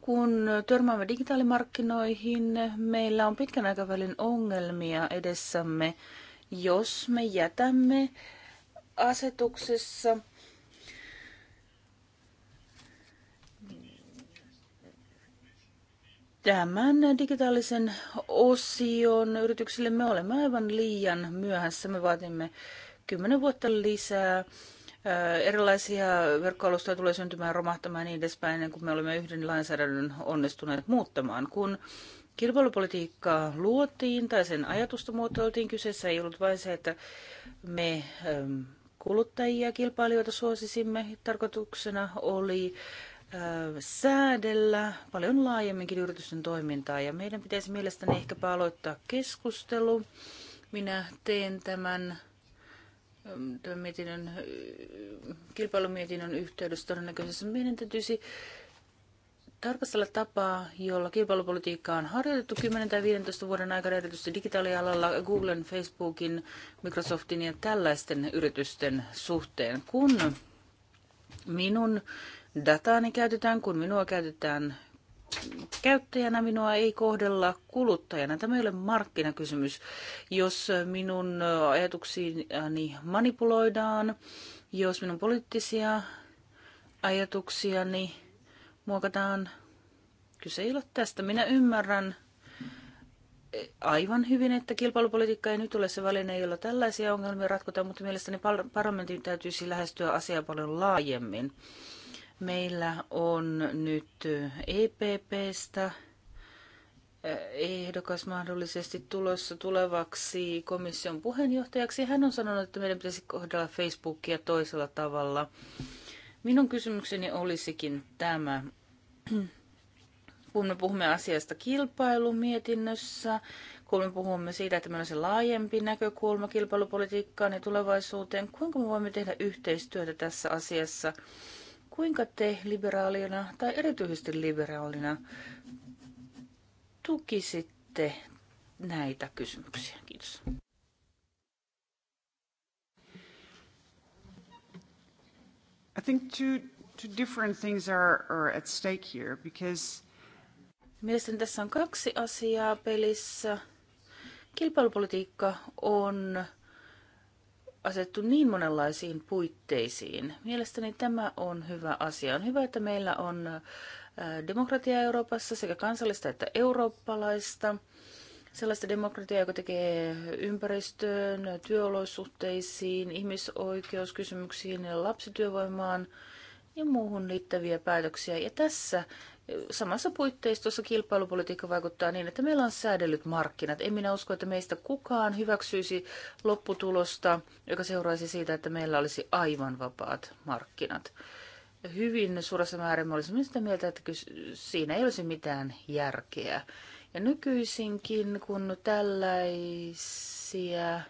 kun törmäämme digitaalimarkkinoihin, meillä on pitkän aikavälin ongelmia edessämme, jos me jätämme asetuksessa tämän digitaalisen osion yrityksille me olemme aivan liian myöhässä. Me vaatimme kymmenen vuotta lisää Erilaisia verkkoalustoja tulee syntymään, romahtamaan ja niin edespäin, ennen kuin me olemme yhden lainsäädännön onnistuneet muuttamaan. Kun kilpailupolitiikkaa luotiin tai sen ajatusta muotoiltiin, kyseessä ei ollut vain se, että me kuluttajia, kilpailijoita suosisimme. Tarkoituksena oli säädellä paljon laajemminkin yritysten toimintaa ja meidän pitäisi mielestäni ehkäpä aloittaa keskustelu. Minä teen tämän tämän mietinnön, kilpailumietinnön yhteydessä todennäköisesti. Meidän täytyisi tarkastella tapaa, jolla kilpailupolitiikkaa on harjoitettu 10 tai 15 vuoden aikana erityisesti digitaalialalla Googlen, Facebookin, Microsoftin ja tällaisten yritysten suhteen. Kun minun dataani käytetään, kun minua käytetään käyttäjänä minua ei kohdella kuluttajana. Tämä ei ole markkinakysymys. Jos minun ajatuksiani manipuloidaan, jos minun poliittisia ajatuksiani muokataan, kyse ei ole tästä. Minä ymmärrän aivan hyvin, että kilpailupolitiikka ei nyt ole se väline, jolla tällaisia ongelmia ratkotaan, mutta mielestäni parlamentin täytyisi lähestyä asiaa paljon laajemmin. Meillä on nyt EPPstä eh, ehdokas mahdollisesti tulossa tulevaksi komission puheenjohtajaksi. Hän on sanonut, että meidän pitäisi kohdella Facebookia toisella tavalla. Minun kysymykseni olisikin tämä. Kun me puhumme asiasta kilpailumietinnössä, kun me puhumme siitä, että meillä on se laajempi näkökulma kilpailupolitiikkaan ja tulevaisuuteen, kuinka me voimme tehdä yhteistyötä tässä asiassa – Kuinka te liberaalina tai erityisesti liberaalina tukisitte näitä kysymyksiä? Kiitos. I think two, two different things are, are at stake here because Mielestäni tässä on kaksi asiaa pelissä. Kilpailupolitiikka on asettu niin monenlaisiin puitteisiin. Mielestäni tämä on hyvä asia. On hyvä, että meillä on äh, demokratia Euroopassa sekä kansallista että eurooppalaista. Sellaista demokratiaa, joka tekee ympäristöön, työolosuhteisiin, ihmisoikeuskysymyksiin, lapsityövoimaan ja muuhun liittyviä päätöksiä. Ja tässä samassa puitteistossa kilpailupolitiikka vaikuttaa niin, että meillä on säädellyt markkinat. En minä usko, että meistä kukaan hyväksyisi lopputulosta, joka seuraisi siitä, että meillä olisi aivan vapaat markkinat. Hyvin suuressa määrin me olisimme sitä mieltä, että siinä ei olisi mitään järkeä. Ja nykyisinkin, kun tällaisia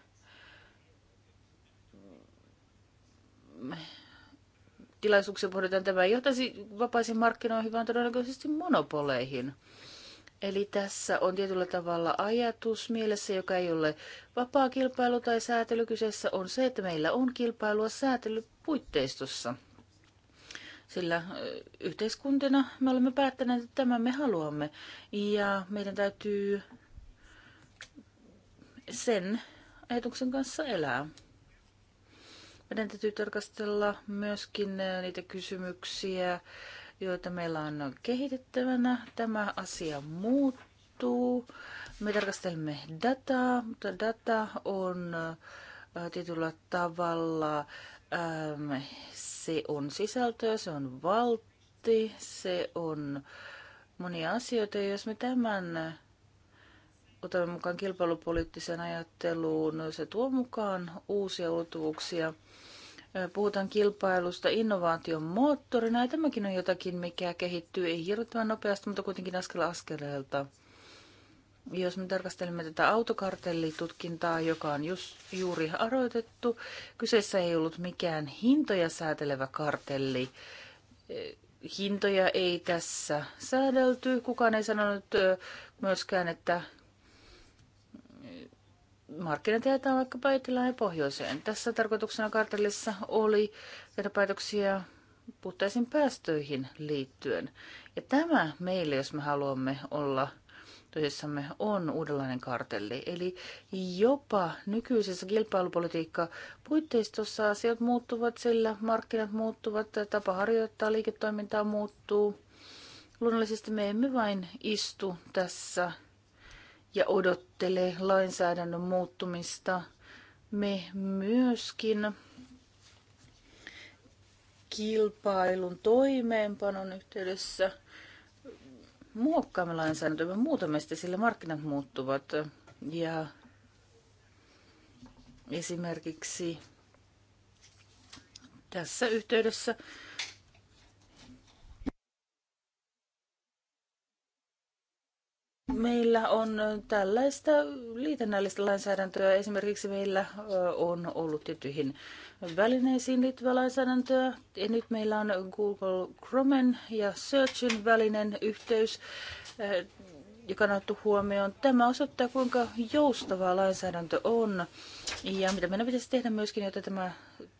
tilaisuuksia pohditaan, tämä johtaisi vapaisiin markkinoihin, vaan todennäköisesti monopoleihin. Eli tässä on tietyllä tavalla ajatus mielessä, joka ei ole vapaa kilpailu tai säätely. Kyseessä on se, että meillä on kilpailua säätelypuitteistossa. Sillä yhteiskuntina me olemme päättäneet, että tämän me haluamme. Ja meidän täytyy sen ajatuksen kanssa elää. Meidän täytyy tarkastella myöskin äh, niitä kysymyksiä, joita meillä on kehitettävänä. Tämä asia muuttuu. Me tarkastelemme dataa, mutta data on äh, tietyllä tavalla, ähm, se on sisältöä, se on valtti, se on monia asioita. Jos me tämän otamme mukaan kilpailupoliittiseen ajatteluun, se tuo mukaan uusia ulottuvuuksia. Puhutaan kilpailusta innovaation moottorina, ja tämäkin on jotakin, mikä kehittyy ei hirvittävän nopeasti, mutta kuitenkin askel askeleelta. Jos me tarkastelemme tätä autokartellitutkintaa, joka on just juuri aloitettu, kyseessä ei ollut mikään hintoja säätelevä kartelli. Hintoja ei tässä säädelty. Kukaan ei sanonut myöskään, että markkinat jaetaan vaikkapa etelään ja pohjoiseen. Tässä tarkoituksena kartellissa oli tehdä päätöksiä puhtaisiin päästöihin liittyen. Ja tämä meille, jos me haluamme olla tosissamme, on uudenlainen kartelli. Eli jopa nykyisessä kilpailupolitiikka puitteistossa asiat muuttuvat, sillä markkinat muuttuvat, tapa harjoittaa liiketoimintaa muuttuu. Luonnollisesti me emme vain istu tässä ja odottele lainsäädännön muuttumista. Me myöskin kilpailun toimeenpanon yhteydessä muokkaamme lainsäädäntöä, me muutamme sitä, sillä markkinat muuttuvat. Ja esimerkiksi tässä yhteydessä meillä on tällaista liitännällistä lainsäädäntöä. Esimerkiksi meillä on ollut tiettyihin välineisiin liittyvää lainsäädäntöä. Ja nyt meillä on Google Chromen ja Searchin välinen yhteys, joka on otettu huomioon. Tämä osoittaa, kuinka joustavaa lainsäädäntö on ja mitä meidän pitäisi tehdä myöskin, jotta tämä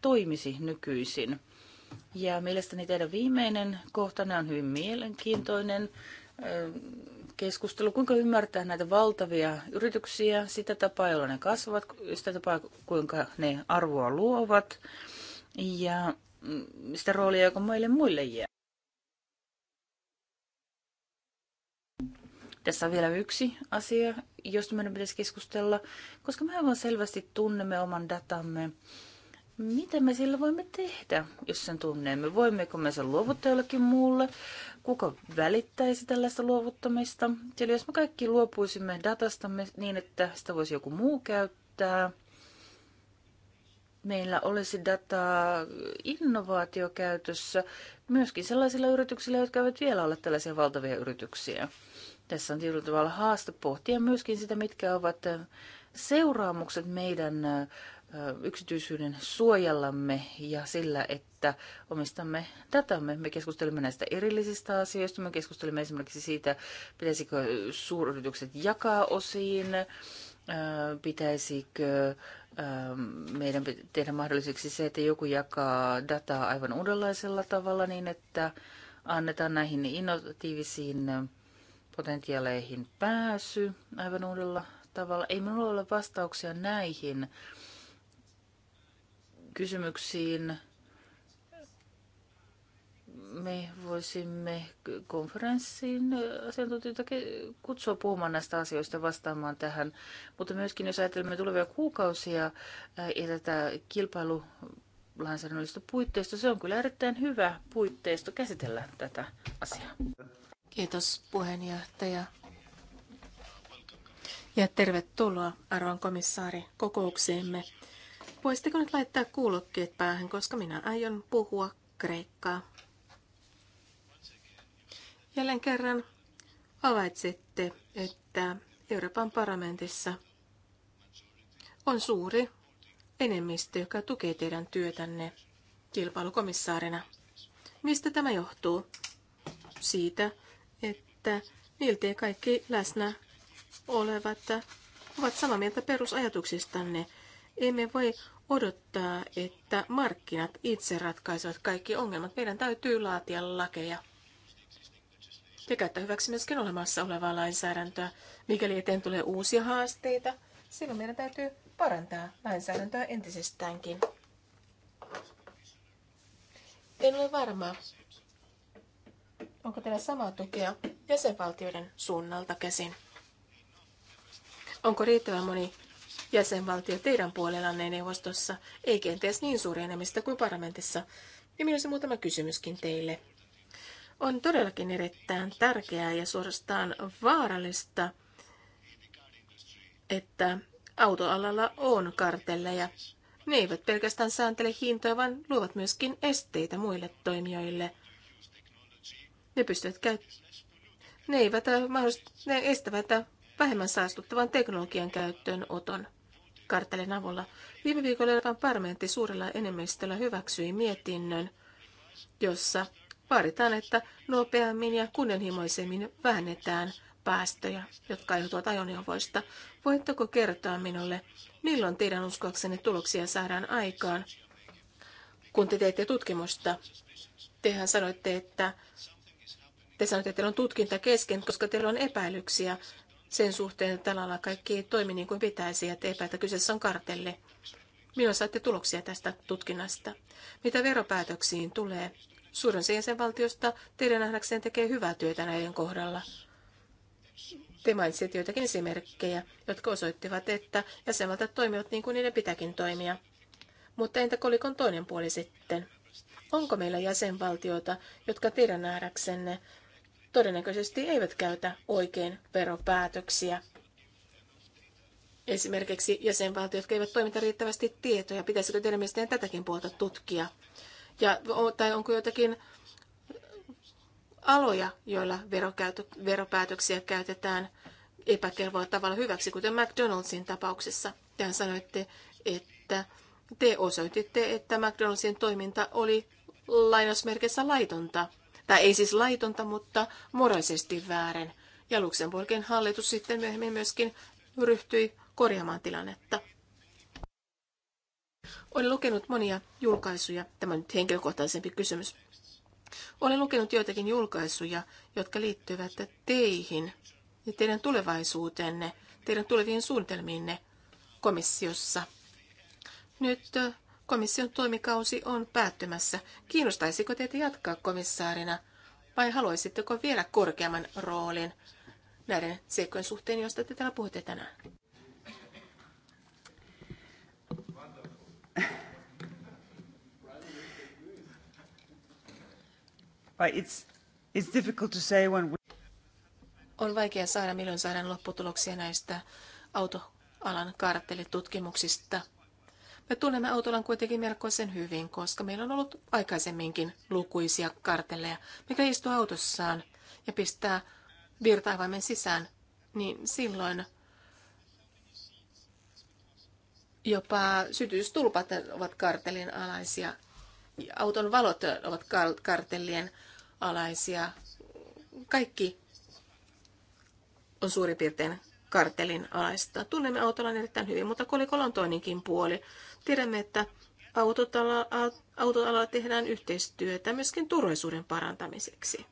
toimisi nykyisin. Ja mielestäni teidän viimeinen kohtanne on hyvin mielenkiintoinen keskustelu, kuinka ymmärtää näitä valtavia yrityksiä, sitä tapaa, jolla ne kasvavat, sitä tapaa, kuinka ne arvoa luovat ja mm, sitä roolia, joka meille muille jää. Tässä on vielä yksi asia, josta meidän pitäisi keskustella, koska me aivan selvästi tunnemme oman datamme mitä me sillä voimme tehdä, jos sen tunneemme? Voimmeko me sen luovuttaa jollekin muulle? Kuka välittäisi tällaista luovuttamista? Eli jos me kaikki luopuisimme datastamme niin, että sitä voisi joku muu käyttää, meillä olisi dataa innovaatiokäytössä myöskin sellaisilla yrityksillä, jotka eivät vielä ole tällaisia valtavia yrityksiä. Tässä on tietyllä tavalla haaste pohtia myöskin sitä, mitkä ovat seuraamukset meidän yksityisyyden suojallamme ja sillä, että omistamme datamme. Me keskustelemme näistä erillisistä asioista. Me keskustelemme esimerkiksi siitä, pitäisikö suuryritykset jakaa osiin, pitäisikö meidän tehdä mahdolliseksi se, että joku jakaa dataa aivan uudenlaisella tavalla niin, että annetaan näihin innovatiivisiin potentiaaleihin pääsy aivan uudella tavalla. Ei minulla ole vastauksia näihin kysymyksiin. Me voisimme konferenssiin asiantuntijoita kutsua puhumaan näistä asioista vastaamaan tähän, mutta myöskin jos ajattelemme tulevia kuukausia ja tätä kilpailulainsäädännöllistä puitteista, Se on kyllä erittäin hyvä puitteisto käsitellä tätä asiaa. Kiitos puheenjohtaja. Ja tervetuloa arvon komissaari kokoukseemme. Voisitteko nyt laittaa kuulokkeet päähän, koska minä aion puhua kreikkaa. Jälleen kerran havaitsette, että Euroopan parlamentissa on suuri enemmistö, joka tukee teidän työtänne kilpailukomissaarina. Mistä tämä johtuu? Siitä, että miltei kaikki läsnä olevat ovat samaa mieltä perusajatuksistanne emme voi odottaa, että markkinat itse ratkaisevat kaikki ongelmat. Meidän täytyy laatia lakeja ja käyttää hyväksi myöskin olemassa olevaa lainsäädäntöä. Mikäli eteen tulee uusia haasteita, silloin meidän täytyy parantaa lainsäädäntöä entisestäänkin. En ole varma, onko teillä samaa tukea jäsenvaltioiden suunnalta käsin. Onko riittävän moni jäsenvaltio teidän puolellanne neuvostossa, ei kenties niin suuri enemmistö kuin parlamentissa. Ja minulla on muutama kysymyskin teille. On todellakin erittäin tärkeää ja suorastaan vaarallista, että autoalalla on kartelleja. Ne eivät pelkästään sääntele hintoja, vaan luovat myöskin esteitä muille toimijoille. Ne pystyvät käyttämään. Ne eivät ne estävät vähemmän saastuttavan teknologian käyttöön oton karttelin avulla. Viime viikolla Euroopan parlamentti suurella enemmistöllä hyväksyi mietinnön, jossa vaaditaan, että nopeammin ja kunnianhimoisemmin vähennetään päästöjä, jotka aiheutuvat ajoneuvoista. Voitteko kertoa minulle, milloin teidän uskoaksenne tuloksia saadaan aikaan, kun te teette tutkimusta? Tehän sanoitte, että te sanoitte, että teillä on tutkinta kesken, koska teillä on epäilyksiä sen suhteen, että tällä lailla kaikki toimi niin kuin pitäisi, että eipä, että kyseessä on kartelle. Milloin saatte tuloksia tästä tutkinnasta? Mitä veropäätöksiin tulee? Suurin osa jäsenvaltiosta teidän nähdäkseen tekee hyvää työtä näiden kohdalla. Te mainitsitte joitakin esimerkkejä, jotka osoittivat, että jäsenvaltiot toimivat niin kuin niiden pitäkin toimia. Mutta entä kolikon toinen puoli sitten? Onko meillä jäsenvaltioita, jotka teidän nähdäksenne todennäköisesti eivät käytä oikein veropäätöksiä. Esimerkiksi jäsenvaltiot, jotka eivät toimita riittävästi tietoja, pitäisikö teidän mielestäni tätäkin puolta tutkia? Ja, tai onko jotakin aloja, joilla veropäätöksiä käytetään epäkelvoa tavalla hyväksi, kuten McDonaldsin tapauksessa. Tähän sanoitte, että te osoititte, että McDonaldsin toiminta oli lainausmerkeissä laitonta tai ei siis laitonta, mutta moraalisesti väärin. Ja Luxemburgin hallitus sitten myöhemmin myöskin ryhtyi korjaamaan tilannetta. Olen lukenut monia julkaisuja, tämä on nyt henkilökohtaisempi kysymys. Olen lukenut joitakin julkaisuja, jotka liittyvät teihin ja teidän tulevaisuuteenne, teidän tuleviin suunnitelmiinne komissiossa. Nyt Komission toimikausi on päättymässä. Kiinnostaisiko teitä jatkaa komissaarina vai haluaisitteko vielä korkeamman roolin näiden seikkojen suhteen, joista te täällä puhutte tänään? On vaikea saada milloin saadaan lopputuloksia näistä autoalan kartellitutkimuksista. Me tunnemme autolan kuitenkin melkoisen hyvin, koska meillä on ollut aikaisemminkin lukuisia kartelleja. Mikä istuu autossaan ja pistää virtaavaimen sisään, niin silloin jopa sytystulpat ovat kartellin alaisia. Auton valot ovat kartellien alaisia. Kaikki on suurin piirtein kartelin alaista. Tunnemme autolan erittäin hyvin, mutta kolikolla on toinenkin puoli. Tiedämme, että autotalalla, autoalalla tehdään yhteistyötä myöskin turvallisuuden parantamiseksi.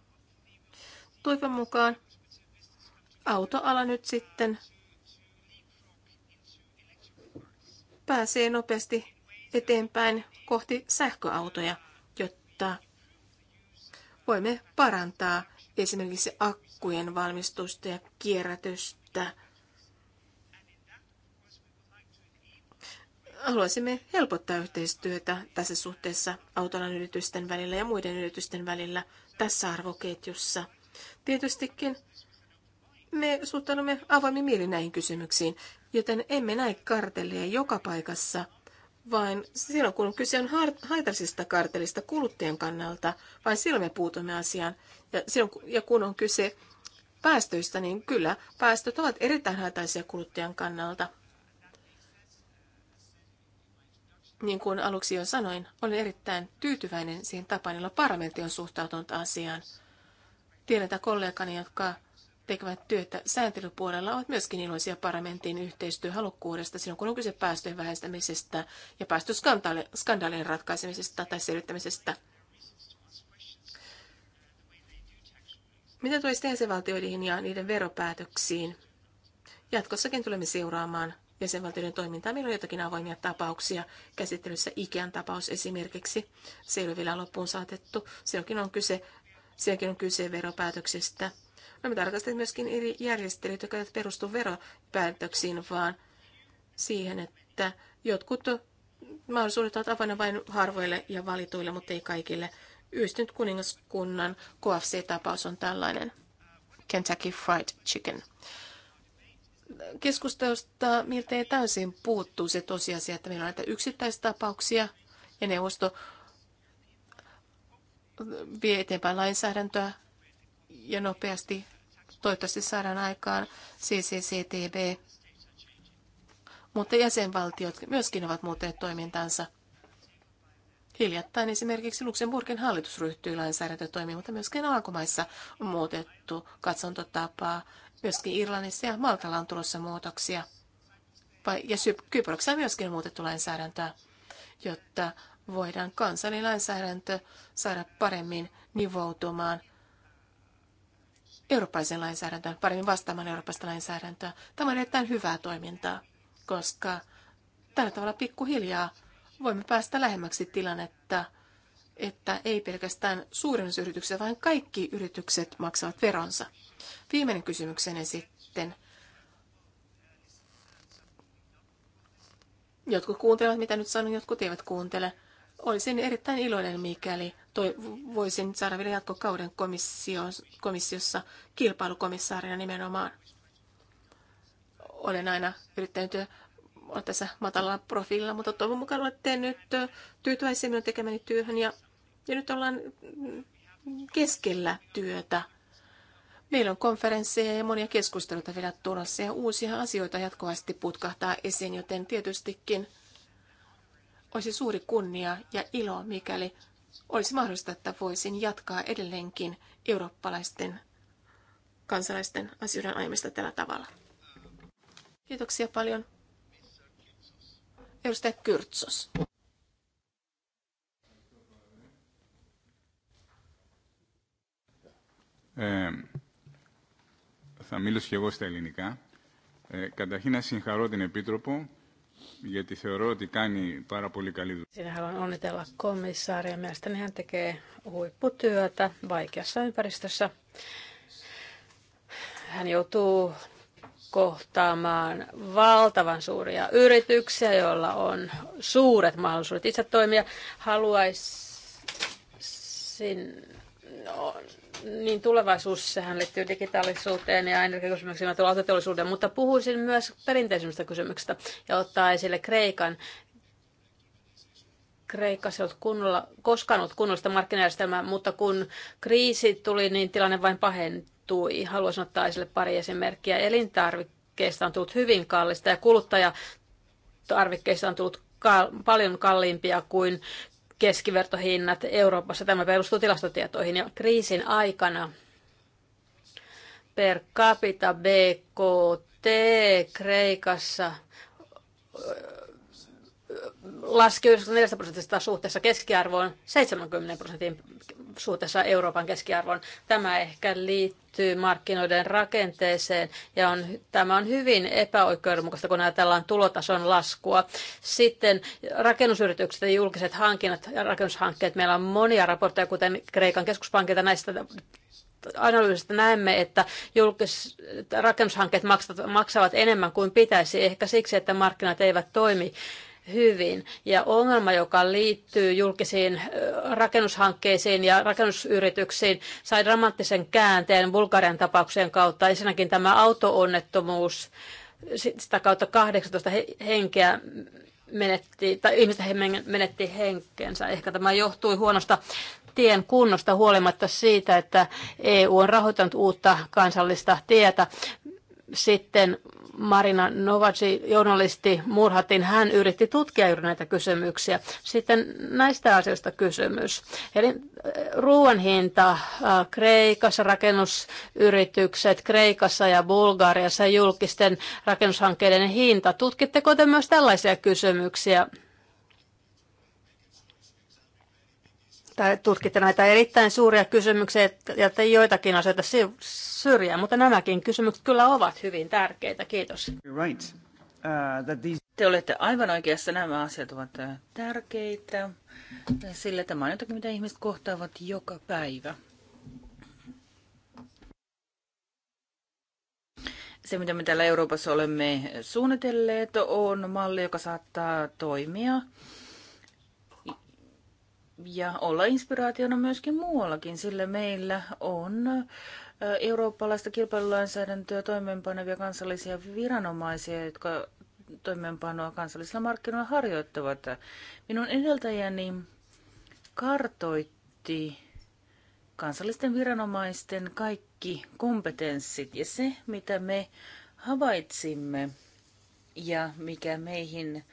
Toivon mukaan autoala nyt sitten pääsee nopeasti eteenpäin kohti sähköautoja, jotta voimme parantaa esimerkiksi akkujen valmistusta ja kierrätystä haluaisimme helpottaa yhteistyötä tässä suhteessa autolan yritysten välillä ja muiden yritysten välillä tässä arvoketjussa. Tietystikin me suhtaudumme avoimin mieli näihin kysymyksiin, joten emme näe kartelleja joka paikassa, vaan silloin kun kyse on haitallisista kartelista kuluttajan kannalta, vain silloin me puutumme asiaan. Ja, silloin, ja kun on kyse päästöistä, niin kyllä päästöt ovat erittäin haitallisia kuluttajan kannalta. Niin kuin aluksi jo sanoin, olen erittäin tyytyväinen siihen tapaan, jolla parlamentti on suhtautunut asiaan. Tiedän, että kollegani, jotka tekevät työtä sääntelypuolella, ovat myöskin iloisia parlamentin yhteistyöhalukkuudesta silloin, kun on kyse päästöjen vähentämisestä ja päästöskandaalien ratkaisemisesta tai selvittämisestä. Mitä tulisi jäsenvaltioihin ja niiden veropäätöksiin? Jatkossakin tulemme seuraamaan jäsenvaltioiden toimintaa. Meillä on jotakin avoimia tapauksia. Käsittelyssä Ikean tapaus esimerkiksi. Se ei ole vielä loppuun saatettu. Sielläkin on kyse, sielläkin on kyse veropäätöksestä. No, me tarkastamme myöskin eri järjestelyt, jotka eivät perustu veropäätöksiin, vaan siihen, että jotkut mahdollisuudet ovat avoinna vain harvoille ja valituille, mutta ei kaikille. Yhdistynyt kuningaskunnan KFC-tapaus on tällainen. Kentucky Fried Chicken keskustelusta miltei täysin puuttuu se tosiasia, että meillä on näitä yksittäistapauksia ja neuvosto vie eteenpäin lainsäädäntöä ja nopeasti toivottavasti saadaan aikaan CCCTV. Mutta jäsenvaltiot myöskin ovat muuttaneet toimintansa. Hiljattain esimerkiksi Luxemburgin hallitus ryhtyy lainsäädäntötoimiin, mutta myöskin alkumaissa on muutettu katsontotapaa Myöskin Irlannissa ja Maltalla on tulossa muutoksia. Ja Kyproksella on myöskin muutettu lainsäädäntöä, jotta voidaan kansallinen lainsäädäntö saada paremmin nivoutumaan eurooppalaisen lainsäädäntöön, paremmin vastaamaan eurooppalaista lainsäädäntöä. Tämä on erittäin hyvää toimintaa, koska tällä tavalla pikkuhiljaa voimme päästä lähemmäksi tilannetta, että ei pelkästään suurennusyrityksiä, vaan kaikki yritykset maksavat veronsa. Viimeinen kysymykseni sitten. Jotkut kuuntelevat, mitä nyt sanon, jotkut eivät kuuntele. Olisin erittäin iloinen, mikäli toi, voisin saada vielä jatkokauden komissiossa kilpailukomissaarina nimenomaan. Olen aina yrittänyt olla tässä matalalla profiililla, mutta toivon mukaan olette nyt tyytyväisiä minun tekemäni työhön ja, ja nyt ollaan keskellä työtä Meillä on konferensseja ja monia keskusteluita vielä tulossa ja uusia asioita jatkuvasti putkahtaa esiin, joten tietystikin olisi suuri kunnia ja ilo, mikäli olisi mahdollista, että voisin jatkaa edelleenkin eurooppalaisten kansalaisten asioiden aiemmista tällä tavalla. Kiitoksia paljon. Edustaja Kyrtsos. Um θα μιλήσω και εγώ στα ελληνικά. Ε, καταρχήν να συγχαρώ την Επίτροπο γιατί θεωρώ ότι κάνει πάρα πολύ καλή δουλειά. Sinä haluan onnitella komissaaria. Mielestäni hän tekee huipputyötä vaikeassa ympäristössä. Hän joutuu kohtaamaan valtavan suuria yrityksiä, joilla on suuret mahdollisuudet itse toimia. Haluaisin no, niin tulevaisuus sehän liittyy digitaalisuuteen ja energiakysymyksiin ja autoteollisuuteen, mutta puhuisin myös perinteisemmistä kysymyksistä ja ottaa esille Kreikan. Kreikassa ei ole kunnolla, koskaan ollut kunnollista markkinajärjestelmää, mutta kun kriisi tuli, niin tilanne vain pahentui. Haluaisin ottaa esille pari esimerkkiä. Elintarvikkeista on tullut hyvin kallista ja kuluttajatarvikkeista on tullut kal- paljon kalliimpia kuin keskivertohinnat Euroopassa. Tämä perustuu tilastotietoihin ja kriisin aikana per capita BKT Kreikassa laski 94 prosentista suhteessa keskiarvoon 70 prosentin suhteessa Euroopan keskiarvoon. Tämä ehkä liittyy markkinoiden rakenteeseen ja on, tämä on hyvin epäoikeudenmukaista, kun ajatellaan tulotason laskua. Sitten rakennusyritykset ja julkiset hankinnat ja rakennushankkeet. Meillä on monia raportteja, kuten Kreikan keskuspankilta näistä analyysistä näemme, että julkis- rakennushankkeet maksavat enemmän kuin pitäisi, ehkä siksi, että markkinat eivät toimi hyvin. Ja ongelma, joka liittyy julkisiin rakennushankkeisiin ja rakennusyrityksiin, sai dramaattisen käänteen Bulgarian tapauksien kautta. Ensinnäkin tämä autoonnettomuus, sitä kautta 18 henkeä menetti, tai ihmistä menetti henkensä. Ehkä tämä johtui huonosta tien kunnosta huolimatta siitä, että EU on rahoittanut uutta kansallista tietä. Sitten Marina Novaci, journalisti, murhattiin. Hän yritti tutkia juuri näitä kysymyksiä. Sitten näistä asioista kysymys. Eli äh, ruoan hinta äh, Kreikassa, rakennusyritykset Kreikassa ja Bulgariassa, julkisten rakennushankkeiden hinta. Tutkitteko te myös tällaisia kysymyksiä tai tutkitte näitä erittäin suuria kysymyksiä ja te joitakin asioita syrjään, mutta nämäkin kysymykset kyllä ovat hyvin tärkeitä. Kiitos. Right. Uh, these... Te olette aivan oikeassa. Nämä asiat ovat äh, tärkeitä, sillä tämä on jotakin, mitä ihmiset kohtaavat joka päivä. Se, mitä me täällä Euroopassa olemme suunnitelleet, on malli, joka saattaa toimia ja olla inspiraationa myöskin muuallakin, sillä meillä on eurooppalaista kilpailulainsäädäntöä toimeenpanevia kansallisia viranomaisia, jotka toimeenpanoa kansallisilla markkinoilla harjoittavat. Minun edeltäjäni kartoitti kansallisten viranomaisten kaikki kompetenssit ja se, mitä me havaitsimme ja mikä meihin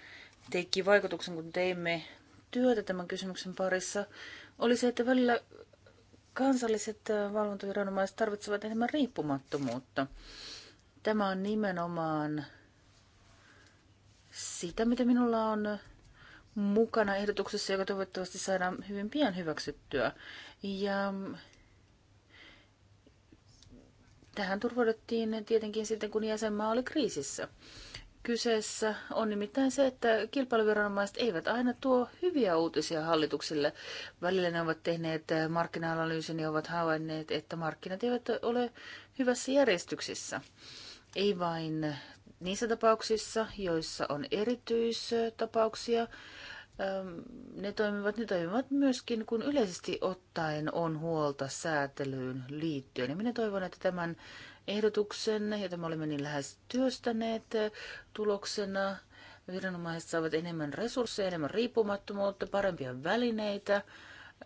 teki vaikutuksen, kun teimme työtä tämän kysymyksen parissa, oli se, että välillä kansalliset äh, valvontaviranomaiset tarvitsevat enemmän riippumattomuutta. Tämä on nimenomaan sitä, mitä minulla on mukana ehdotuksessa, joka toivottavasti saadaan hyvin pian hyväksyttyä. Ja mm, tähän turvauduttiin tietenkin sitten, kun jäsenmaa oli kriisissä kyseessä on nimittäin se, että kilpailuviranomaiset eivät aina tuo hyviä uutisia hallituksille. Välillä ne ovat tehneet eh, markkina-analyysin ja ovat havainneet, että markkinat eivät ole hyvässä järjestyksessä. Ei vain niissä tapauksissa, joissa on erityistapauksia. Ehm, ne toimivat, ne toimivat myöskin, kun yleisesti ottaen on huolta säätelyyn liittyen. Ja minä toivon, että tämän ehdotuksen, jota me olemme niin lähes työstäneet. Tuloksena viranomaiset saavat enemmän resursseja, enemmän riippumattomuutta, parempia välineitä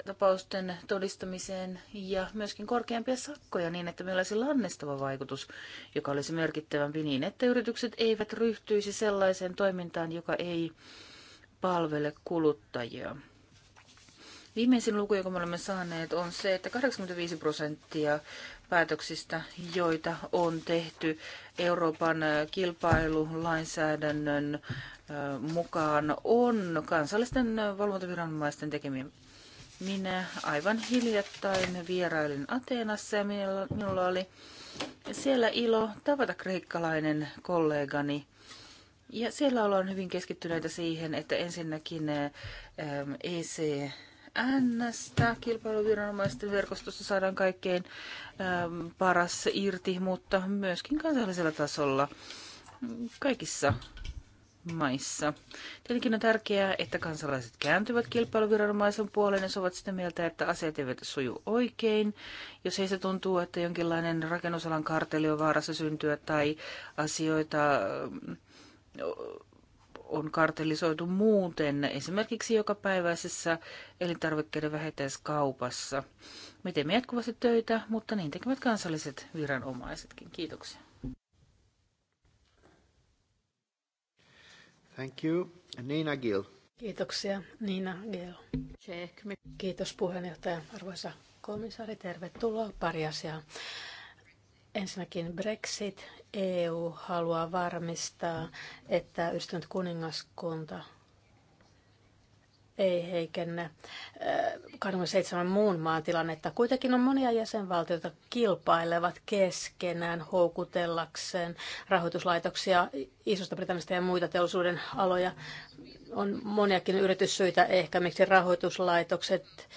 tapausten todistamiseen ja myöskin korkeampia sakkoja niin, että meillä olisi lannistava vaikutus, joka olisi merkittävämpi niin, että yritykset eivät ryhtyisi sellaiseen toimintaan, joka ei palvele kuluttajia. Viimeisin luku, joka me olemme saaneet, on se, että 85 prosenttia päätöksistä, joita on tehty Euroopan kilpailulainsäädännön mukaan, on kansallisten valvontaviranomaisten tekemiä. Minä aivan hiljattain vierailin Ateenassa ja minulla oli siellä ilo tavata kreikkalainen kollegani. Ja siellä ollaan hyvin keskittyneitä siihen, että ensinnäkin EC NS-tä kilpailuviranomaisten verkostossa saadaan kaikkein ähm, paras irti, mutta myöskin kansallisella tasolla kaikissa maissa. Tietenkin on tärkeää, että kansalaiset kääntyvät kilpailuviranomaisen puoleen ja ovat sitä mieltä, että asiat eivät suju oikein. Jos heistä tuntuu, että jonkinlainen rakennusalan karteli on vaarassa syntyä tai asioita on kartellisoitu muuten, esimerkiksi jokapäiväisessä elintarvikkeiden vähittäiskaupassa. Me teemme jatkuvasti töitä, mutta niin tekevät kansalliset viranomaisetkin. Kiitoksia. Thank you. Nina Gill. Kiitoksia, Nina Gill. Kiitos puheenjohtaja. Arvoisa komissaari, tervetuloa. Pari asiaa Ensinnäkin Brexit. EU haluaa varmistaa, että yhdistynyt kuningaskunta ei heikennä 27 äh, muun maan tilannetta. Kuitenkin on monia jäsenvaltioita kilpailevat keskenään houkutellakseen rahoituslaitoksia Isosta Britannista ja muita teollisuuden aloja. On moniakin yrityssyitä ehkä, miksi rahoituslaitokset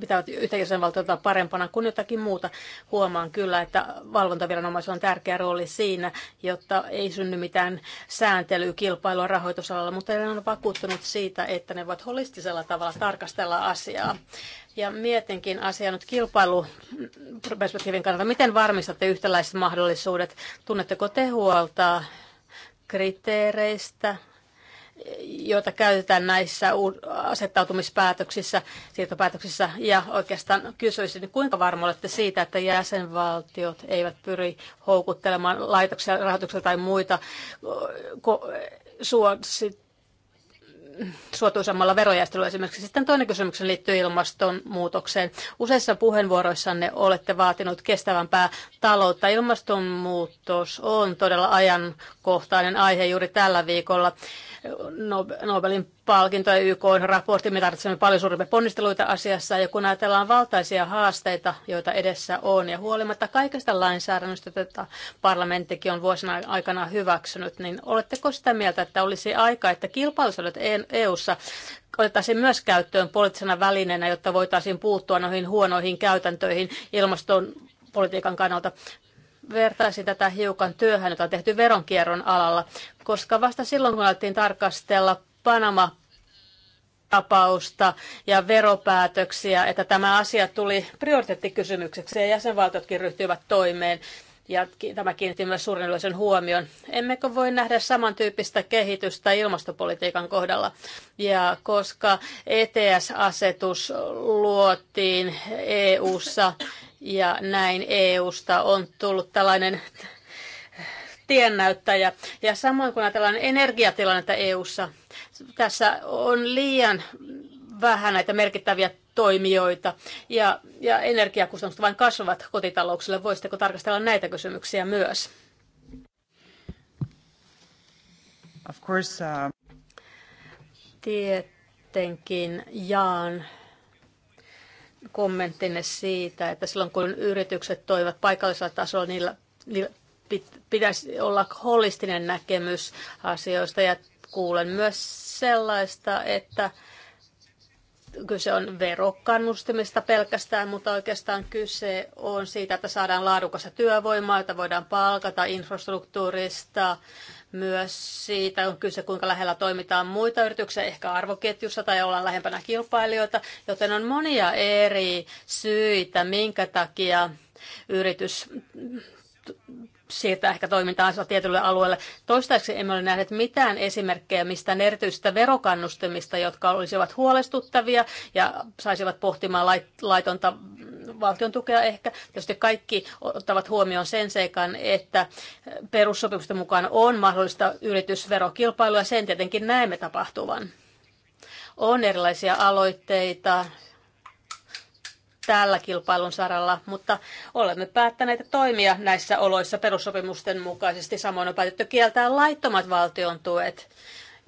pitävät yhtä jäsenvaltiota parempana kuin jotakin muuta. Huomaan kyllä, että valvontaviranomaisilla on tärkeä rooli siinä, jotta ei synny mitään sääntelyä, kilpailua rahoitusalalla, mutta en ole vakuuttunut siitä, että ne voivat holistisella tavalla tarkastella asiaa. Ja mietinkin asiaa nyt kilpailuperspektiivin kannalta. Miten varmistatte yhtäläiset mahdollisuudet? Tunnetteko te huolta kriteereistä, joita käytetään näissä asettautumispäätöksissä, siirtopäätöksissä. Ja oikeastaan kysyisin, niin kuinka varma olette siitä, että jäsenvaltiot eivät pyri houkuttelemaan laitoksia, rahoituksia tai muita suosittuja suotuisammalla verojärjestelyllä esimerkiksi. Sitten toinen kysymys liittyy ilmastonmuutokseen. Useissa puheenvuoroissanne olette vaatinut kestävämpää taloutta. Ilmastonmuutos on todella ajankohtainen aihe juuri tällä viikolla. Nobelin palkinto ja YK on raportti. Me tarvitsemme paljon suurempia ponnisteluita asiassa ja kun ajatellaan valtaisia haasteita, joita edessä on ja huolimatta kaikesta lainsäädännöstä, jota parlamenttikin on vuosina aikana hyväksynyt, niin oletteko sitä mieltä, että olisi aika, että kilpailusodat EU-ssa otettaisiin myös käyttöön poliittisena välineenä, jotta voitaisiin puuttua noihin huonoihin käytäntöihin ilmastonpolitiikan kannalta. Vertaisin tätä hiukan työhön, jota on tehty veronkierron alalla, koska vasta silloin, kun alettiin tarkastella Panama tapausta ja veropäätöksiä, että tämä asia tuli prioriteettikysymykseksi ja jäsenvaltiotkin ryhtyivät toimeen ja tämä kiinnitti myös suuren huomion. Emmekö voi nähdä samantyyppistä kehitystä ilmastopolitiikan kohdalla? Ja koska ETS-asetus luotiin EU-ssa ja näin EU-sta on tullut tällainen tiennäyttäjä. Ja samoin kun ajatellaan energiatilannetta EU-ssa, tässä on liian vähän näitä merkittäviä toimijoita ja, ja energiakustannukset vain kasvavat kotitalouksille. Voisitteko tarkastella näitä kysymyksiä myös? Of course, uh... Tietenkin jaan kommenttinne siitä, että silloin kun yritykset toivat paikallisella tasolla, niillä, niillä pitäisi olla holistinen näkemys asioista ja kuulen myös sellaista, että Kyse on verokannustimista pelkästään, mutta oikeastaan kyse on siitä, että saadaan laadukasta työvoimaa, jota voidaan palkata infrastruktuurista, myös siitä on kyse, kuinka lähellä toimitaan muita yrityksiä, ehkä arvoketjussa tai ollaan lähempänä kilpailijoita, joten on monia eri syitä, minkä takia yritys siirtää ehkä toimintaansa tietylle alueelle. Toistaiseksi emme ole nähneet mitään esimerkkejä mistään erityisistä verokannustimista, jotka olisivat huolestuttavia ja saisivat pohtimaan laitonta valtion tukea ehkä. Tietysti kaikki ottavat huomioon sen seikan, että perussopimusten mukaan on mahdollista yritysverokilpailua ja sen tietenkin näemme tapahtuvan. On erilaisia aloitteita, tällä kilpailun saralla, mutta olemme päättäneet toimia näissä oloissa perussopimusten mukaisesti. Samoin on päätetty kieltää laittomat valtion tuet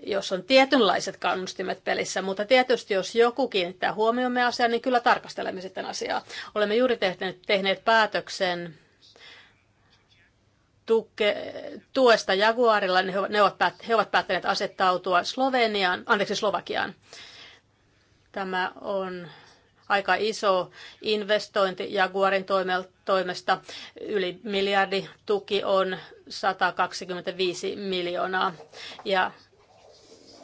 jos on tietynlaiset kannustimet pelissä, mutta tietysti jos joku kiinnittää me asiaan, niin kyllä tarkastelemme sitten asiaa. Olemme juuri tehneet, tehneet päätöksen tuke, tuesta Jaguarilla, niin he, ne ovat, päät, he ovat päättäneet asettautua Slovenian, anteeksi Slovakiaan. Tämä on aika iso investointi Jaguarin toimesta. Yli miljardi tuki on 125 miljoonaa. Ja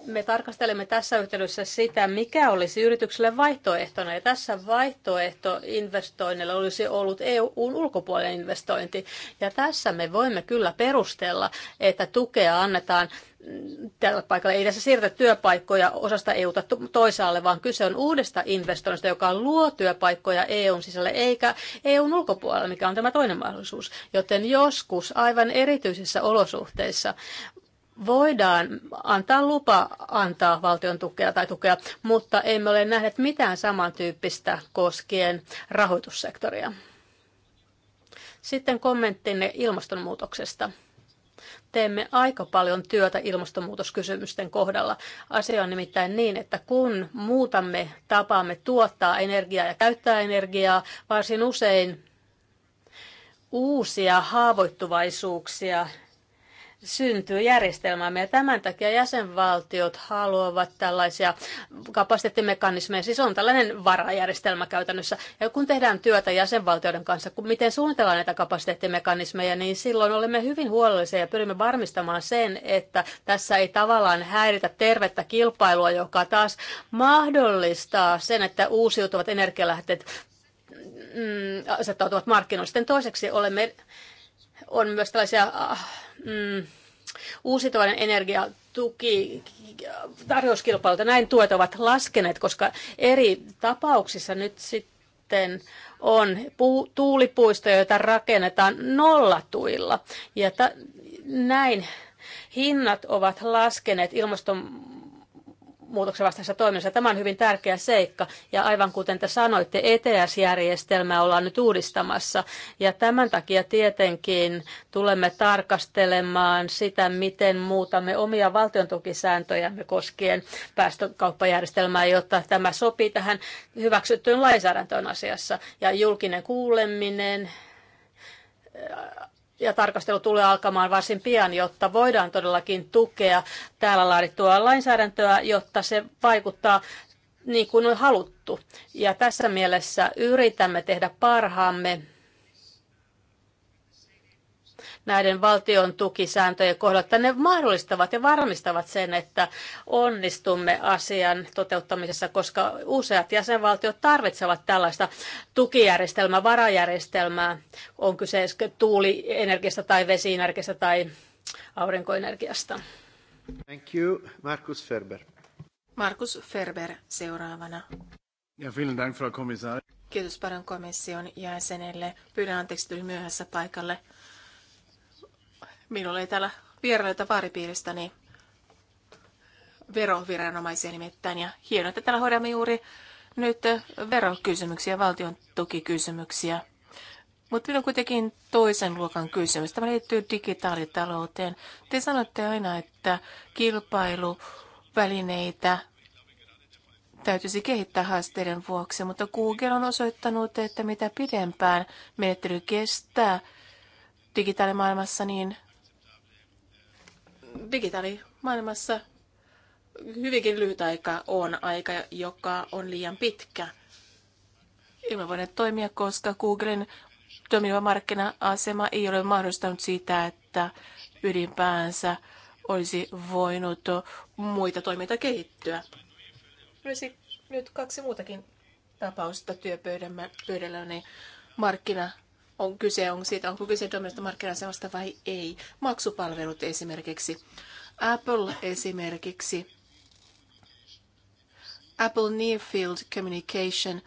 me tarkastelemme tässä yhteydessä sitä, mikä olisi yritykselle vaihtoehtona. Ja tässä vaihtoehto investoinnille olisi ollut EUn ulkopuolinen investointi. Ja tässä me voimme kyllä perustella, että tukea annetaan mm, tällä paikalla. Ei tässä siirretä työpaikkoja osasta EUta toisaalle, vaan kyse on uudesta investoinnista, joka luo työpaikkoja EUn sisälle eikä EUn ulkopuolella, mikä on tämä toinen mahdollisuus. Joten joskus aivan erityisissä olosuhteissa voidaan antaa lupa antaa valtion tukea tai tukea, mutta emme ole nähneet mitään samantyyppistä koskien rahoitussektoria. Sitten kommenttinne ilmastonmuutoksesta. Teemme aika paljon työtä ilmastonmuutoskysymysten kohdalla. Asia on nimittäin niin, että kun muutamme tapaamme tuottaa energiaa ja käyttää energiaa, varsin usein uusia haavoittuvaisuuksia syntyy järjestelmämme. Ja tämän takia jäsenvaltiot haluavat tällaisia kapasiteettimekanismeja. Siis on tällainen varajärjestelmä käytännössä. Ja kun tehdään työtä jäsenvaltioiden kanssa, kun miten suunnitellaan näitä kapasiteettimekanismeja, niin silloin olemme hyvin huolellisia ja pyrimme varmistamaan sen, että tässä ei tavallaan häiritä tervettä kilpailua, joka taas mahdollistaa sen, että uusiutuvat energialähteet mm, asettautuvat markkinoille. Sitten toiseksi olemme on myös tällaisia ah, mm, uusitoinen energia tuki tarjouskilpailuita. Näin tuet ovat laskeneet, koska eri tapauksissa nyt sitten on puu, tuulipuistoja, joita rakennetaan nollatuilla. Ja ta- näin hinnat ovat laskeneet ilmaston muutoksen vastaisessa toiminnassa. Tämä on hyvin tärkeä seikka. Ja aivan kuten te sanoitte, ETS-järjestelmää ollaan nyt uudistamassa. Ja tämän takia tietenkin tulemme tarkastelemaan sitä, miten muutamme omia valtiontukisääntöjämme koskien päästökauppajärjestelmää, jotta tämä sopii tähän hyväksyttyyn lainsäädäntöön asiassa. Ja julkinen kuuleminen ja tarkastelu tulee alkamaan varsin pian, jotta voidaan todellakin tukea täällä laadittua lainsäädäntöä, jotta se vaikuttaa niin kuin on haluttu. Ja tässä mielessä yritämme tehdä parhaamme näiden valtion tukisääntöjen kohdalla, ne mahdollistavat ja varmistavat sen, että onnistumme asian toteuttamisessa, koska useat jäsenvaltiot tarvitsevat tällaista tukijärjestelmää, varajärjestelmää, on kyse tuulienergiasta tai vesienergiasta tai aurinkoenergiasta. Thank you, Markus Ferber. Markus Ferber seuraavana. Ja vielen Dank, Frau Kommissar. Kiitos paljon komission jäsenelle. Pyydän anteeksi, tuli myöhässä paikalle. Minulla oli täällä vierailijoita niin veroviranomaisia nimittäin. Ja hienoa, että täällä hoidamme juuri nyt verokysymyksiä, valtion tukikysymyksiä. Mutta minun on kuitenkin toisen luokan kysymys. Tämä liittyy digitaalitalouteen. Te sanotte aina, että kilpailuvälineitä täytyisi kehittää haasteiden vuoksi, mutta Google on osoittanut, että mitä pidempään menettely kestää digitaalimaailmassa, niin digitaalimaailmassa hyvinkin lyhyt aika on aika, joka on liian pitkä. Emme voineet toimia, koska Googlen toimiva markkina-asema ei ole mahdollistanut sitä, että ylipäänsä olisi voinut muita toiminta kehittyä. Olisi nyt kaksi muutakin tapausta niin markkina on kyse on siitä, onko kyse dominoista markkina-asemasta vai ei. Maksupalvelut esimerkiksi. Apple esimerkiksi. Apple Near Field Communication.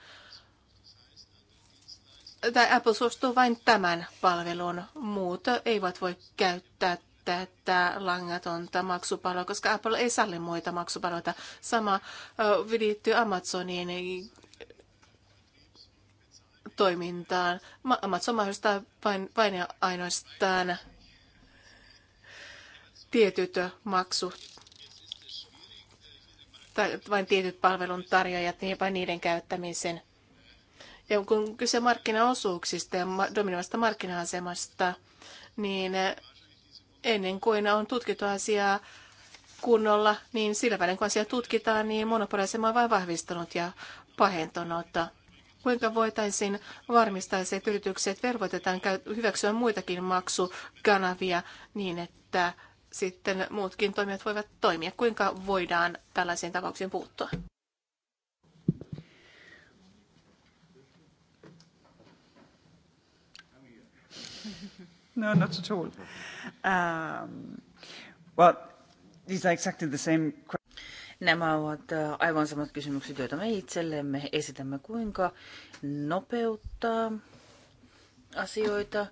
Tai Apple suostuu vain tämän palvelun. Muuta eivät voi käyttää tätä langatonta maksupalvelua, koska Apple ei salli muita maksupalveluita. Sama liittyy Amazoniin toimintaan. Amazon mahdollistaa vain, vain ja ainoastaan tietyt maksut tai vain tietyt palveluntarjoajat niin vain niiden käyttämisen. Ja kun kyse markkinaosuuksista ja dominoivasta markkina-asemasta, niin ennen kuin on tutkittu asiaa kunnolla, niin sillä välin kun asiaa tutkitaan, niin monopoliasema on vain vahvistunut ja pahentunut. Kuinka voitaisiin varmistaa se, että yritykset velvoitetaan hyväksyä muitakin maksukanavia niin, että sitten muutkin toimijat voivat toimia? Kuinka voidaan tällaisiin tapauksiin puuttua? No, not at all. Um, well, these are exactly the same Nämä ovat äh, aivan samat kysymykset, joita me itsellemme esitämme, kuinka nopeuttaa asioita.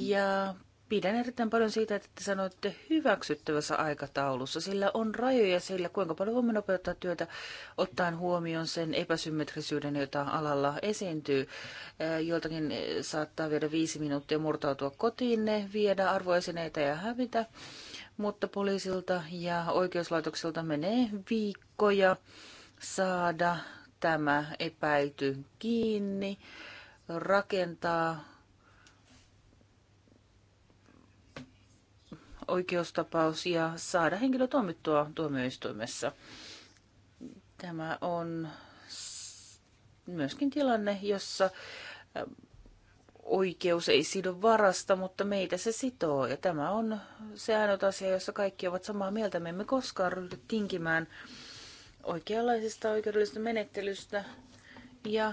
Ja pidän erittäin paljon siitä, että te sanoitte hyväksyttävässä aikataulussa, sillä on rajoja sillä, kuinka paljon voimme nopeuttaa työtä ottaen huomioon sen epäsymmetrisyyden, jota alalla esiintyy. Äh, joltakin saattaa viedä viisi minuuttia murtautua kotiin, ne viedä arvoesineitä ja hävitä mutta poliisilta ja oikeuslaitokselta menee viikkoja saada tämä epäilty kiinni, rakentaa oikeustapaus ja saada henkilö tuomittua tuomioistuimessa. Tämä on myöskin tilanne, jossa oikeus ei sido varasta, mutta meitä se sitoo. Ja tämä on se ainoa asia, jossa kaikki ovat samaa mieltä. Me emme koskaan ryhdy tinkimään oikeanlaisesta oikeudellisesta menettelystä ja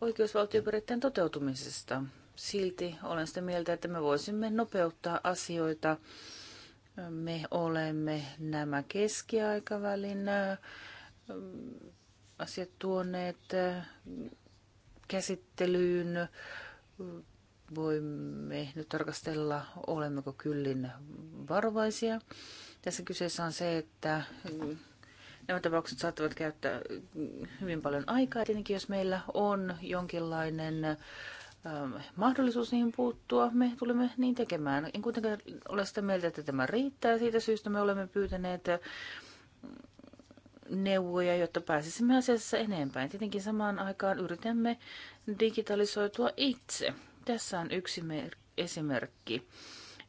oikeusvaltioperiaatteen toteutumisesta. Silti olen sitä mieltä, että me voisimme nopeuttaa asioita. Me olemme nämä keskiaikavälin asiat tuoneet käsittelyyn. Voimme nyt tarkastella, olemmeko kyllin varovaisia. Tässä kyseessä on se, että nämä tapaukset saattavat käyttää hyvin paljon aikaa. Tietenkin jos meillä on jonkinlainen ähm, mahdollisuus niihin puuttua, me tulemme niin tekemään. En kuitenkaan ole sitä mieltä, että tämä riittää. Siitä syystä me olemme pyytäneet neuvoja, jotta pääsisimme asiassa enempään. Tietenkin samaan aikaan yritämme digitalisoitua itse. Tässä on yksi esimerkki.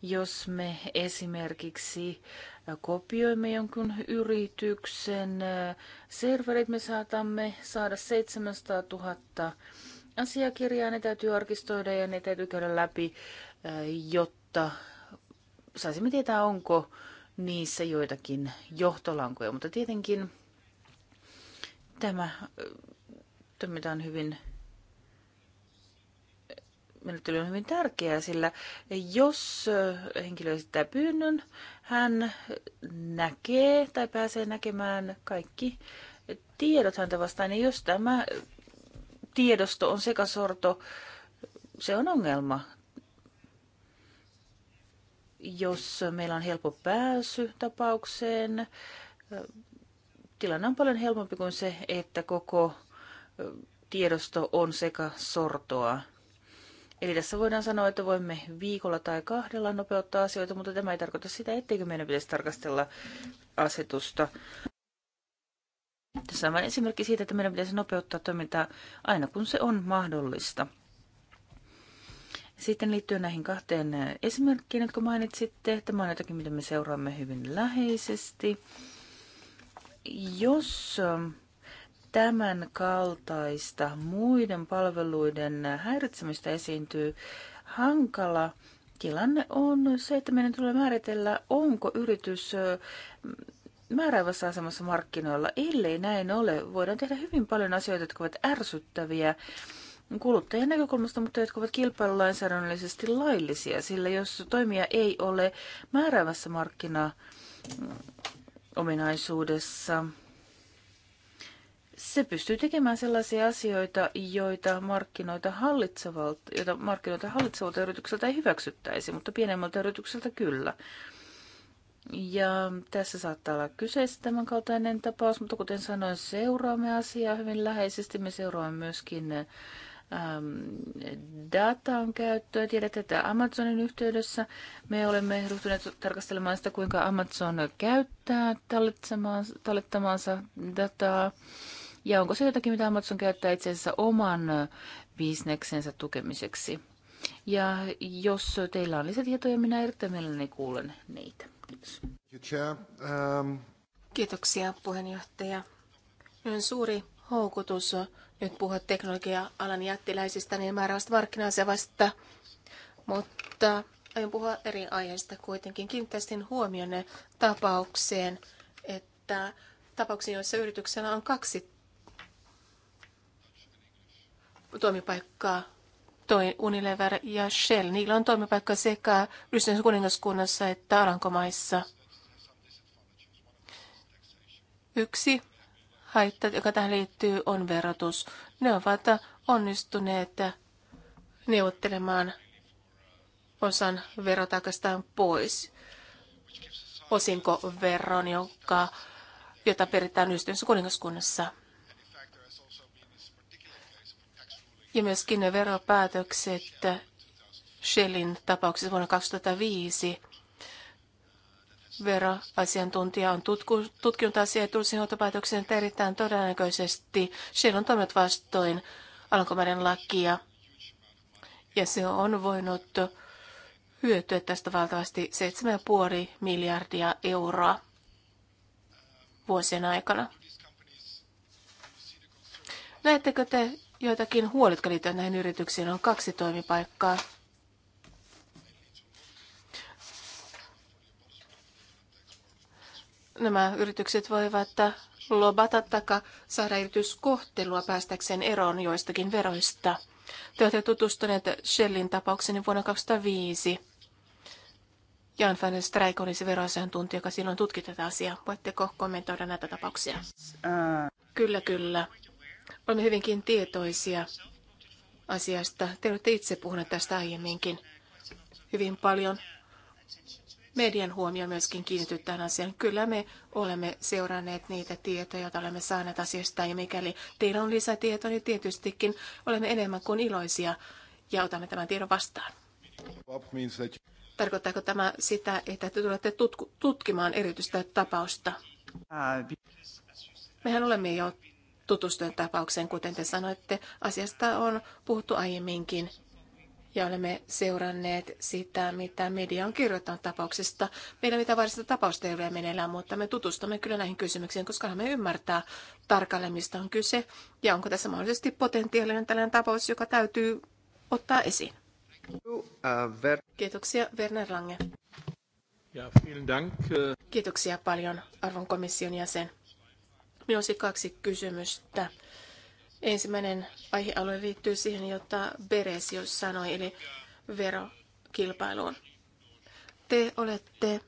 Jos me esimerkiksi kopioimme jonkun yrityksen serverit, me saatamme saada 700 000 asiakirjaa, ne täytyy arkistoida ja ne täytyy käydä läpi, jotta saisimme tietää, onko niissä joitakin johtolankoja, mutta tietenkin Tämä tämä on hyvin menettely on hyvin tärkeää, sillä jos äh, henkilö esittää pyynnön, hän näkee tai pääsee näkemään kaikki tiedot häntä vastaan. Ja niin jos tämä tiedosto on sekasorto, se on ongelma. Jos meillä on helppo pääsy tapaukseen, tilanne on paljon helpompi kuin se, että koko tiedosto on sekä sortoa. Eli tässä voidaan sanoa, että voimme viikolla tai kahdella nopeuttaa asioita, mutta tämä ei tarkoita sitä, etteikö meidän pitäisi tarkastella asetusta. Tässä on vain esimerkki siitä, että meidän pitäisi nopeuttaa toimintaa aina kun se on mahdollista. Sitten liittyen näihin kahteen esimerkkiin, jotka mainitsitte, tämä on jotakin, mitä me seuraamme hyvin läheisesti. Jos ähm, tämän kaltaista muiden palveluiden häiritsemistä esiintyy hankala, tilanne on se, että meidän tulee määritellä, onko yritys määräävässä asemassa markkinoilla. Ellei näin ole, voidaan tehdä hyvin paljon asioita, jotka ovat ärsyttäviä kuluttajien näkökulmasta, mutta jotka ovat kilpailulainsäädännöllisesti laillisia, sillä jos toimija ei ole määräävässä markkina ominaisuudessa se pystyy tekemään sellaisia asioita, joita markkinoita, hallitsevalta, joita markkinoita hallitsevalta yritykseltä ei hyväksyttäisi, mutta pienemmältä yritykseltä kyllä. Ja tässä saattaa olla kyseessä tämän tapaus, mutta kuten sanoin, seuraamme asiaa hyvin läheisesti. Me seuraamme myöskin Ähm, datan käyttöä. Tiedätte, että Amazonin yhteydessä me olemme ryhtyneet tarkastelemaan sitä, kuinka Amazon käyttää tallettamaansa dataa. Ja onko se jotakin, mitä Amazon käyttää itse asiassa oman bisneksensä tukemiseksi? Ja jos teillä on lisätietoja, minä erittäin mielelläni kuulen niitä. Kiitos. Um, Kiitoksia puheenjohtaja. suuri houkutus nyt puhua teknologia-alan jättiläisistä, niin määrävästä markkina-asevasta, mutta aion puhua eri aiheista kuitenkin. Kiinnittäisin huomionne tapaukseen, että tapauksiin, joissa yrityksellä on kaksi toimipaikkaa, toi Unilever ja Shell. Niillä on toimipaikka sekä Yhdistyneessä kuningaskunnassa että Alankomaissa. Yksi haitta, joka tähän liittyy, on verotus. Ne ovat onnistuneet neuvottelemaan osan verotakastaan pois osinkoveron, joka, jota peritään yhdistyneessä kuningaskunnassa. Ja myöskin ne veropäätökset Shellin tapauksessa vuonna 2005 vera-asiantuntija on tutku, tutkinut asiaa ja tulisi että erittäin todennäköisesti siellä on toiminut vastoin Alankomaiden lakia. Ja se on voinut hyötyä tästä valtavasti 7,5 miljardia euroa vuosien aikana. Näettekö te joitakin huolet, jotka liittyvät näihin yrityksiin? On kaksi toimipaikkaa nämä yritykset voivat lobata tai saada yrityskohtelua päästäkseen eroon joistakin veroista. Te olette tutustuneet Shellin tapaukseen vuonna 2005. Jan van Strijk se veroasiantuntija, joka silloin tutki tätä asiaa. Voitteko kommentoida näitä tapauksia? Kyllä, kyllä. Olemme hyvinkin tietoisia asiasta. Te olette itse puhuneet tästä aiemminkin hyvin paljon median huomio myöskin kiinnittyy tähän asiaan. Kyllä me olemme seuranneet niitä tietoja, joita olemme saaneet asiasta, ja mikäli teillä on lisätietoja, niin tietystikin olemme enemmän kuin iloisia ja otamme tämän tiedon vastaan. Tarkoittaako tämä sitä, että te tulette tutkimaan erityistä tapausta? Mehän olemme jo tutustuneet tapaukseen, kuten te sanoitte. Asiasta on puhuttu aiemminkin ja olemme seuranneet sitä, mitä media on kirjoittanut tapauksesta. Meillä mitä varsinaista tapausta ei ole meneillään, mutta me tutustumme kyllä näihin kysymyksiin, koska me ymmärtää tarkalleen, mistä on kyse ja onko tässä mahdollisesti potentiaalinen tällainen tapaus, joka täytyy ottaa esiin. Kiitoksia, Werner Lange. Kiitoksia paljon, arvon komission jäsen. Minulla olisi kaksi kysymystä Ensimmäinen aihealue liittyy siihen, jota Beresius sanoi, eli verokilpailuun. Te olette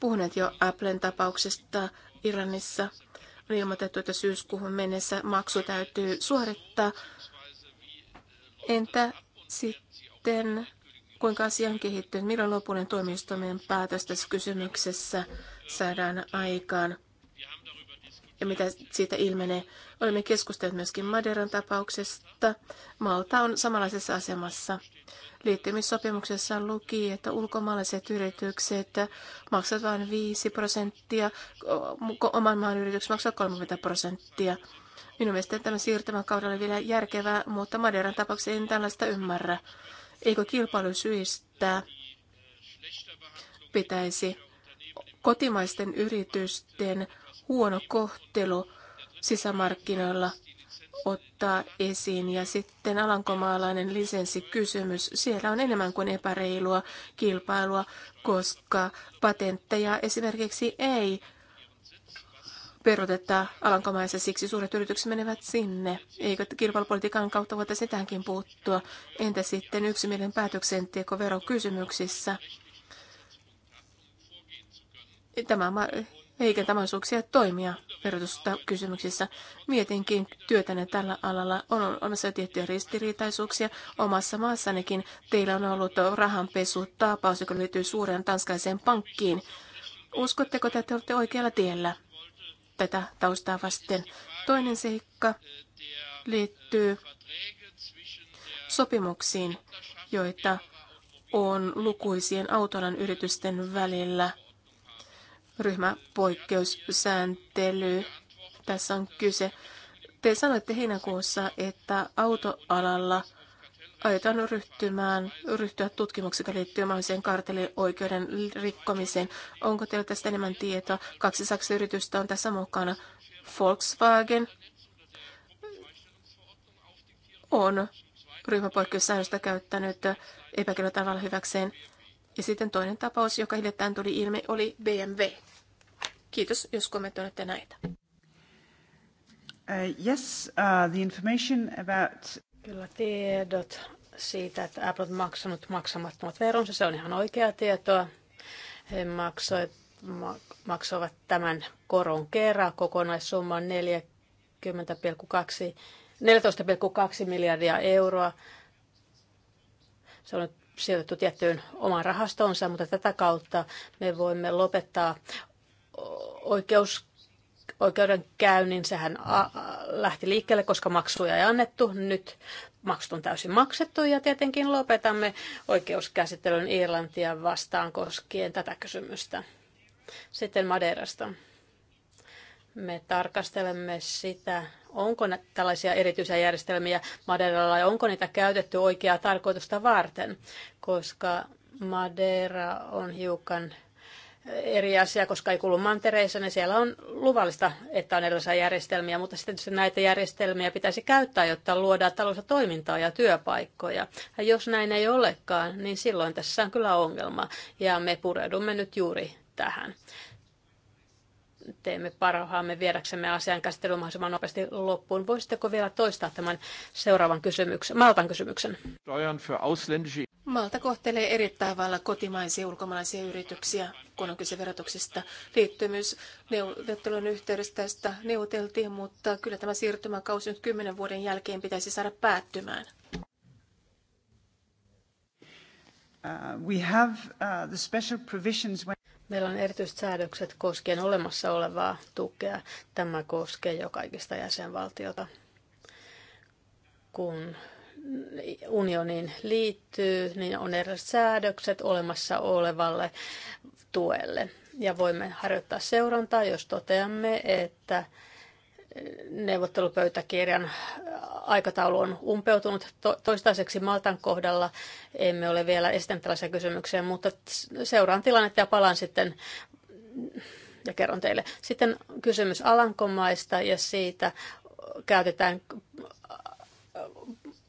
puhuneet jo Applen tapauksesta Irlannissa. On ilmoitettu, että syyskuuhun mennessä maksu täytyy suorittaa. Entä sitten, kuinka asia on kehittynyt? Milloin lopullinen tuomioistuimen päätös tässä kysymyksessä saadaan aikaan? ja mitä siitä ilmenee. Olemme keskustelleet myöskin Maderan tapauksesta. Malta on samanlaisessa asemassa. Liittymissopimuksessa luki, että ulkomaalaiset yritykset maksavat vain 5 prosenttia, oman maan yritykset maksavat 30 prosenttia. Minun mielestäni tämä siirtymäkaudella oli vielä järkevää, mutta Maderan tapauksessa en tällaista ymmärrä. Eikö kilpailusyistä pitäisi kotimaisten yritysten huono kohtelu sisämarkkinoilla ottaa esiin. Ja sitten alankomaalainen lisenssikysymys. Siellä on enemmän kuin epäreilua kilpailua, koska patentteja esimerkiksi ei perutetta alankomaissa, siksi suuret yritykset menevät sinne. Eikö kilpailupolitiikan kautta voitaisiin tähänkin puuttua? Entä sitten yksimielinen päätöksenteko verokysymyksissä? Tämä eikä mahdollisuuksia toimia verotusta kysymyksissä. Mietinkin työtänne tällä alalla. On olemassa tiettyjä ristiriitaisuuksia. Omassa maassanikin teillä on ollut rahanpesu tapaus, joka liittyy suureen tanskaiseen pankkiin. Uskotteko, että te olette oikealla tiellä tätä taustaa vasten? Toinen seikka liittyy sopimuksiin, joita on lukuisien autolan yritysten välillä – ryhmäpoikkeussääntely. Tässä on kyse. Te sanoitte heinäkuussa, että autoalalla aiotaan ryhtymään, ryhtyä tutkimuksesta liittyen mahdolliseen kartelioikeuden rikkomiseen. Onko teillä tästä enemmän tietoa? Kaksi saksa yritystä on tässä mukana. Volkswagen on ryhmäpoikkeussäännöstä käyttänyt epäkelöllä hyväkseen. Ja sitten toinen tapaus, joka hiljattain tuli ilmi, oli BMW. Kiitos, jos kommentoitte näitä. Uh, yes, uh, the information about... Kyllä tiedot siitä, että Apple on maksanut maksamattomat veronsa, se on ihan oikea tietoa. He maksoivat, maksoivat tämän koron kerran kokonaissumman 40,2 14,2 miljardia euroa. Se on sijoitettu tiettyyn omaan rahastonsa, mutta tätä kautta me voimme lopettaa oikeus oikeudenkäynnin, sehän lähti liikkeelle, koska maksuja ei annettu. Nyt maksut on täysin maksettu ja tietenkin lopetamme oikeuskäsittelyn Irlantia vastaan koskien tätä kysymystä. Sitten Madeirasta. Me tarkastelemme sitä, onko tällaisia erityisiä järjestelmiä Madeiralla ja onko niitä käytetty oikeaa tarkoitusta varten, koska Madeira on hiukan eri asia, koska ei kuulu mantereissa, niin siellä on luvallista, että on erilaisia järjestelmiä, mutta sitten näitä järjestelmiä pitäisi käyttää, jotta luodaan talossa toimintaa ja työpaikkoja. Ja jos näin ei olekaan, niin silloin tässä on kyllä ongelma, ja me pureudumme nyt juuri tähän teemme parhaamme viedäksemme asian käsittelyn mahdollisimman nopeasti loppuun. Voisitteko vielä toistaa tämän seuraavan kysymyksen, Maltan kysymyksen? Malta kohtelee erittäin tavalla kotimaisia ja ulkomaalaisia yrityksiä, kun on kyse verotuksesta. Liittymisneuvottelun yhteydessä tästä neuvoteltiin, mutta kyllä tämä siirtymäkausi nyt kymmenen vuoden jälkeen pitäisi saada päättymään. Uh, we have uh, the special provisions when Meillä on erityiset säädökset koskien olemassa olevaa tukea. Tämä koskee jo kaikista jäsenvaltiota. Kun unioniin liittyy, niin on erilaiset säädökset olemassa olevalle tuelle. Ja voimme harjoittaa seurantaa, jos toteamme, että neuvottelupöytäkirjan aikataulu on umpeutunut. Toistaiseksi Maltan kohdalla emme ole vielä esittäneet tällaisia kysymyksiä, mutta seuraan tilannetta ja palaan sitten ja kerron teille. Sitten kysymys Alankomaista ja siitä, käytetään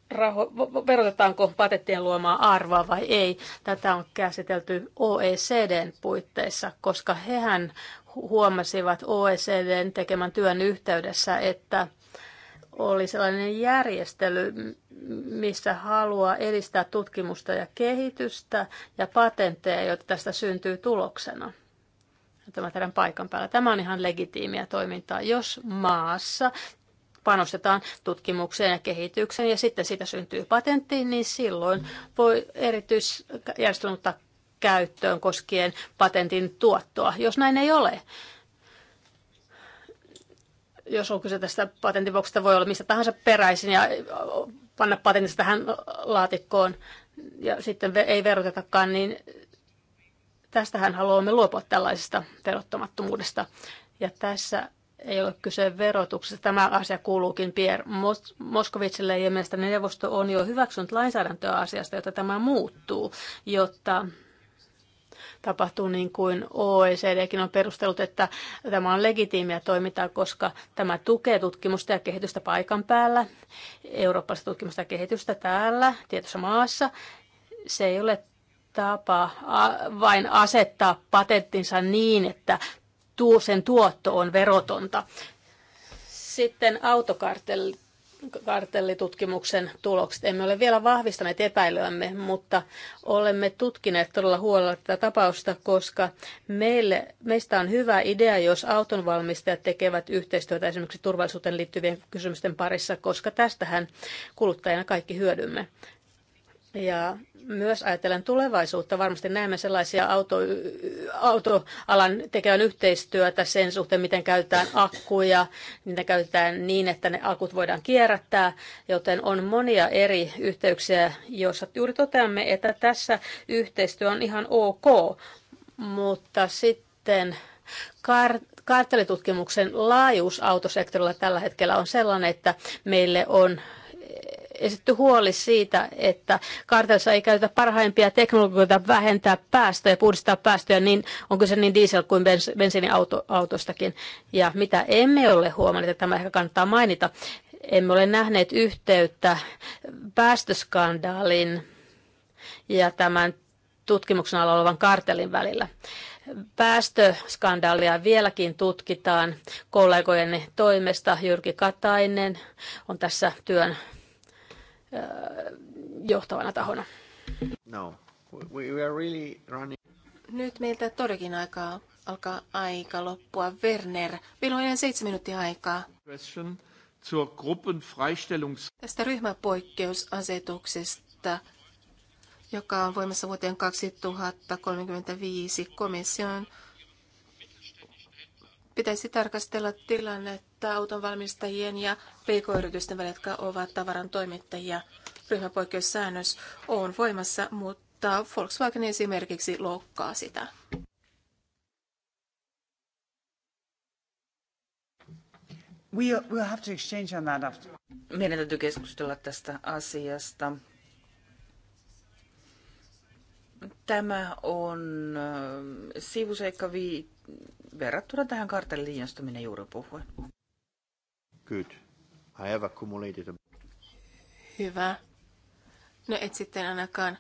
raho, verotetaanko patettien luomaa arvoa vai ei. Tätä on käsitelty OECDn puitteissa, koska hehän huomasivat OECDn tekemän työn yhteydessä, että oli sellainen järjestely, missä haluaa edistää tutkimusta ja kehitystä ja patentteja, joita tästä syntyy tuloksena. Tämä tehdään paikan päällä. Tämä on ihan legitiimiä toimintaa, jos maassa panostetaan tutkimukseen ja kehitykseen ja sitten siitä syntyy patentti, niin silloin voi erityisjärjestelmä ottaa käyttöön koskien patentin tuottoa. Jos näin ei ole, jos on kyse tästä patentivauksesta, voi olla mistä tahansa peräisin ja panna patentista tähän laatikkoon ja sitten ei verotetakaan, niin tästähän haluamme luopua tällaisesta verottomattomuudesta. Ja tässä ei ole kyse verotuksesta. Tämä asia kuuluukin Pierre Moskovitsille ja mielestäni neuvosto on jo hyväksynyt lainsäädäntöä asiasta, jotta tämä muuttuu, jotta tapahtuu niin kuin OECDkin on perustellut, että tämä on legitiimiä toimintaa, koska tämä tukee tutkimusta ja kehitystä paikan päällä, eurooppalaista tutkimusta ja kehitystä täällä tietyssä maassa. Se ei ole tapa vain asettaa patenttinsa niin, että sen tuotto on verotonta. Sitten autokartellit kartellitutkimuksen tulokset. Emme ole vielä vahvistaneet epäilyämme, mutta olemme tutkineet todella huolella tätä tapausta, koska meille, meistä on hyvä idea, jos autonvalmistajat tekevät yhteistyötä esimerkiksi turvallisuuteen liittyvien kysymysten parissa, koska tästähän kuluttajana kaikki hyödymme. Ja myös ajatellen tulevaisuutta, varmasti näemme sellaisia auto, autoalan tekevän yhteistyötä sen suhteen, miten käytetään akkuja, niitä käytetään niin, että ne akut voidaan kierrättää, joten on monia eri yhteyksiä, joissa juuri toteamme, että tässä yhteistyö on ihan ok, mutta sitten kar- kartellitutkimuksen laajuus autosektorilla tällä hetkellä on sellainen, että meille on esitetty huoli siitä, että kartelissa ei käytetä parhaimpia teknologioita vähentää päästöjä, puhdistaa päästöjä, niin onko se niin diesel- kuin bens- bensiiniautostakin. Ja mitä emme ole huomanneet, että tämä ehkä kannattaa mainita, emme ole nähneet yhteyttä päästöskandaalin ja tämän tutkimuksen alla olevan kartelin välillä päästöskandaalia vieläkin tutkitaan kollegojen toimesta. Jyrki Katainen on tässä työn johtavana tahona. No, we are really running. Nyt meiltä todellakin aikaa alkaa aika loppua. Werner, meillä on enää seitsemän minuuttia aikaa. Tästä ryhmäpoikkeusasetuksesta, joka on voimassa vuoteen 2035, komission pitäisi tarkastella tilannetta erottaa autonvalmistajien ja pk-yritysten välillä, jotka ovat tavaran toimittajia. Ryhmäpoikkeussäännös on voimassa, mutta Volkswagen esimerkiksi loukkaa sitä. have to exchange on that Meidän täytyy keskustella tästä asiasta. Tämä on äh, sivuseikka vi- verrattuna tähän kartellin, josta minä juuri puhuin. Good. I have accumulated a... Hyvä. No et sitten ainakaan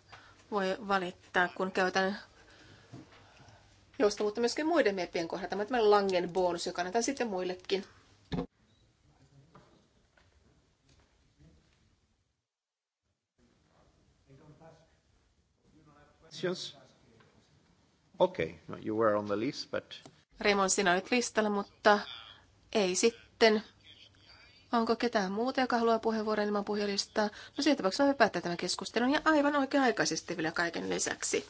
voi valittaa, kun käytän joustavuutta myöskin muiden meppien kohdalla. Tämä on langen bonus, joka annetaan sitten muillekin. Questions? Okay, no, you were on the list, but... Raymond, sinä olit listalla, mutta ei sitten Onko ketään muuta, joka haluaa puheenvuoron ilman puhujalistaa? No siitä tapauksessa me päättää tämän keskustelun ja aivan oikea-aikaisesti vielä kaiken lisäksi.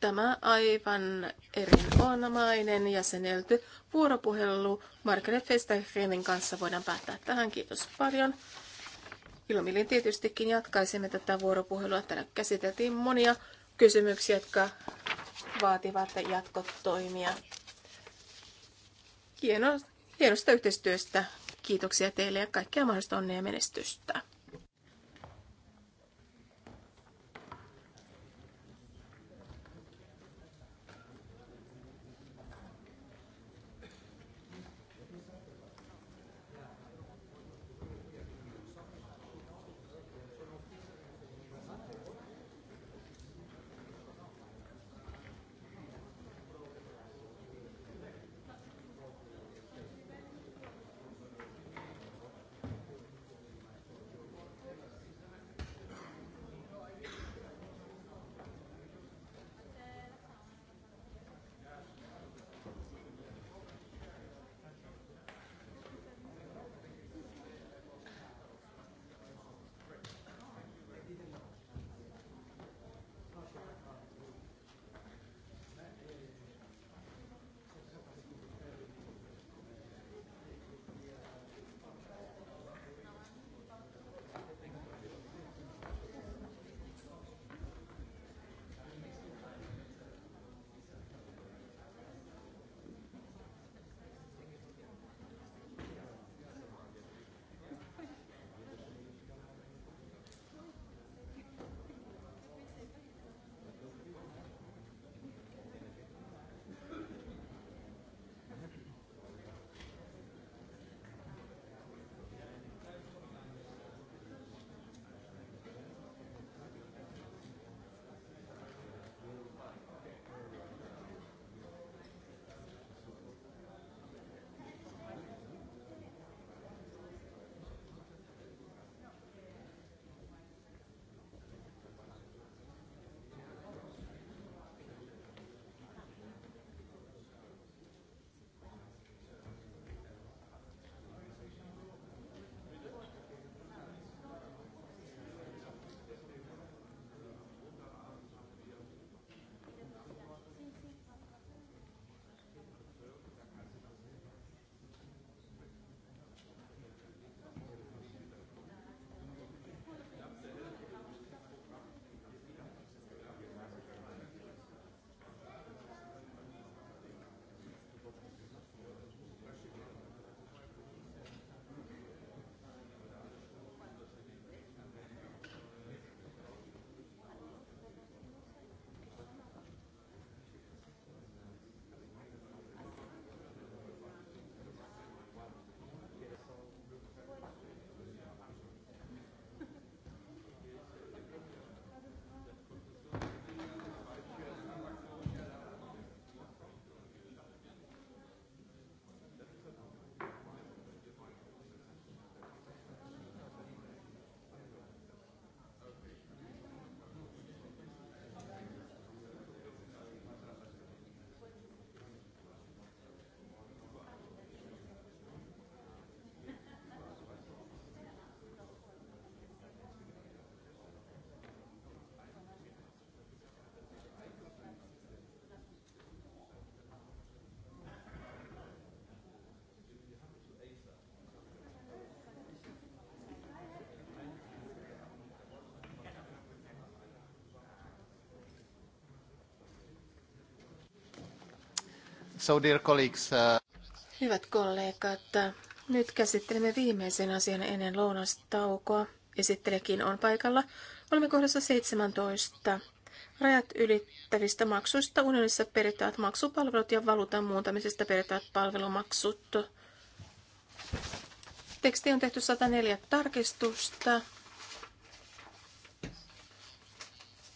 Tämä aivan erinomainen jäsenelty vuoropuhelu Margaret Festerheimin kanssa voidaan päättää tähän. Kiitos paljon. Ilomilin tietystikin jatkaisimme tätä vuoropuhelua. Täällä käsiteltiin monia kysymyksiä, jotka vaativat jatkotoimia. Hienoa hienosta yhteistyöstä. Kiitoksia teille ja kaikkea mahdollista onnea ja menestystä. So dear colleagues, uh... Hyvät kollegat, nyt käsittelemme viimeisen asian ennen lounastaukoa. Esittelekin on paikalla. Olemme kohdassa 17. Rajat ylittävistä maksuista unionissa perittävät maksupalvelut ja valuutan muuntamisesta perittävät palvelumaksut. Teksti on tehty 104 tarkistusta,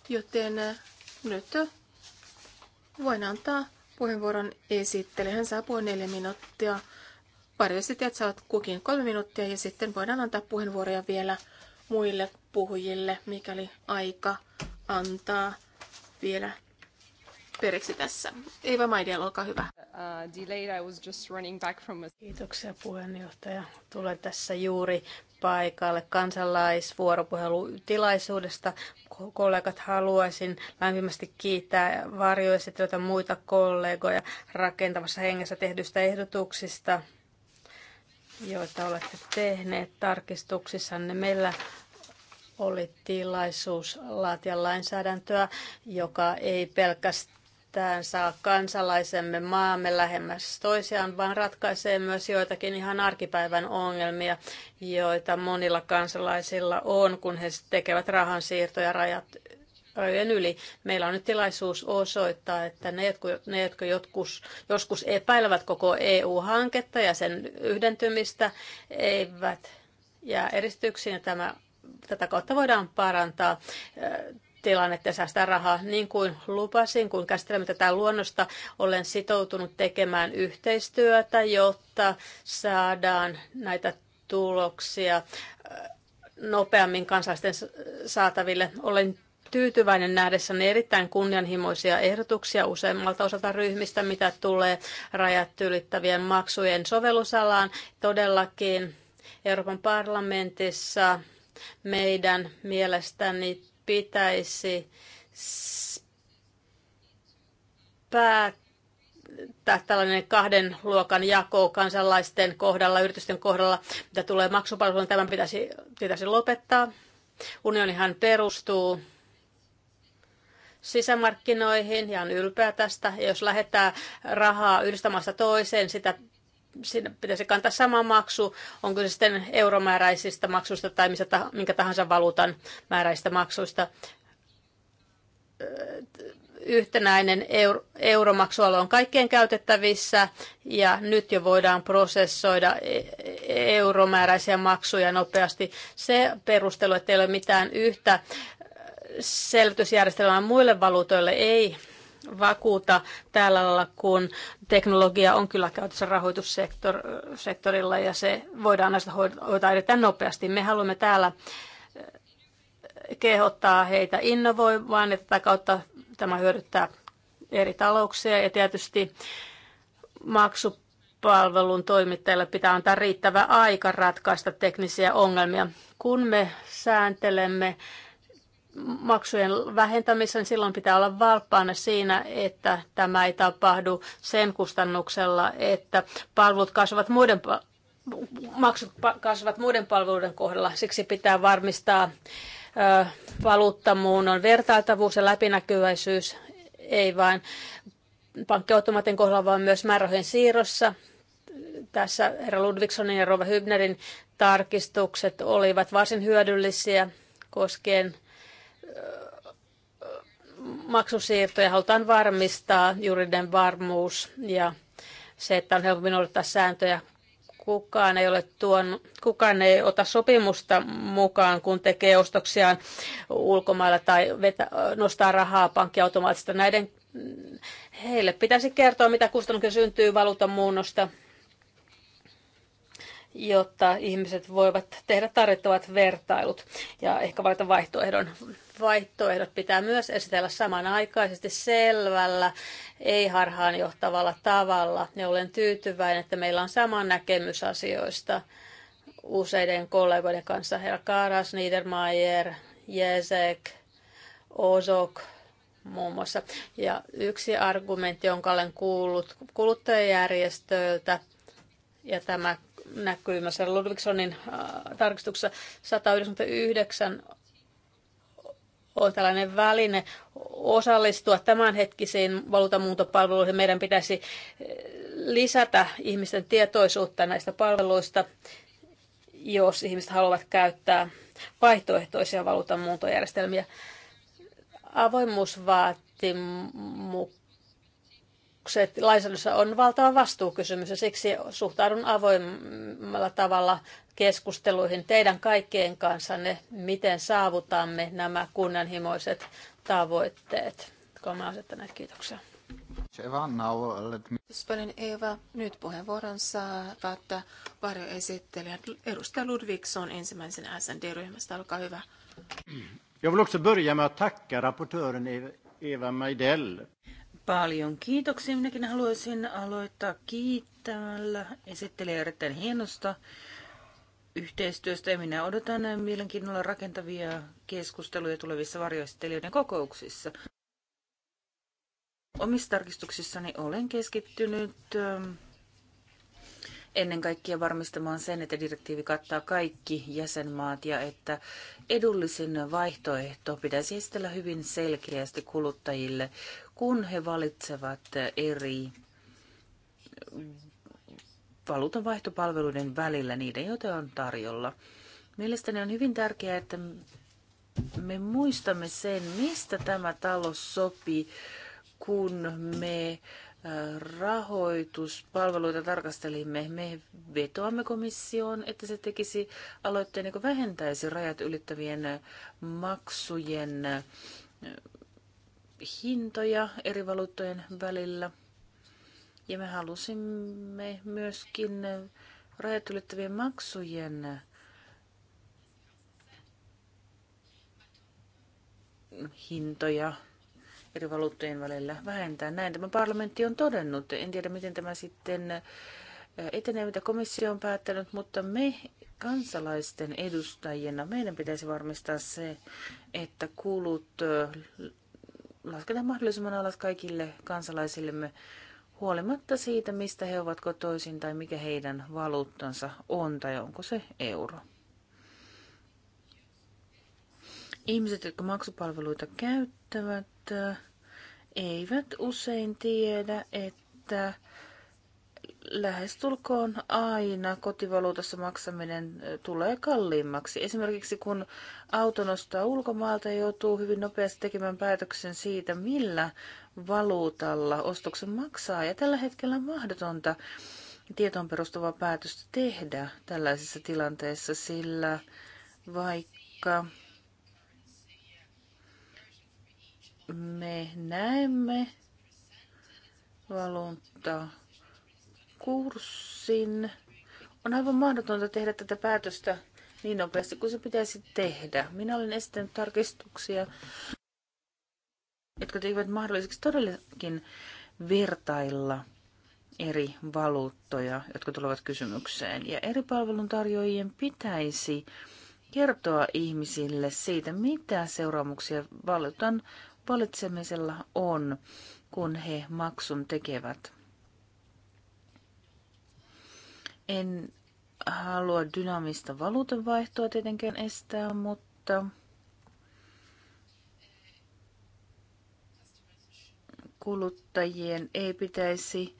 joten nyt voin antaa puheenvuoron esittele Hän saa puhua neljä minuuttia. Varjoesittäjät saavat kukin kolme minuuttia ja sitten voidaan antaa puheenvuoroja vielä muille puhujille, mikäli aika antaa vielä periksi tässä. Eva Maidel, olkaa hyvä. Uh, Kiitoksia puheenjohtaja. Tulen tässä juuri paikalle kansalaisvuoropuhelutilaisuudesta. Kollegat haluaisin lämpimästi kiittää varjoesityötä muita kollegoja rakentavassa hengessä tehdyistä ehdotuksista, joita olette tehneet tarkistuksissanne. Meillä oli tilaisuus laatia lainsäädäntöä, joka ei pelkästään tähän saa kansalaisemme maamme lähemmäs toisiaan, vaan ratkaisee myös joitakin ihan arkipäivän ongelmia, joita monilla kansalaisilla on, kun he tekevät rahansiirtoja rajat rajojen yli. Meillä on nyt tilaisuus osoittaa, että ne, jotka, ne, jotka jotkus, joskus epäilevät koko EU-hanketta ja sen yhdentymistä, eivät jää eristyksiin. Tämä, tätä kautta voidaan parantaa tilannetta ja säästää rahaa. Niin kuin lupasin, kun käsittelemme tätä luonnosta, olen sitoutunut tekemään yhteistyötä, jotta saadaan näitä tuloksia äh, nopeammin kansalaisten saataville. Olen tyytyväinen nähdessäni erittäin kunnianhimoisia ehdotuksia useammalta osalta ryhmistä, mitä tulee rajat ylittävien maksujen sovellusalaan. Todellakin Euroopan parlamentissa meidän mielestäni pitäisi päättää tällainen kahden luokan jako kansalaisten kohdalla, yritysten kohdalla, mitä tulee maksupalveluun, tämän pitäisi, pitäisi lopettaa. Unionihan perustuu sisämarkkinoihin ja on ylpeä tästä. Ja jos lähettää rahaa yhdistämästä toiseen, sitä siinä pitäisi kantaa sama maksu, onko se sitten euromääräisistä maksuista tai missä tah- minkä tahansa valuutan määräisistä maksuista. Yhtenäinen euro, euromaksualue on kaikkien käytettävissä ja nyt jo voidaan prosessoida e, e, euromääräisiä maksuja nopeasti. Se perustelu, että ei ole mitään yhtä selvitysjärjestelmää muille valuutoille, ei vakuuta täällä lailla, kun teknologia on kyllä käytössä rahoitussektorilla ja se voidaan näistä hoitaa erittäin nopeasti. Me haluamme täällä eh, kehottaa heitä innovoimaan, että tätä kautta tämä hyödyttää eri talouksia ja tietysti maksupalvelun toimittajille pitää antaa riittävä aika ratkaista teknisiä ongelmia. Kun me sääntelemme maksujen vähentämisen, silloin pitää olla valppaana siinä, että tämä ei tapahdu sen kustannuksella, että palvelut kasvavat muiden maksut kasvavat muiden palveluiden kohdalla. Siksi pitää varmistaa valuuttamuunnon vertailtavuus ja läpinäkyväisyys, ei vain pankkiautomaatin kohdalla, vaan myös määrärahojen siirrossa. Tässä herra Ludvigsonin ja Rova Hybnerin tarkistukset olivat varsin hyödyllisiä koskien maksusiirtoja halutaan varmistaa, juridinen varmuus ja se, että on helpommin noudattaa sääntöjä. Kukaan ei, ole tuon, kukaan ei ota sopimusta mukaan, kun tekee ostoksiaan ulkomailla tai vetä, nostaa rahaa pankkiautomaattista. Näiden, heille pitäisi kertoa, mitä kustannuksia syntyy valuutan muunnosta jotta ihmiset voivat tehdä tarvittavat vertailut ja ehkä valita vaihtoehdon. Vaihtoehdot pitää myös esitellä samanaikaisesti selvällä, ei harhaan johtavalla tavalla. Ja olen tyytyväinen, että meillä on sama näkemys asioista useiden kollegoiden kanssa. Herra Karas, Niedermayer, Jezek, Ozok, muun muassa. Ja yksi argumentti, jonka olen kuullut kuluttajajärjestöiltä, ja tämä näkymässä Ludvigsonin äh, tarkistuksessa 199 on tällainen väline osallistua tämänhetkisiin valuutamuuntopalveluihin. Meidän pitäisi äh, lisätä ihmisten tietoisuutta näistä palveluista, jos ihmiset haluavat käyttää vaihtoehtoisia valuutamuuntojärjestelmiä. Avoimuusvaatimukset muutokset lainsäädännössä on valtava vastuukysymys ja siksi suhtaudun avoimella tavalla keskusteluihin teidän kaikkien kanssanne, miten saavutamme nämä kunnianhimoiset tavoitteet, jotka olemme asettaneet. Kiitoksia. Spanin Eeva, uh, nyt puheenvuoron saavat varjoesittelijät. Edustaja Ludvigson ensimmäisen SND-ryhmästä, olkaa hyvä. Jag vill också börja med att tacka rapportören e- Eva Majdell. Paljon kiitoksia. Minäkin haluaisin aloittaa kiittämällä esittelijä erittäin hienosta yhteistyöstä ja minä odotan mielenkiinnolla rakentavia keskusteluja tulevissa varjoesittelijöiden kokouksissa. Omissa tarkistuksissani olen keskittynyt ähm, ennen kaikkea varmistamaan sen, että direktiivi kattaa kaikki jäsenmaat ja että edullisin vaihtoehto pitäisi esitellä hyvin selkeästi kuluttajille, kun he valitsevat eri valuutanvaihtopalveluiden välillä niiden, joita on tarjolla. Mielestäni on hyvin tärkeää, että me muistamme sen, mistä tämä talo sopii, kun me rahoituspalveluita tarkastelimme, me vetoamme komissioon, että se tekisi aloitteen, joka vähentäisi rajat ylittävien maksujen hintoja eri valuuttojen välillä. Ja me halusimme myöskin rajat ylittävien maksujen hintoja eri valuuttojen välillä vähentää. Näin tämä parlamentti on todennut. En tiedä, miten tämä sitten etenee, mitä komissio on päättänyt, mutta me kansalaisten edustajina meidän pitäisi varmistaa se, että kulut lasketaan mahdollisimman alas kaikille kansalaisillemme huolimatta siitä, mistä he ovat kotoisin tai mikä heidän valuuttansa on tai onko se euro. Ihmiset, jotka maksupalveluita käyttävät, eivät usein tiedä, että lähestulkoon aina kotivaluutassa maksaminen tulee kalliimmaksi. Esimerkiksi kun auto nostaa ulkomaalta, joutuu hyvin nopeasti tekemään päätöksen siitä, millä valuutalla ostoksen maksaa. Ja tällä hetkellä on mahdotonta tietoon perustuvaa päätöstä tehdä tällaisessa tilanteessa, sillä vaikka me näemme kurssin On aivan mahdotonta tehdä tätä päätöstä niin nopeasti kuin se pitäisi tehdä. Minä olen esittänyt tarkistuksia, jotka tekevät mahdolliseksi todellakin vertailla eri valuuttoja, jotka tulevat kysymykseen. Ja eri palveluntarjoajien pitäisi kertoa ihmisille siitä, mitä seuraamuksia valuutan valitsemisella on, kun he maksun tekevät. En halua dynaamista valuutanvaihtoa tietenkään estää, mutta kuluttajien ei pitäisi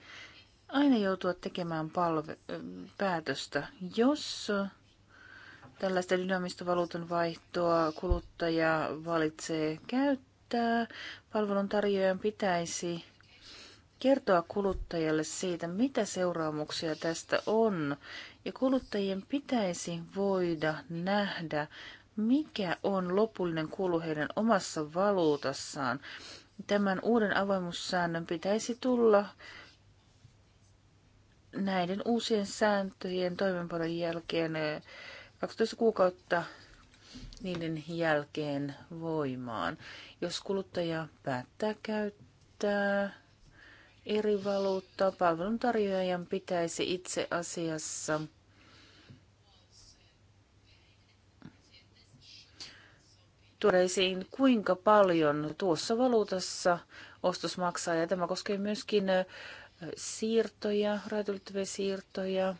aina joutua tekemään palve- päätöstä, jos tällaista dynaamista valuutan vaihtoa kuluttaja valitsee käyttää että palvelun tarjoajan pitäisi kertoa kuluttajalle siitä, mitä seuraamuksia tästä on. Ja kuluttajien pitäisi voida nähdä, mikä on lopullinen kulu heidän omassa valuutassaan. Tämän uuden avoimuussäännön pitäisi tulla näiden uusien sääntöjen toimenpanon jälkeen 12 eh, kuukautta niiden jälkeen voimaan. Jos kuluttaja päättää käyttää eri valuuttaa, palveluntarjoajan pitäisi itse asiassa tuoda esiin, kuinka paljon tuossa valuutassa ostos maksaa. Ja tämä koskee myöskin siirtoja, rajoitettavia siirtoja,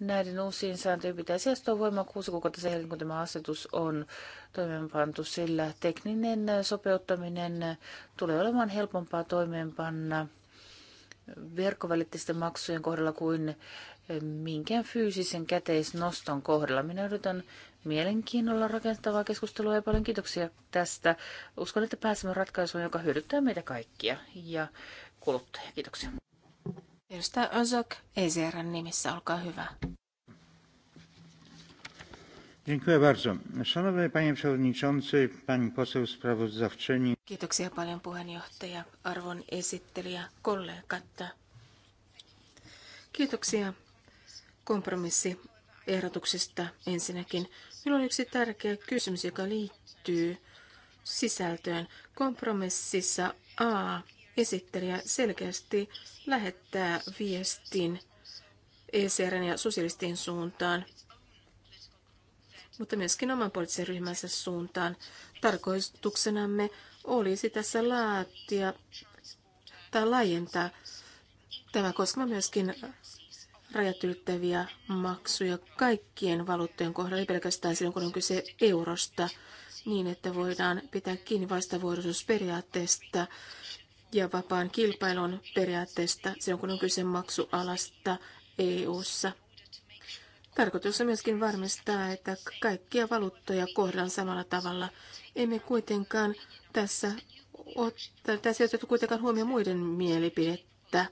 Näiden uusien sääntöjen pitäisi astua voimaan kuusi kuukautta sen jälkeen, kun tämä asetus on toimeenpantu, sillä tekninen sopeuttaminen tulee olemaan helpompaa toimeenpanna verkkovälitteisten maksujen kohdalla kuin minkään fyysisen käteisnoston kohdalla. Minä odotan mielenkiinnolla rakentavaa keskustelua ja paljon kiitoksia tästä. Uskon, että pääsemme ratkaisuun, joka hyödyttää meitä kaikkia ja kuluttajia. Kiitoksia. Edustaja Özök, ECRn nimissä, olkaa hyvä. Dziękuję bardzo. Szanowny panie przewodniczący, pani poseł sprawozdawczyni. Kiitoksia paljon puheenjohtaja, arvon esittelijä, kollegat. Kiitoksia ehdotuksista ensinnäkin. Minulla on yksi tärkeä kysymys, joka liittyy sisältöön. Kompromississa A esittelijä selkeästi lähettää viestin ECRn ja sosialistien suuntaan, mutta myöskin oman poliittisen ryhmänsä suuntaan. Tarkoituksenamme olisi tässä laatia tai laajentaa tämä koskemaan myöskin rajat ylittäviä maksuja kaikkien valuuttojen kohdalla, ei pelkästään silloin, kun on kyse eurosta, niin että voidaan pitää kiinni vastavuoroisuusperiaatteesta ja vapaan kilpailun periaatteesta silloin, kun on kyse maksualasta EU-ssa. Tarkoitus on myöskin varmistaa, että kaikkia valuuttoja kohdellaan samalla tavalla. Emme kuitenkaan tässä, otta, tässä ei otettu kuitenkaan huomioon muiden mielipidettä.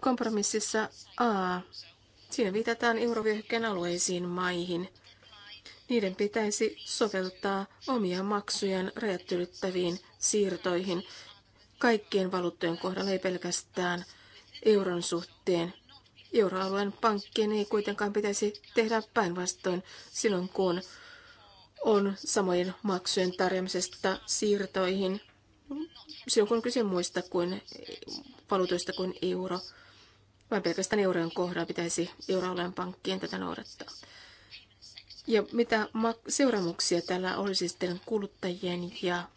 Kompromississa A. Siinä viitataan eurovyöhykkeen alueisiin maihin. Niiden pitäisi soveltaa omia maksujaan rajat ylittäviin siirtoihin kaikkien valuuttojen kohdalla, ei pelkästään euron suhteen. Euroalueen pankkien ei kuitenkaan pitäisi tehdä päinvastoin silloin, kun on samojen maksujen tarjoamisesta siirtoihin, silloin kun on kyse muista kuin valuutoista kuin euro. Vain pelkästään eurojen kohdalla pitäisi euroalueen pankkien tätä noudattaa. Ja mitä seuraamuksia tällä olisi sitten kuluttajien ja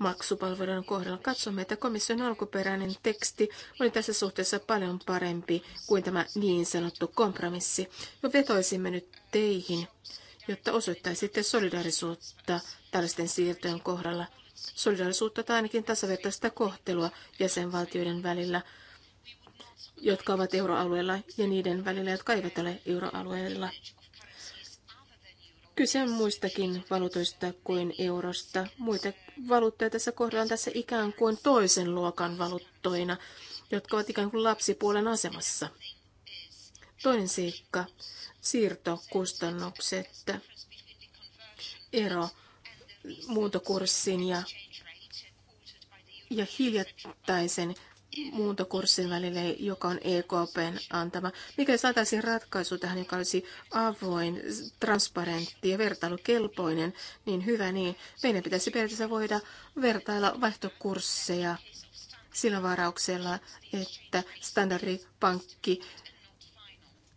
maksupalveluiden kohdalla. Katsomme, että komission alkuperäinen teksti oli tässä suhteessa paljon parempi kuin tämä niin sanottu kompromissi. Me vetoisimme nyt teihin, jotta osoittaisitte solidarisuutta tällaisten siirtojen kohdalla. Solidarisuutta tai ainakin tasavertaista kohtelua jäsenvaltioiden välillä, jotka ovat euroalueella ja niiden välillä, jotka eivät ole euroalueella. Kyse on muistakin valuutoista kuin eurosta. Muita valuuttoja tässä on tässä ikään kuin toisen luokan valuuttoina, jotka ovat ikään kuin lapsipuolen asemassa. Toinen seikka, siirtokustannukset, ero muuntokurssin ja, ja hiljattaisen muuntokurssin välille, joka on EKPn antama. Mikä saataisiin ratkaisu tähän, joka olisi avoin, transparentti ja vertailukelpoinen, niin hyvä niin. Meidän pitäisi periaatteessa voida vertailla vaihtokursseja sillä varauksella, että standardipankki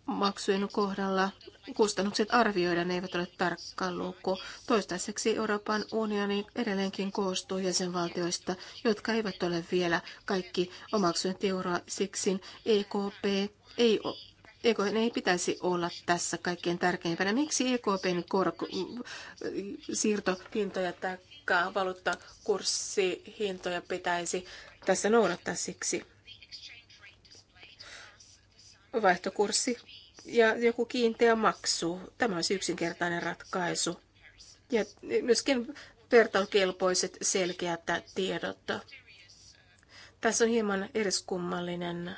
maksujen kohdalla kustannukset arvioidaan, eivät ole tarkkaan luku. Toistaiseksi Euroopan unioni edelleenkin koostuu jäsenvaltioista, jotka eivät ole vielä kaikki omaksuneet euroa. Siksi EKP ei ole EK ei pitäisi olla tässä kaikkein tärkeimpänä. Miksi EKPn korko, siirtopintoja tai valuuttakurssihintoja pitäisi tässä noudattaa siksi? Vaihtokurssi ja joku kiinteä maksu. Tämä olisi yksinkertainen ratkaisu. Ja myöskin vertailukelpoiset selkeät tiedot. Tässä on hieman eriskummallinen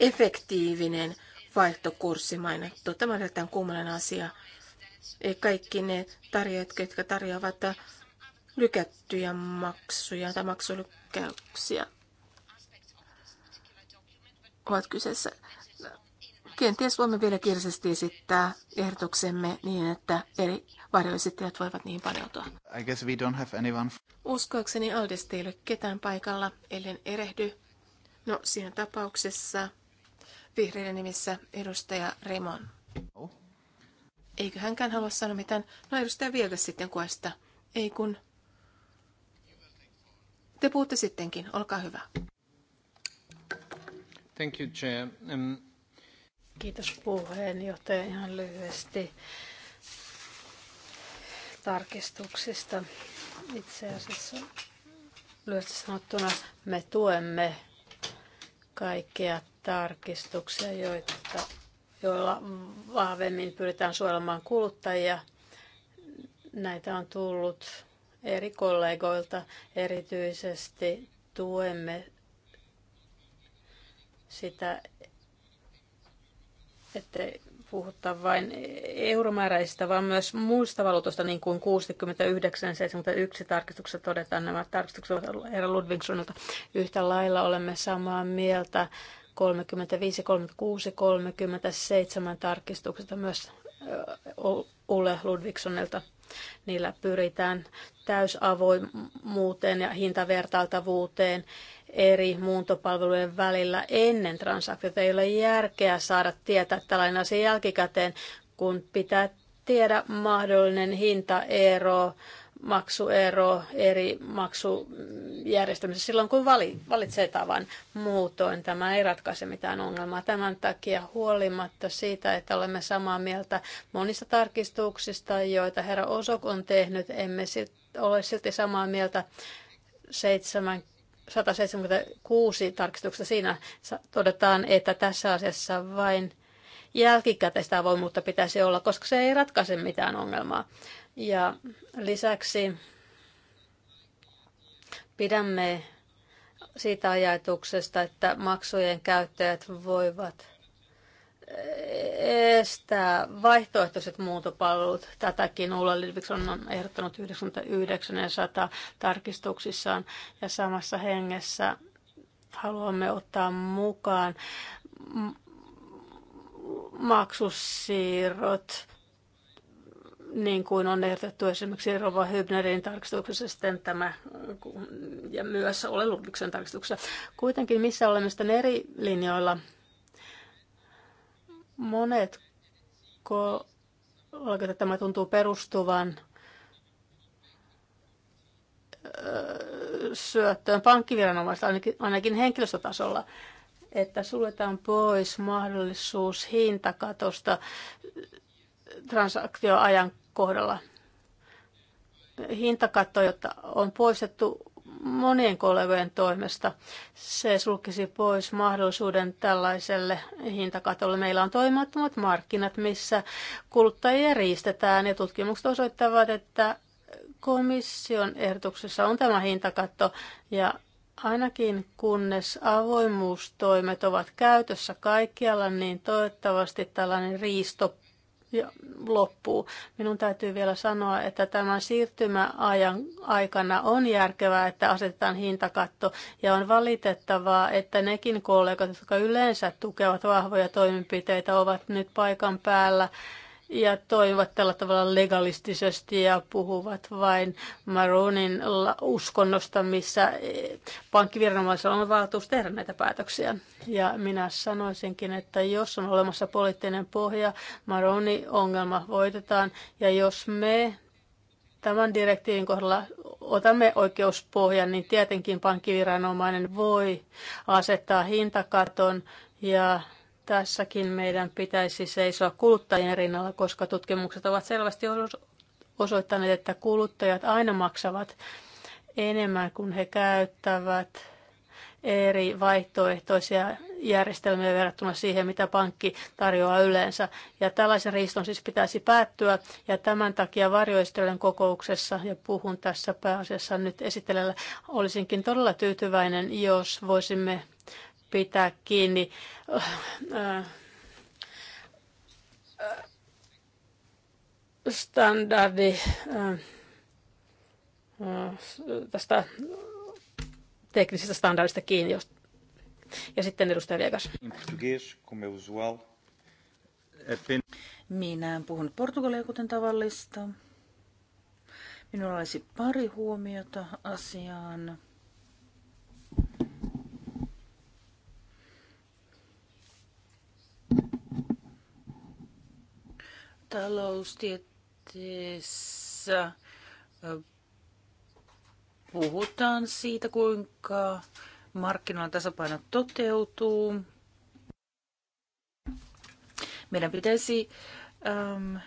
efektiivinen vaihtokurssi mainittu. Tämä on erittäin kummallinen asia. Kaikki ne tarjoajat, jotka tarjoavat lykättyjä maksuja tai maksulykkäyksiä, ovat kyseessä. Kenties voimme vielä kirjallisesti esittää ehdotuksemme niin, että eri varjoesittäjät voivat niin paneutua. I guess we don't have anyone... Uskoakseni Aldesta ei ole ketään paikalla, ellen erehdy. No, siinä tapauksessa vihreiden nimissä edustaja Remon. Oh. Eikö hänkään halua sanoa mitään? No edustaja vielä sitten kuesta. Ei kun... Te puhutte sittenkin, olkaa hyvä. Thank you, Chair. Um... Kiitos puheenjohtaja ihan lyhyesti tarkistuksista. Itse asiassa lyhyesti sanottuna me tuemme kaikkia tarkistuksia, joita, joilla vahvemmin pyritään suojelemaan kuluttajia. Näitä on tullut eri kollegoilta. Erityisesti tuemme sitä, että puhuta vain euromääräisistä, vaan myös muista valuutoista, niin kuin 69-71 tarkistuksessa todetaan nämä tarkistukset herra Ludvigsonilta. Yhtä lailla olemme samaa mieltä 35, 36, 37 tarkistuksesta myös Ulle Ludvigsonilta. Niillä pyritään täysavoimuuteen ja hintavertailtavuuteen eri muuntopalvelujen välillä ennen transaktiota. Ei ole järkeä saada tietää tällainen asia jälkikäteen, kun pitää tiedä mahdollinen hintaero maksuero eri maksujärjestelmissä silloin, kun valitsee tavan. Muutoin tämä ei ratkaise mitään ongelmaa. Tämän takia huolimatta siitä, että olemme samaa mieltä monista tarkistuksista, joita herra Osok on tehnyt, emme ole silti samaa mieltä 70 176 tarkistuksessa siinä todetaan, että tässä asiassa vain jälkikäteistä avoimuutta pitäisi olla, koska se ei ratkaise mitään ongelmaa. Ja lisäksi pidämme siitä ajatuksesta, että maksujen käyttäjät voivat estää vaihtoehtoiset muutopalvelut. Tätäkin Ulla Ludvigsson on ehdottanut 99 ja 100 tarkistuksissaan ja samassa hengessä haluamme ottaa mukaan maksussiirrot niin kuin on ehdotettu esimerkiksi Rova Hybnerin tarkistuksessa sitten tämä, ja myös Ole Ludvigsen tarkistuksessa. Kuitenkin missä olemme sitten eri linjoilla? Monet kollegat, tämä tuntuu perustuvan syöttöön pankkiviranomaista ainakin, ainakin henkilöstötasolla että suljetaan pois mahdollisuus hintakatosta transaktioajan kohdalla. Hintakatto, jota on poistettu monien kollegojen toimesta. Se sulkisi pois mahdollisuuden tällaiselle hintakatolle. Meillä on toimimattomat markkinat, missä kuluttajia riistetään ja tutkimukset osoittavat, että komission ehdotuksessa on tämä hintakatto ja ainakin kunnes avoimuustoimet ovat käytössä kaikkialla, niin toivottavasti tällainen riisto loppuu. Minun täytyy vielä sanoa, että tämän siirtymäajan aikana on järkevää, että asetetaan hintakatto ja on valitettavaa, että nekin kollegat, jotka yleensä tukevat vahvoja toimenpiteitä, ovat nyt paikan päällä ja toivat tällä tavalla legalistisesti ja puhuvat vain Maronin uskonnosta, missä eh, pankkiviranomaisella on valtuus tehdä näitä päätöksiä. Ja minä sanoisinkin, että jos on olemassa poliittinen pohja, Maroni ongelma voitetaan ja jos me tämän direktiivin kohdalla otamme oikeuspohjan, niin tietenkin pankkiviranomainen voi asettaa hintakaton ja Tässäkin meidän pitäisi seisoa kuluttajien rinnalla, koska tutkimukset ovat selvästi osoittaneet, että kuluttajat aina maksavat enemmän kuin he käyttävät eri vaihtoehtoisia järjestelmiä verrattuna siihen, mitä pankki tarjoaa yleensä. Ja tällaisen riiston siis pitäisi päättyä, ja tämän takia varjoistelijan kokouksessa, ja puhun tässä pääasiassa nyt esitellä. olisinkin todella tyytyväinen, jos voisimme pitää kiinni äh, äh, standardi äh, tästä teknisestä standardista kiinni. Ja sitten edustaja Viegas. Minä en puhunut portugalia kuten tavallista. Minulla olisi pari huomiota asiaan. Taloustieteessä puhutaan siitä, kuinka markkinoilla tasapaino toteutuu. Meidän pitäisi äm,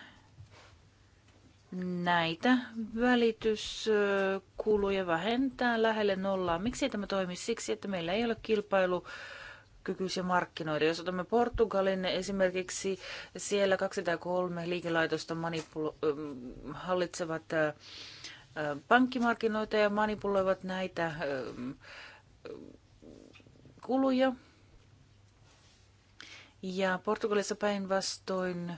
näitä välityskuluja vähentää lähelle nollaa. Miksi tämä toimisi? Siksi, että meillä ei ole kilpailu kilpailukykyisiä markkinoita. Jos otamme Portugalin niin esimerkiksi, siellä kaksi tai kolme liikelaitosta manipulo- ähm, hallitsevat äh, äh, pankkimarkkinoita ja manipuloivat näitä ähm, kuluja. Ja Portugalissa päinvastoin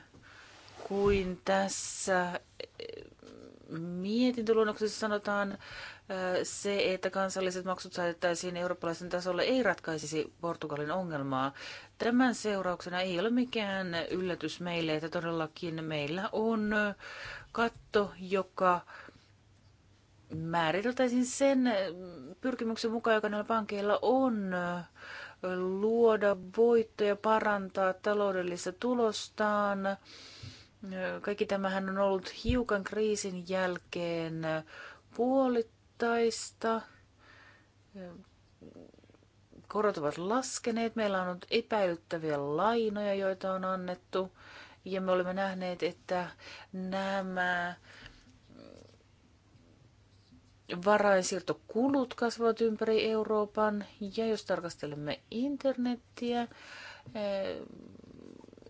kuin tässä äh, mietintöluonnoksessa sanotaan, se, että kansalliset maksut saatettaisiin eurooppalaisen tasolle, ei ratkaisisi Portugalin ongelmaa. Tämän seurauksena ei ole mikään yllätys meille, että todellakin meillä on katto, joka määriteltäisiin sen pyrkimyksen mukaan, joka näillä pankeilla on luoda voittoja, parantaa taloudellista tulostaan. Kaikki tämähän on ollut hiukan kriisin jälkeen puolittu mittaista. Korot ovat laskeneet, meillä on ollut epäilyttäviä lainoja, joita on annettu, ja me olemme nähneet, että nämä varainsiirtokulut kasvavat ympäri Euroopan, ja jos tarkastelemme internettiä, eh,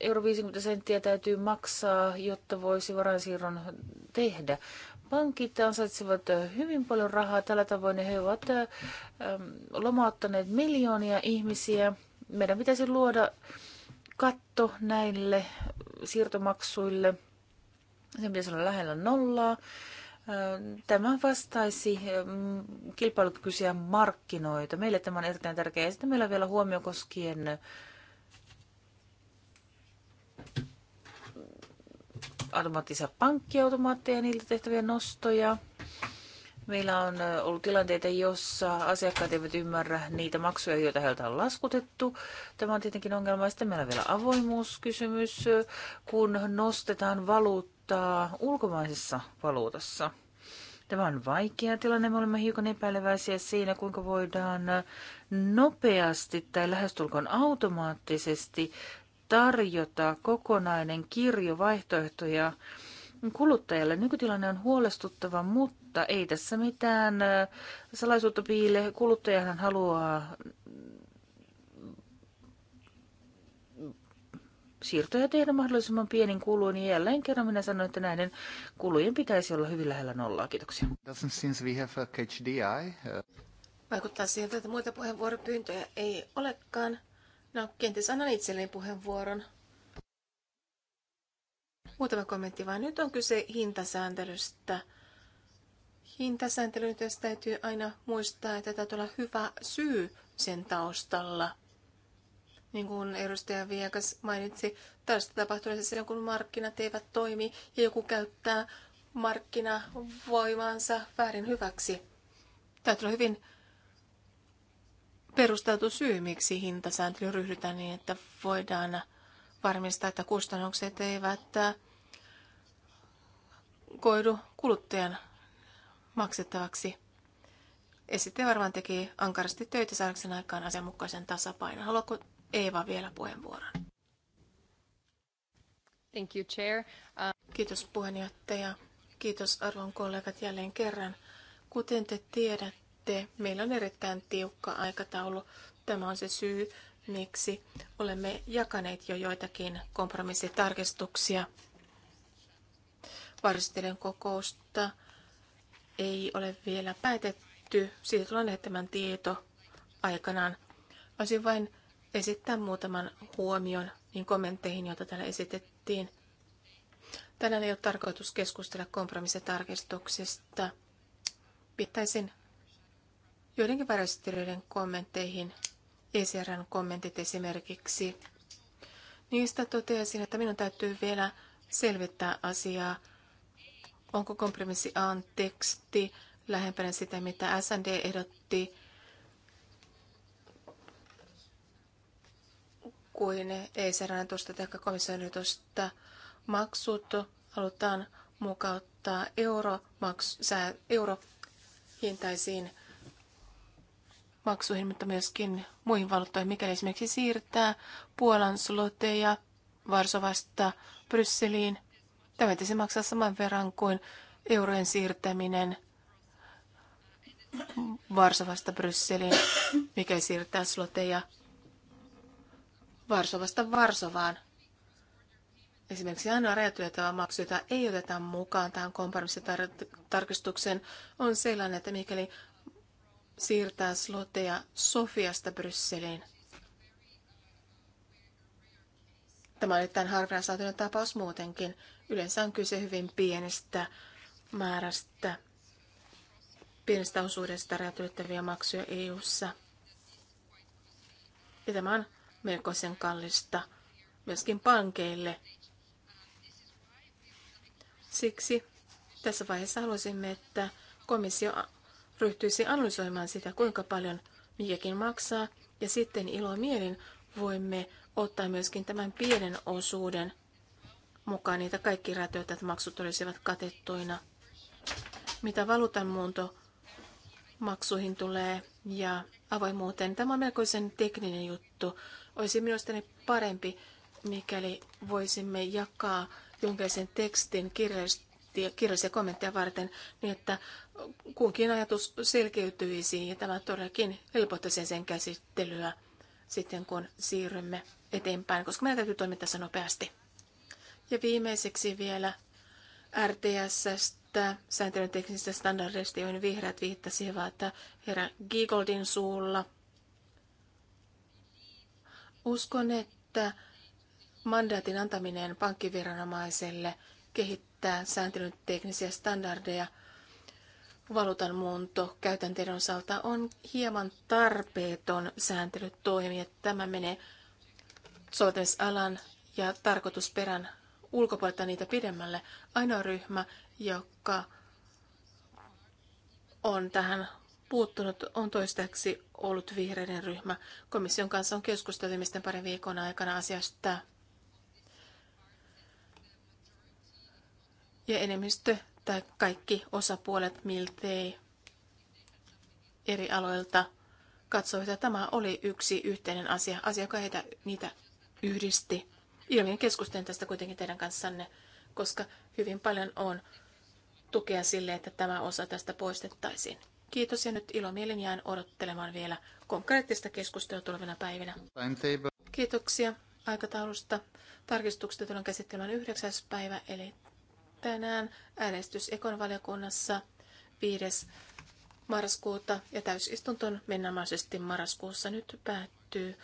euro 50 senttiä täytyy maksaa, jotta voisi varainsiirron tehdä. Pankit ansaitsevat hyvin paljon rahaa tällä tavoin ja he ovat lomauttaneet miljoonia ihmisiä. Meidän pitäisi luoda katto näille siirtomaksuille. Se pitäisi olla lähellä nollaa. Tämä vastaisi kilpailukykyisiä markkinoita. Meille tämä on erittäin tärkeää. sitten meillä on vielä huomio koskien automaattisia pankkiautomaatteja, niiltä tehtäviä nostoja. Meillä on ollut tilanteita, jossa asiakkaat eivät ymmärrä niitä maksuja, joita heiltä on laskutettu. Tämä on tietenkin ongelma. Sitten meillä on vielä avoimuuskysymys, kun nostetaan valuuttaa ulkomaisessa valuutassa. Tämä on vaikea tilanne. Me olemme hiukan epäileväisiä siinä, kuinka voidaan nopeasti tai lähestulkoon automaattisesti tarjota kokonainen kirjo vaihtoehtoja kuluttajalle. Nykytilanne on huolestuttava, mutta ei tässä mitään salaisuutta piile. Kuluttajahan haluaa mm, siirtoja tehdä mahdollisimman pienin kuluin, niin jälleen kerran minä sanoin, että näiden kulujen pitäisi olla hyvin lähellä nollaa. Kiitoksia. Vaikuttaa siltä, että muita puheenvuoropyyntöjä ei olekaan. No, kenties annan itselleni puheenvuoron. Muutama kommentti vaan. Nyt on kyse hintasääntelystä. Hintasääntelyn täytyy aina muistaa, että täytyy olla hyvä syy sen taustalla. Niin kuin edustaja Viekas mainitsi, tällaista tapahtuu siis silloin, kun markkinat eivät toimi ja joku käyttää markkinavoimaansa väärin hyväksi. Täytyy olla hyvin perusteltu syy, miksi hintasääntely ryhdytään niin, että voidaan varmistaa, että kustannukset eivät äh, koidu kuluttajan maksettavaksi. Esitte varmaan teki ankarasti töitä saadakseen aikaan asianmukaisen tasapainon. Haluatko Eeva vielä puheenvuoron? Thank you, Chair. Uh... Kiitos puheenjohtaja. Kiitos arvon kollegat jälleen kerran. Kuten te tiedätte, näette, meillä on erittäin tiukka aikataulu. Tämä on se syy, miksi olemme jakaneet jo joitakin kompromissitarkistuksia. Varsitellen kokousta ei ole vielä päätetty. Siitä tullaan lähettämään tieto aikanaan. Olisin vain esittää muutaman huomion niin kommentteihin, joita täällä esitettiin. Tänään ei ole tarkoitus keskustella kompromissitarkistuksista. Pitäisin joidenkin varjostelijoiden kommentteihin, ECRn kommentit esimerkiksi. Niistä toteaisin, että minun täytyy vielä selvittää asiaa. Onko kompromissi A teksti lähempänä sitä, mitä SND ehdotti, kuin ECRn tuosta tai komission tuosta Maksut halutaan mukauttaa eurohintaisiin maksuihin, mutta myöskin muihin valuuttoihin, mikäli esimerkiksi siirtää Puolan sloteja Varsovasta Brysseliin. Tämä se maksaa saman verran kuin eurojen siirtäminen Varsovasta Brysseliin, mikäli siirtää sloteja Varsovasta Varsovaan. Esimerkiksi ainoa rajatyötävä maksu, jota ei oteta mukaan tähän kompromissitarkistukseen, on sellainen, että mikäli siirtää sloteja Sofiasta Brysseliin. Tämä on erittäin harvinaislaatuinen tapaus muutenkin. Yleensä on kyse hyvin pienestä määrästä, pienestä osuudesta räätyyttäviä maksuja EU-ssa. Ja tämä on melkoisen kallista myöskin pankeille. Siksi tässä vaiheessa haluaisimme, että komissio ryhtyisi analysoimaan sitä, kuinka paljon mikäkin maksaa, ja sitten mielin voimme ottaa myöskin tämän pienen osuuden mukaan niitä kaikki että maksut olisivat katettuina. Mitä valuutan muunto maksuihin tulee ja avoimuuteen, tämä on melkoisen tekninen juttu. Olisi minusta parempi, mikäli voisimme jakaa jonkinlaisen tekstin kirjallisesti kommenttia, kirjallisia kommentteja varten, niin että kunkin ajatus selkeytyisi ja tämä todellakin helpottaisi sen käsittelyä sitten, kun siirrymme eteenpäin, koska meidän täytyy toimia tässä nopeasti. Ja viimeiseksi vielä RTSstä, sääntelyn teknisistä standardeista, joihin vihreät viittasivat herra Giegoldin suulla. Uskon, että mandaatin antaminen pankkiviranomaiselle kehittää kehittää sääntelyn teknisiä standardeja valuutan muunto käytänteiden osalta on hieman tarpeeton sääntelytoimi. Tämä menee soveltamisalan ja tarkoitusperän ulkopuolelta niitä pidemmälle. Ainoa ryhmä, joka on tähän puuttunut, on toistaiseksi ollut vihreiden ryhmä. Komission kanssa on keskusteltu viimeisten parin viikon aikana asiasta. ja enemmistö tai kaikki osapuolet miltei eri aloilta katsoi, että tämä oli yksi yhteinen asia, asia, joka heitä, niitä yhdisti. Ilmiin keskustelen tästä kuitenkin teidän kanssanne, koska hyvin paljon on tukea sille, että tämä osa tästä poistettaisiin. Kiitos ja nyt ilomielin jään odottelemaan vielä konkreettista keskustelua tulevina päivinä. Kiitoksia aikataulusta. Tarkistukset tullaan käsittelemään 9. päivä eli tänään äänestys Ekon valiokunnassa 5. marraskuuta ja täysistuntoon mennämaisesti marraskuussa nyt päättyy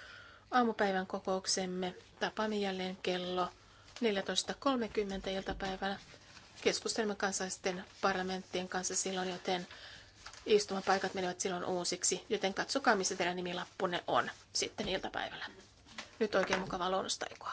aamupäivän kokouksemme. Tapaamme jälleen kello 14.30 iltapäivällä. Keskustelemme kansallisten parlamenttien kanssa silloin, joten istumapaikat menevät silloin uusiksi, joten katsokaa, missä teidän nimilappunne on sitten iltapäivällä. Nyt oikein mukavaa lounastaikoa.